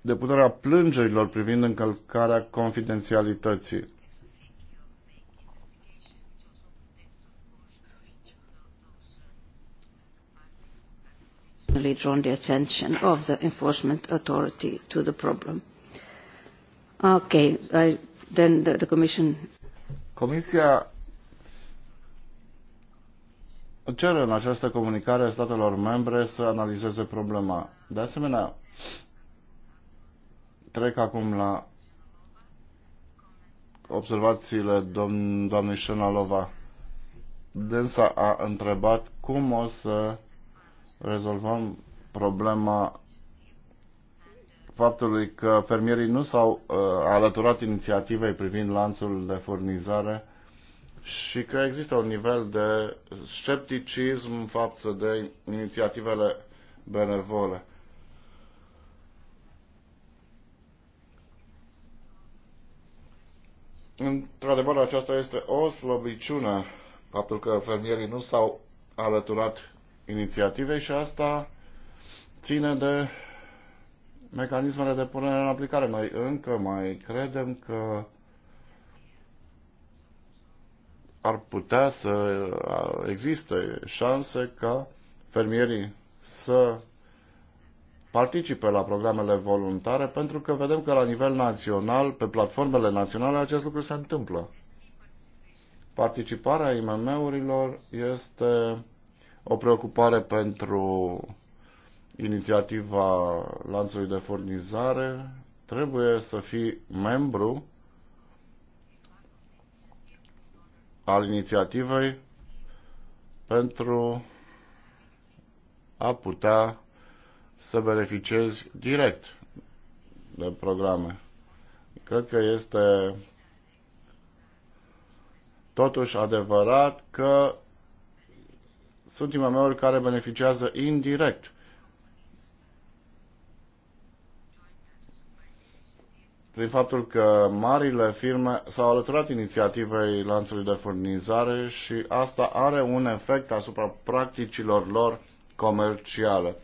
depunerea plângerilor privind încălcarea confidențialității. drawn the attention of the enforcement authority to the problem. Okay, I, then the, the Commission. Comisia cere în această comunicare statelor membre să analizeze problema. De asemenea, trec acum la observațiile domn, doamnei Șenalova. Densa a întrebat cum o să rezolvăm problema faptului că fermierii nu s-au uh, alăturat inițiativei privind lanțul de furnizare și că există un nivel de scepticism față de inițiativele benevole. Într-adevăr, aceasta este o slăbiciune, faptul că fermierii nu s-au alăturat inițiativei și asta ține de mecanismele de punere în aplicare. Noi încă mai credem că ar putea să existe șanse ca fermierii să participe la programele voluntare, pentru că vedem că la nivel național, pe platformele naționale, acest lucru se întâmplă. Participarea IMM-urilor este o preocupare pentru inițiativa lanțului de furnizare. Trebuie să fii membru al inițiativei pentru a putea să beneficiezi direct de programe. Cred că este totuși adevărat că sunt imameuri care beneficiază indirect prin faptul că marile firme s-au alăturat inițiativei lanțului de furnizare și asta are un efect asupra practicilor lor comerciale.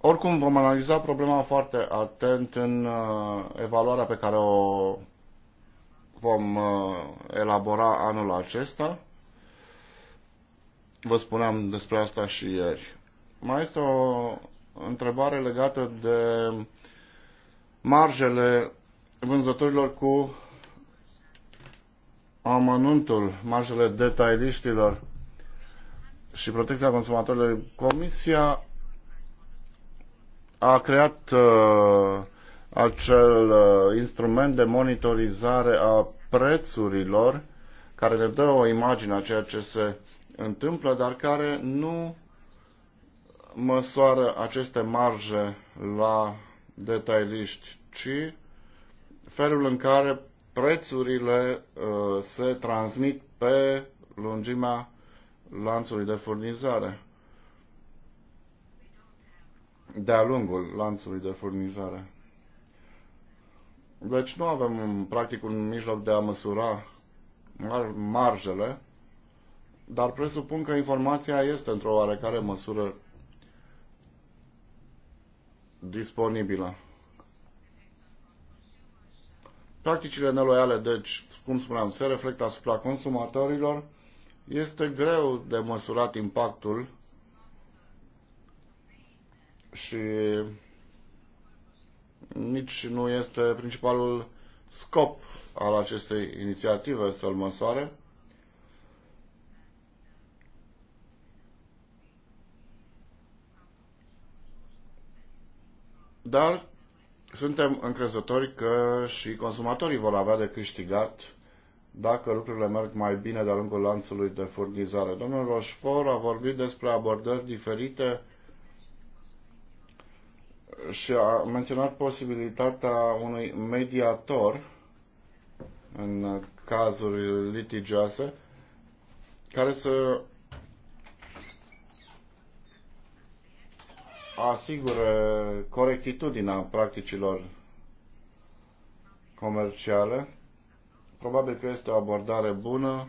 Oricum, vom analiza problema foarte atent în uh, evaluarea pe care o vom uh, elabora anul acesta. Vă spuneam despre asta și ieri. Mai este o întrebare legată de marjele vânzătorilor cu amănuntul, marjele detailiștilor și protecția consumatorilor. Comisia a creat uh, acel uh, instrument de monitorizare a prețurilor care ne dă o imagine a ceea ce se întâmplă, dar care nu măsoară aceste marje la detailiști, ci felul în care prețurile uh, se transmit pe lungimea lanțului de furnizare. De-a lungul lanțului de furnizare. Deci nu avem practic un mijloc de a măsura marjele, dar presupun că informația este într-o oarecare măsură disponibilă. Practicile neloiale, deci, cum spuneam, se reflectă asupra consumatorilor. Este greu de măsurat impactul și nici nu este principalul scop al acestei inițiative să-l măsoare. dar suntem încrezători că și consumatorii vor avea de câștigat dacă lucrurile merg mai bine de-a lungul lanțului de furnizare. Domnul Roșfor a vorbit despre abordări diferite și a menționat posibilitatea unui mediator în cazuri litigioase care să asigură corectitudinea practicilor comerciale. Probabil că este o abordare bună.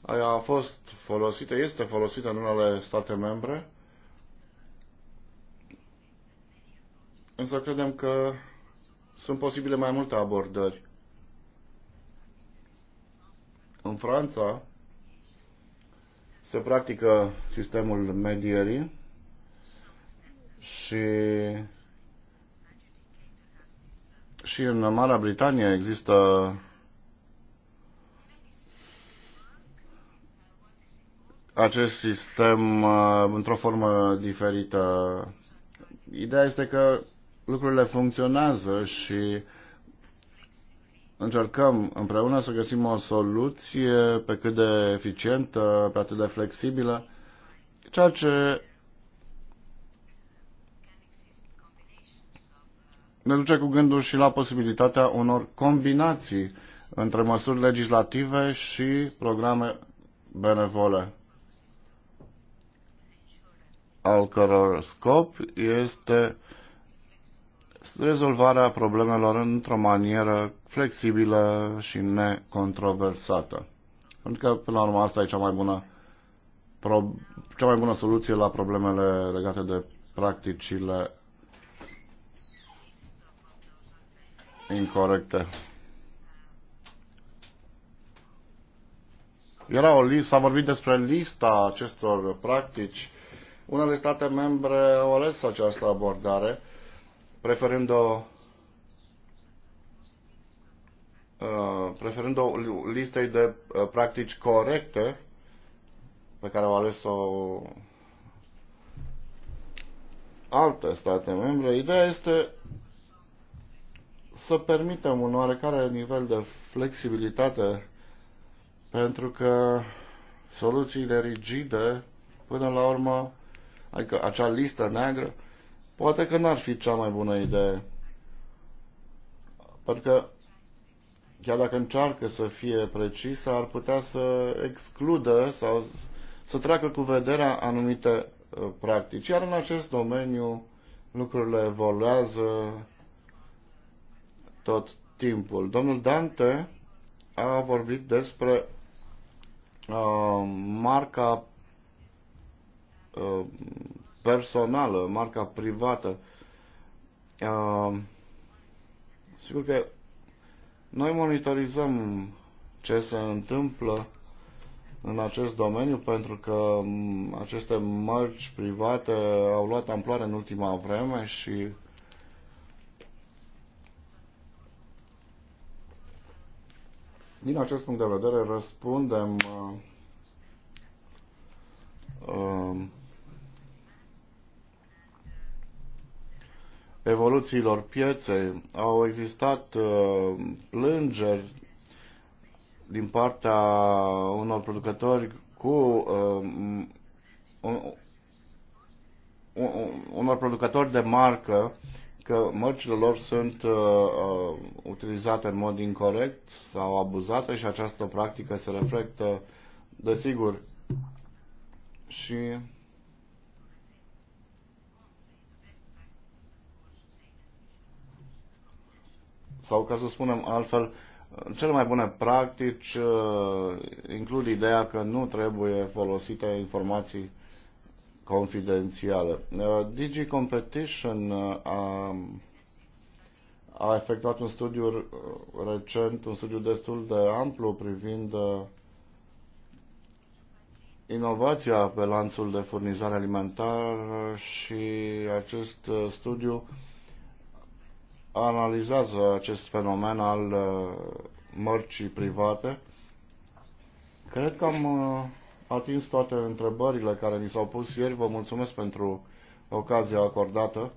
Aia a fost folosită, este folosită în unele state membre. Însă credem că sunt posibile mai multe abordări. În Franța se practică sistemul medierii, și și în Marea Britanie există acest sistem uh, într-o formă diferită. Ideea este că lucrurile funcționează și încercăm împreună să găsim o soluție pe cât de eficientă, pe atât de flexibilă, ceea ce ne duce cu gândul și la posibilitatea unor combinații între măsuri legislative și programe benevole, al căror scop este rezolvarea problemelor într-o manieră flexibilă și necontroversată. Pentru că, până la urmă, asta e cea mai bună, pro- cea mai bună soluție la problemele legate de practicile incorrecte. Era o listă, s-a vorbit despre lista acestor practici. Unele state membre au ales această abordare, preferând o uh, preferând o listei de uh, practici corecte pe care au ales-o alte state membre. Ideea este să permitem un oarecare nivel de flexibilitate pentru că soluțiile rigide, până la urmă, adică acea listă neagră, poate că n-ar fi cea mai bună idee. Pentru că chiar dacă încearcă să fie precisă, ar putea să excludă sau să treacă cu vederea anumite uh, practici. Iar în acest domeniu lucrurile evoluează, tot timpul. Domnul Dante a vorbit despre uh, marca uh, personală, marca privată. Uh, sigur că noi monitorizăm ce se întâmplă în acest domeniu pentru că mm, aceste mărci private au luat amploare în ultima vreme și Din acest punct de vedere, răspundem uh, uh, evoluțiilor pieței. Au existat uh, plângeri din partea unor producători cu unor producători de marcă că mărcile lor sunt uh, uh, utilizate în mod incorrect sau abuzate și această practică se reflectă, desigur, și sau ca să spunem altfel, cele mai bune practici uh, includ ideea că nu trebuie folosite informații confidențială. Uh, Digi Competition uh, a, a efectuat un studiu uh, recent, un studiu destul de amplu privind inovația pe lanțul de furnizare alimentar și acest studiu analizează acest fenomen al mărcii private. Cred că am atins toate întrebările care mi s-au pus ieri. Vă mulțumesc pentru ocazia acordată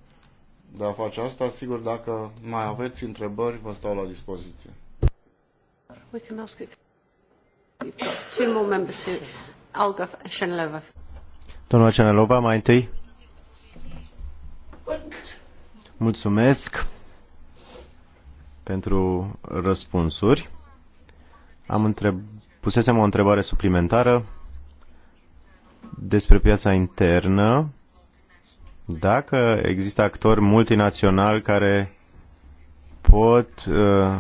de a face asta. Sigur, dacă mai aveți întrebări, vă stau la dispoziție. We can ask it. You've got two more members Olga Shenlova. Cenelova, mai întâi. Mulțumesc pentru răspunsuri. Am întreb... Pusesem o întrebare suplimentară despre piața internă, dacă există actori multinaționali care pot uh,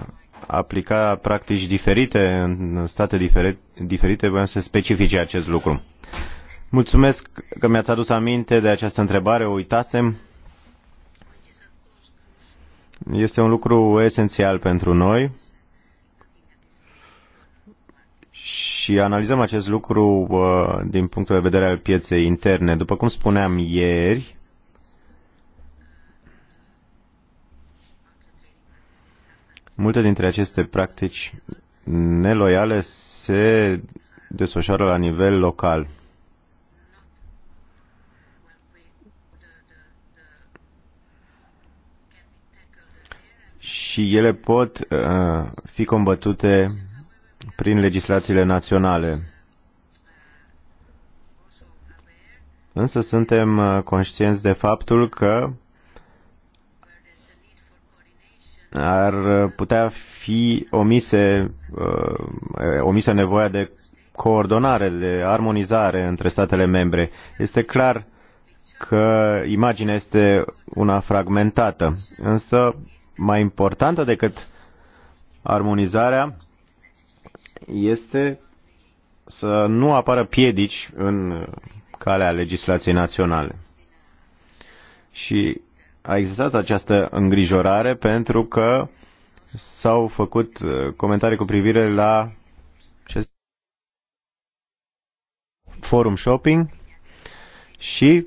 aplica practici diferite în state diferite, diferite voiam să specifice acest lucru. Mulțumesc că mi-ați adus aminte de această întrebare, o uitasem. Este un lucru esențial pentru noi și analizăm acest lucru uh, din punctul de vedere al pieței interne. După cum spuneam ieri, multe dintre aceste practici neloiale se desfășoară la nivel local. Și ele pot uh, fi combătute prin legislațiile naționale. Însă suntem uh, conștienți de faptul că ar uh, putea fi omise, uh, omise nevoia de coordonare, de armonizare între statele membre. Este clar că imaginea este una fragmentată, însă mai importantă decât armonizarea este să nu apară piedici în calea legislației naționale. Și a existat această îngrijorare pentru că s-au făcut uh, comentarii cu privire la forum shopping și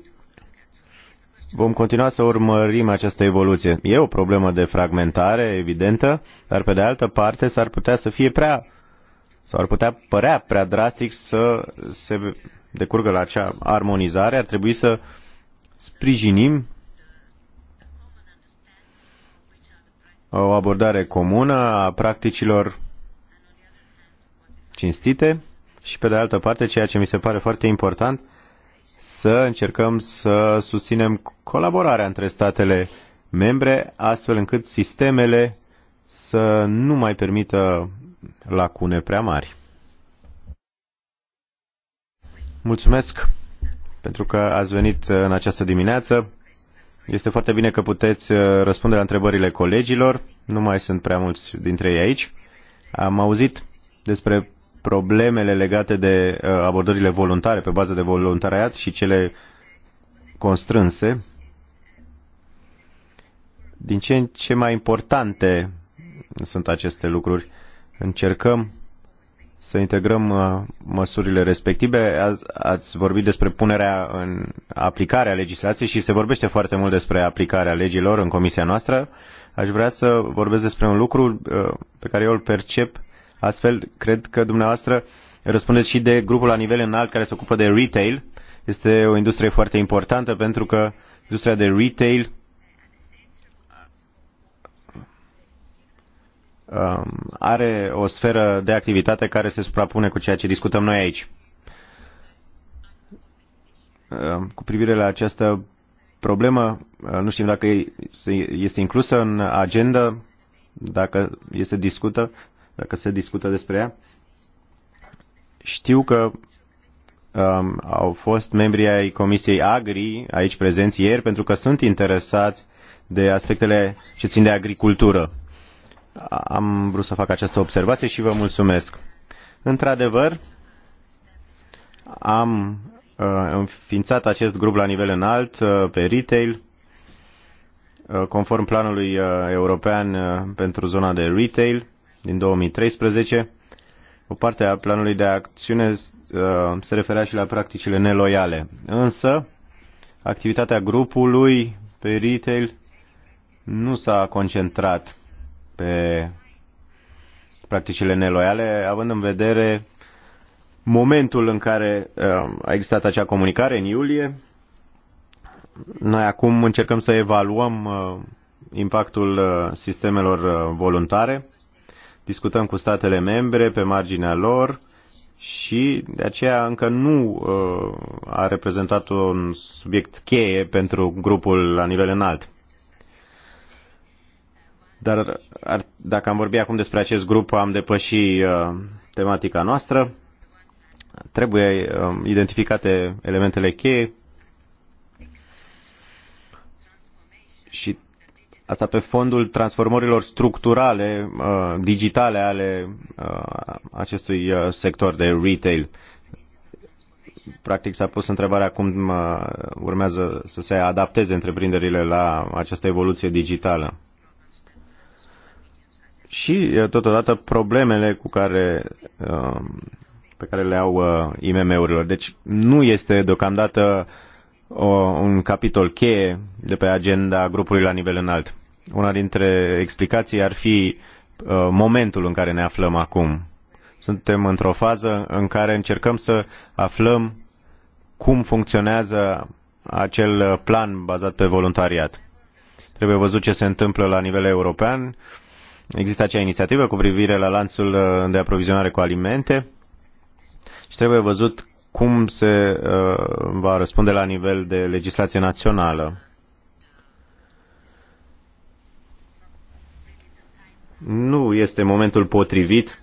vom continua să urmărim această evoluție. E o problemă de fragmentare evidentă, dar pe de altă parte s-ar putea să fie prea sau ar putea părea prea drastic să se decurgă la acea armonizare, ar trebui să sprijinim uh, o abordare comună a practicilor cinstite și, pe de altă parte, ceea ce mi se pare foarte important, să încercăm să susținem colaborarea între statele membre, astfel încât sistemele să nu mai permită lacune prea mari. Mulțumesc pentru că ați venit uh, în această dimineață. Este foarte bine că puteți uh, răspunde la întrebările colegilor. Nu mai sunt prea mulți dintre ei aici. Am auzit despre problemele legate de uh, abordările voluntare, pe bază de voluntariat și cele constrânse. Din ce în ce mai importante sunt aceste lucruri încercăm să integrăm uh, măsurile respective. Azi ați vorbit despre punerea în aplicare a legislației și se vorbește foarte mult despre aplicarea legilor în comisia noastră. Aș vrea să vorbesc despre un lucru uh, pe care eu îl percep astfel. Cred că dumneavoastră răspundeți și de grupul la nivel înalt care se ocupă de retail. Este o industrie foarte importantă pentru că industria de retail Um, are o sferă de activitate care se suprapune cu ceea ce discutăm noi aici. Um, cu privire la această problemă, uh, nu știm dacă este inclusă în agenda, dacă este discută, dacă se discută despre ea. Știu că um, au fost membrii ai Comisiei Agri aici prezenți ieri pentru că sunt interesați de aspectele ce țin de agricultură. Am vrut să fac această observație și vă mulțumesc. Într-adevăr, am uh, înființat acest grup la nivel înalt uh, pe retail, uh, conform planului uh, european uh, pentru zona de retail din 2013. O parte a planului de acțiune uh, se referea și la practicile neloiale. Însă, activitatea grupului pe retail nu s-a concentrat pe practicile neloiale, având în vedere momentul în care uh, a existat acea comunicare în iulie. Noi acum încercăm să evaluăm uh, impactul uh, sistemelor voluntare. Discutăm cu statele membre pe marginea lor și de aceea încă nu a reprezentat un subiect cheie pentru grupul la nivel înalt. Dar ar, dacă am vorbit acum despre acest grup, am depăși uh, tematica noastră. Trebuie uh, identificate elementele cheie și asta pe fondul transformărilor structurale, uh, digitale ale uh, acestui uh, sector de retail. Practic s-a pus întrebarea cum uh, urmează să se adapteze întreprinderile la această evoluție digitală și totodată problemele cu care, pe care le au IMM-urilor. Deci nu este deocamdată un capitol cheie de pe agenda grupului la nivel înalt. Una dintre explicații ar fi momentul în care ne aflăm acum. Suntem într-o fază în care încercăm să aflăm cum funcționează acel plan bazat pe voluntariat. Trebuie văzut ce se întâmplă la nivel european, Există acea inițiativă cu privire la lanțul uh, de aprovizionare cu alimente și trebuie văzut cum se uh, va răspunde la nivel de legislație națională. Nu este momentul potrivit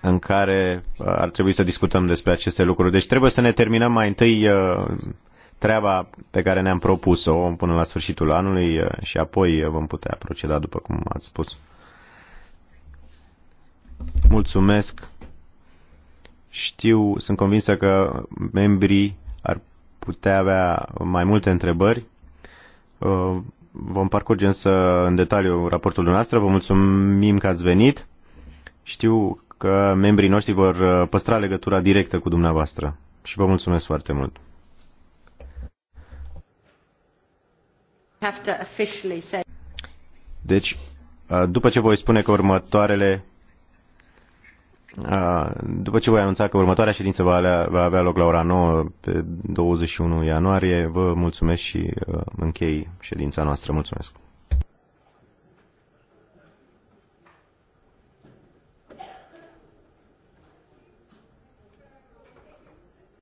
în care uh, ar trebui să discutăm despre aceste lucruri. Deci trebuie să ne terminăm mai întâi uh, treaba pe care ne-am propus-o până la sfârșitul anului și apoi vom putea proceda după cum ați spus. Mulțumesc. Știu, sunt convinsă că membrii ar putea avea mai multe întrebări. Vom parcurge însă în detaliu raportul dumneavoastră. Vă mulțumim că ați venit. Știu că membrii noștri vor uh, păstra legătura directă cu dumneavoastră și vă mulțumesc foarte mult. Deci, după ce voi spune că următoarele după ce voi anunța că următoarea ședință va avea, va avea loc la ora 9 pe 21 ianuarie, vă mulțumesc și închei ședința noastră. Mulțumesc!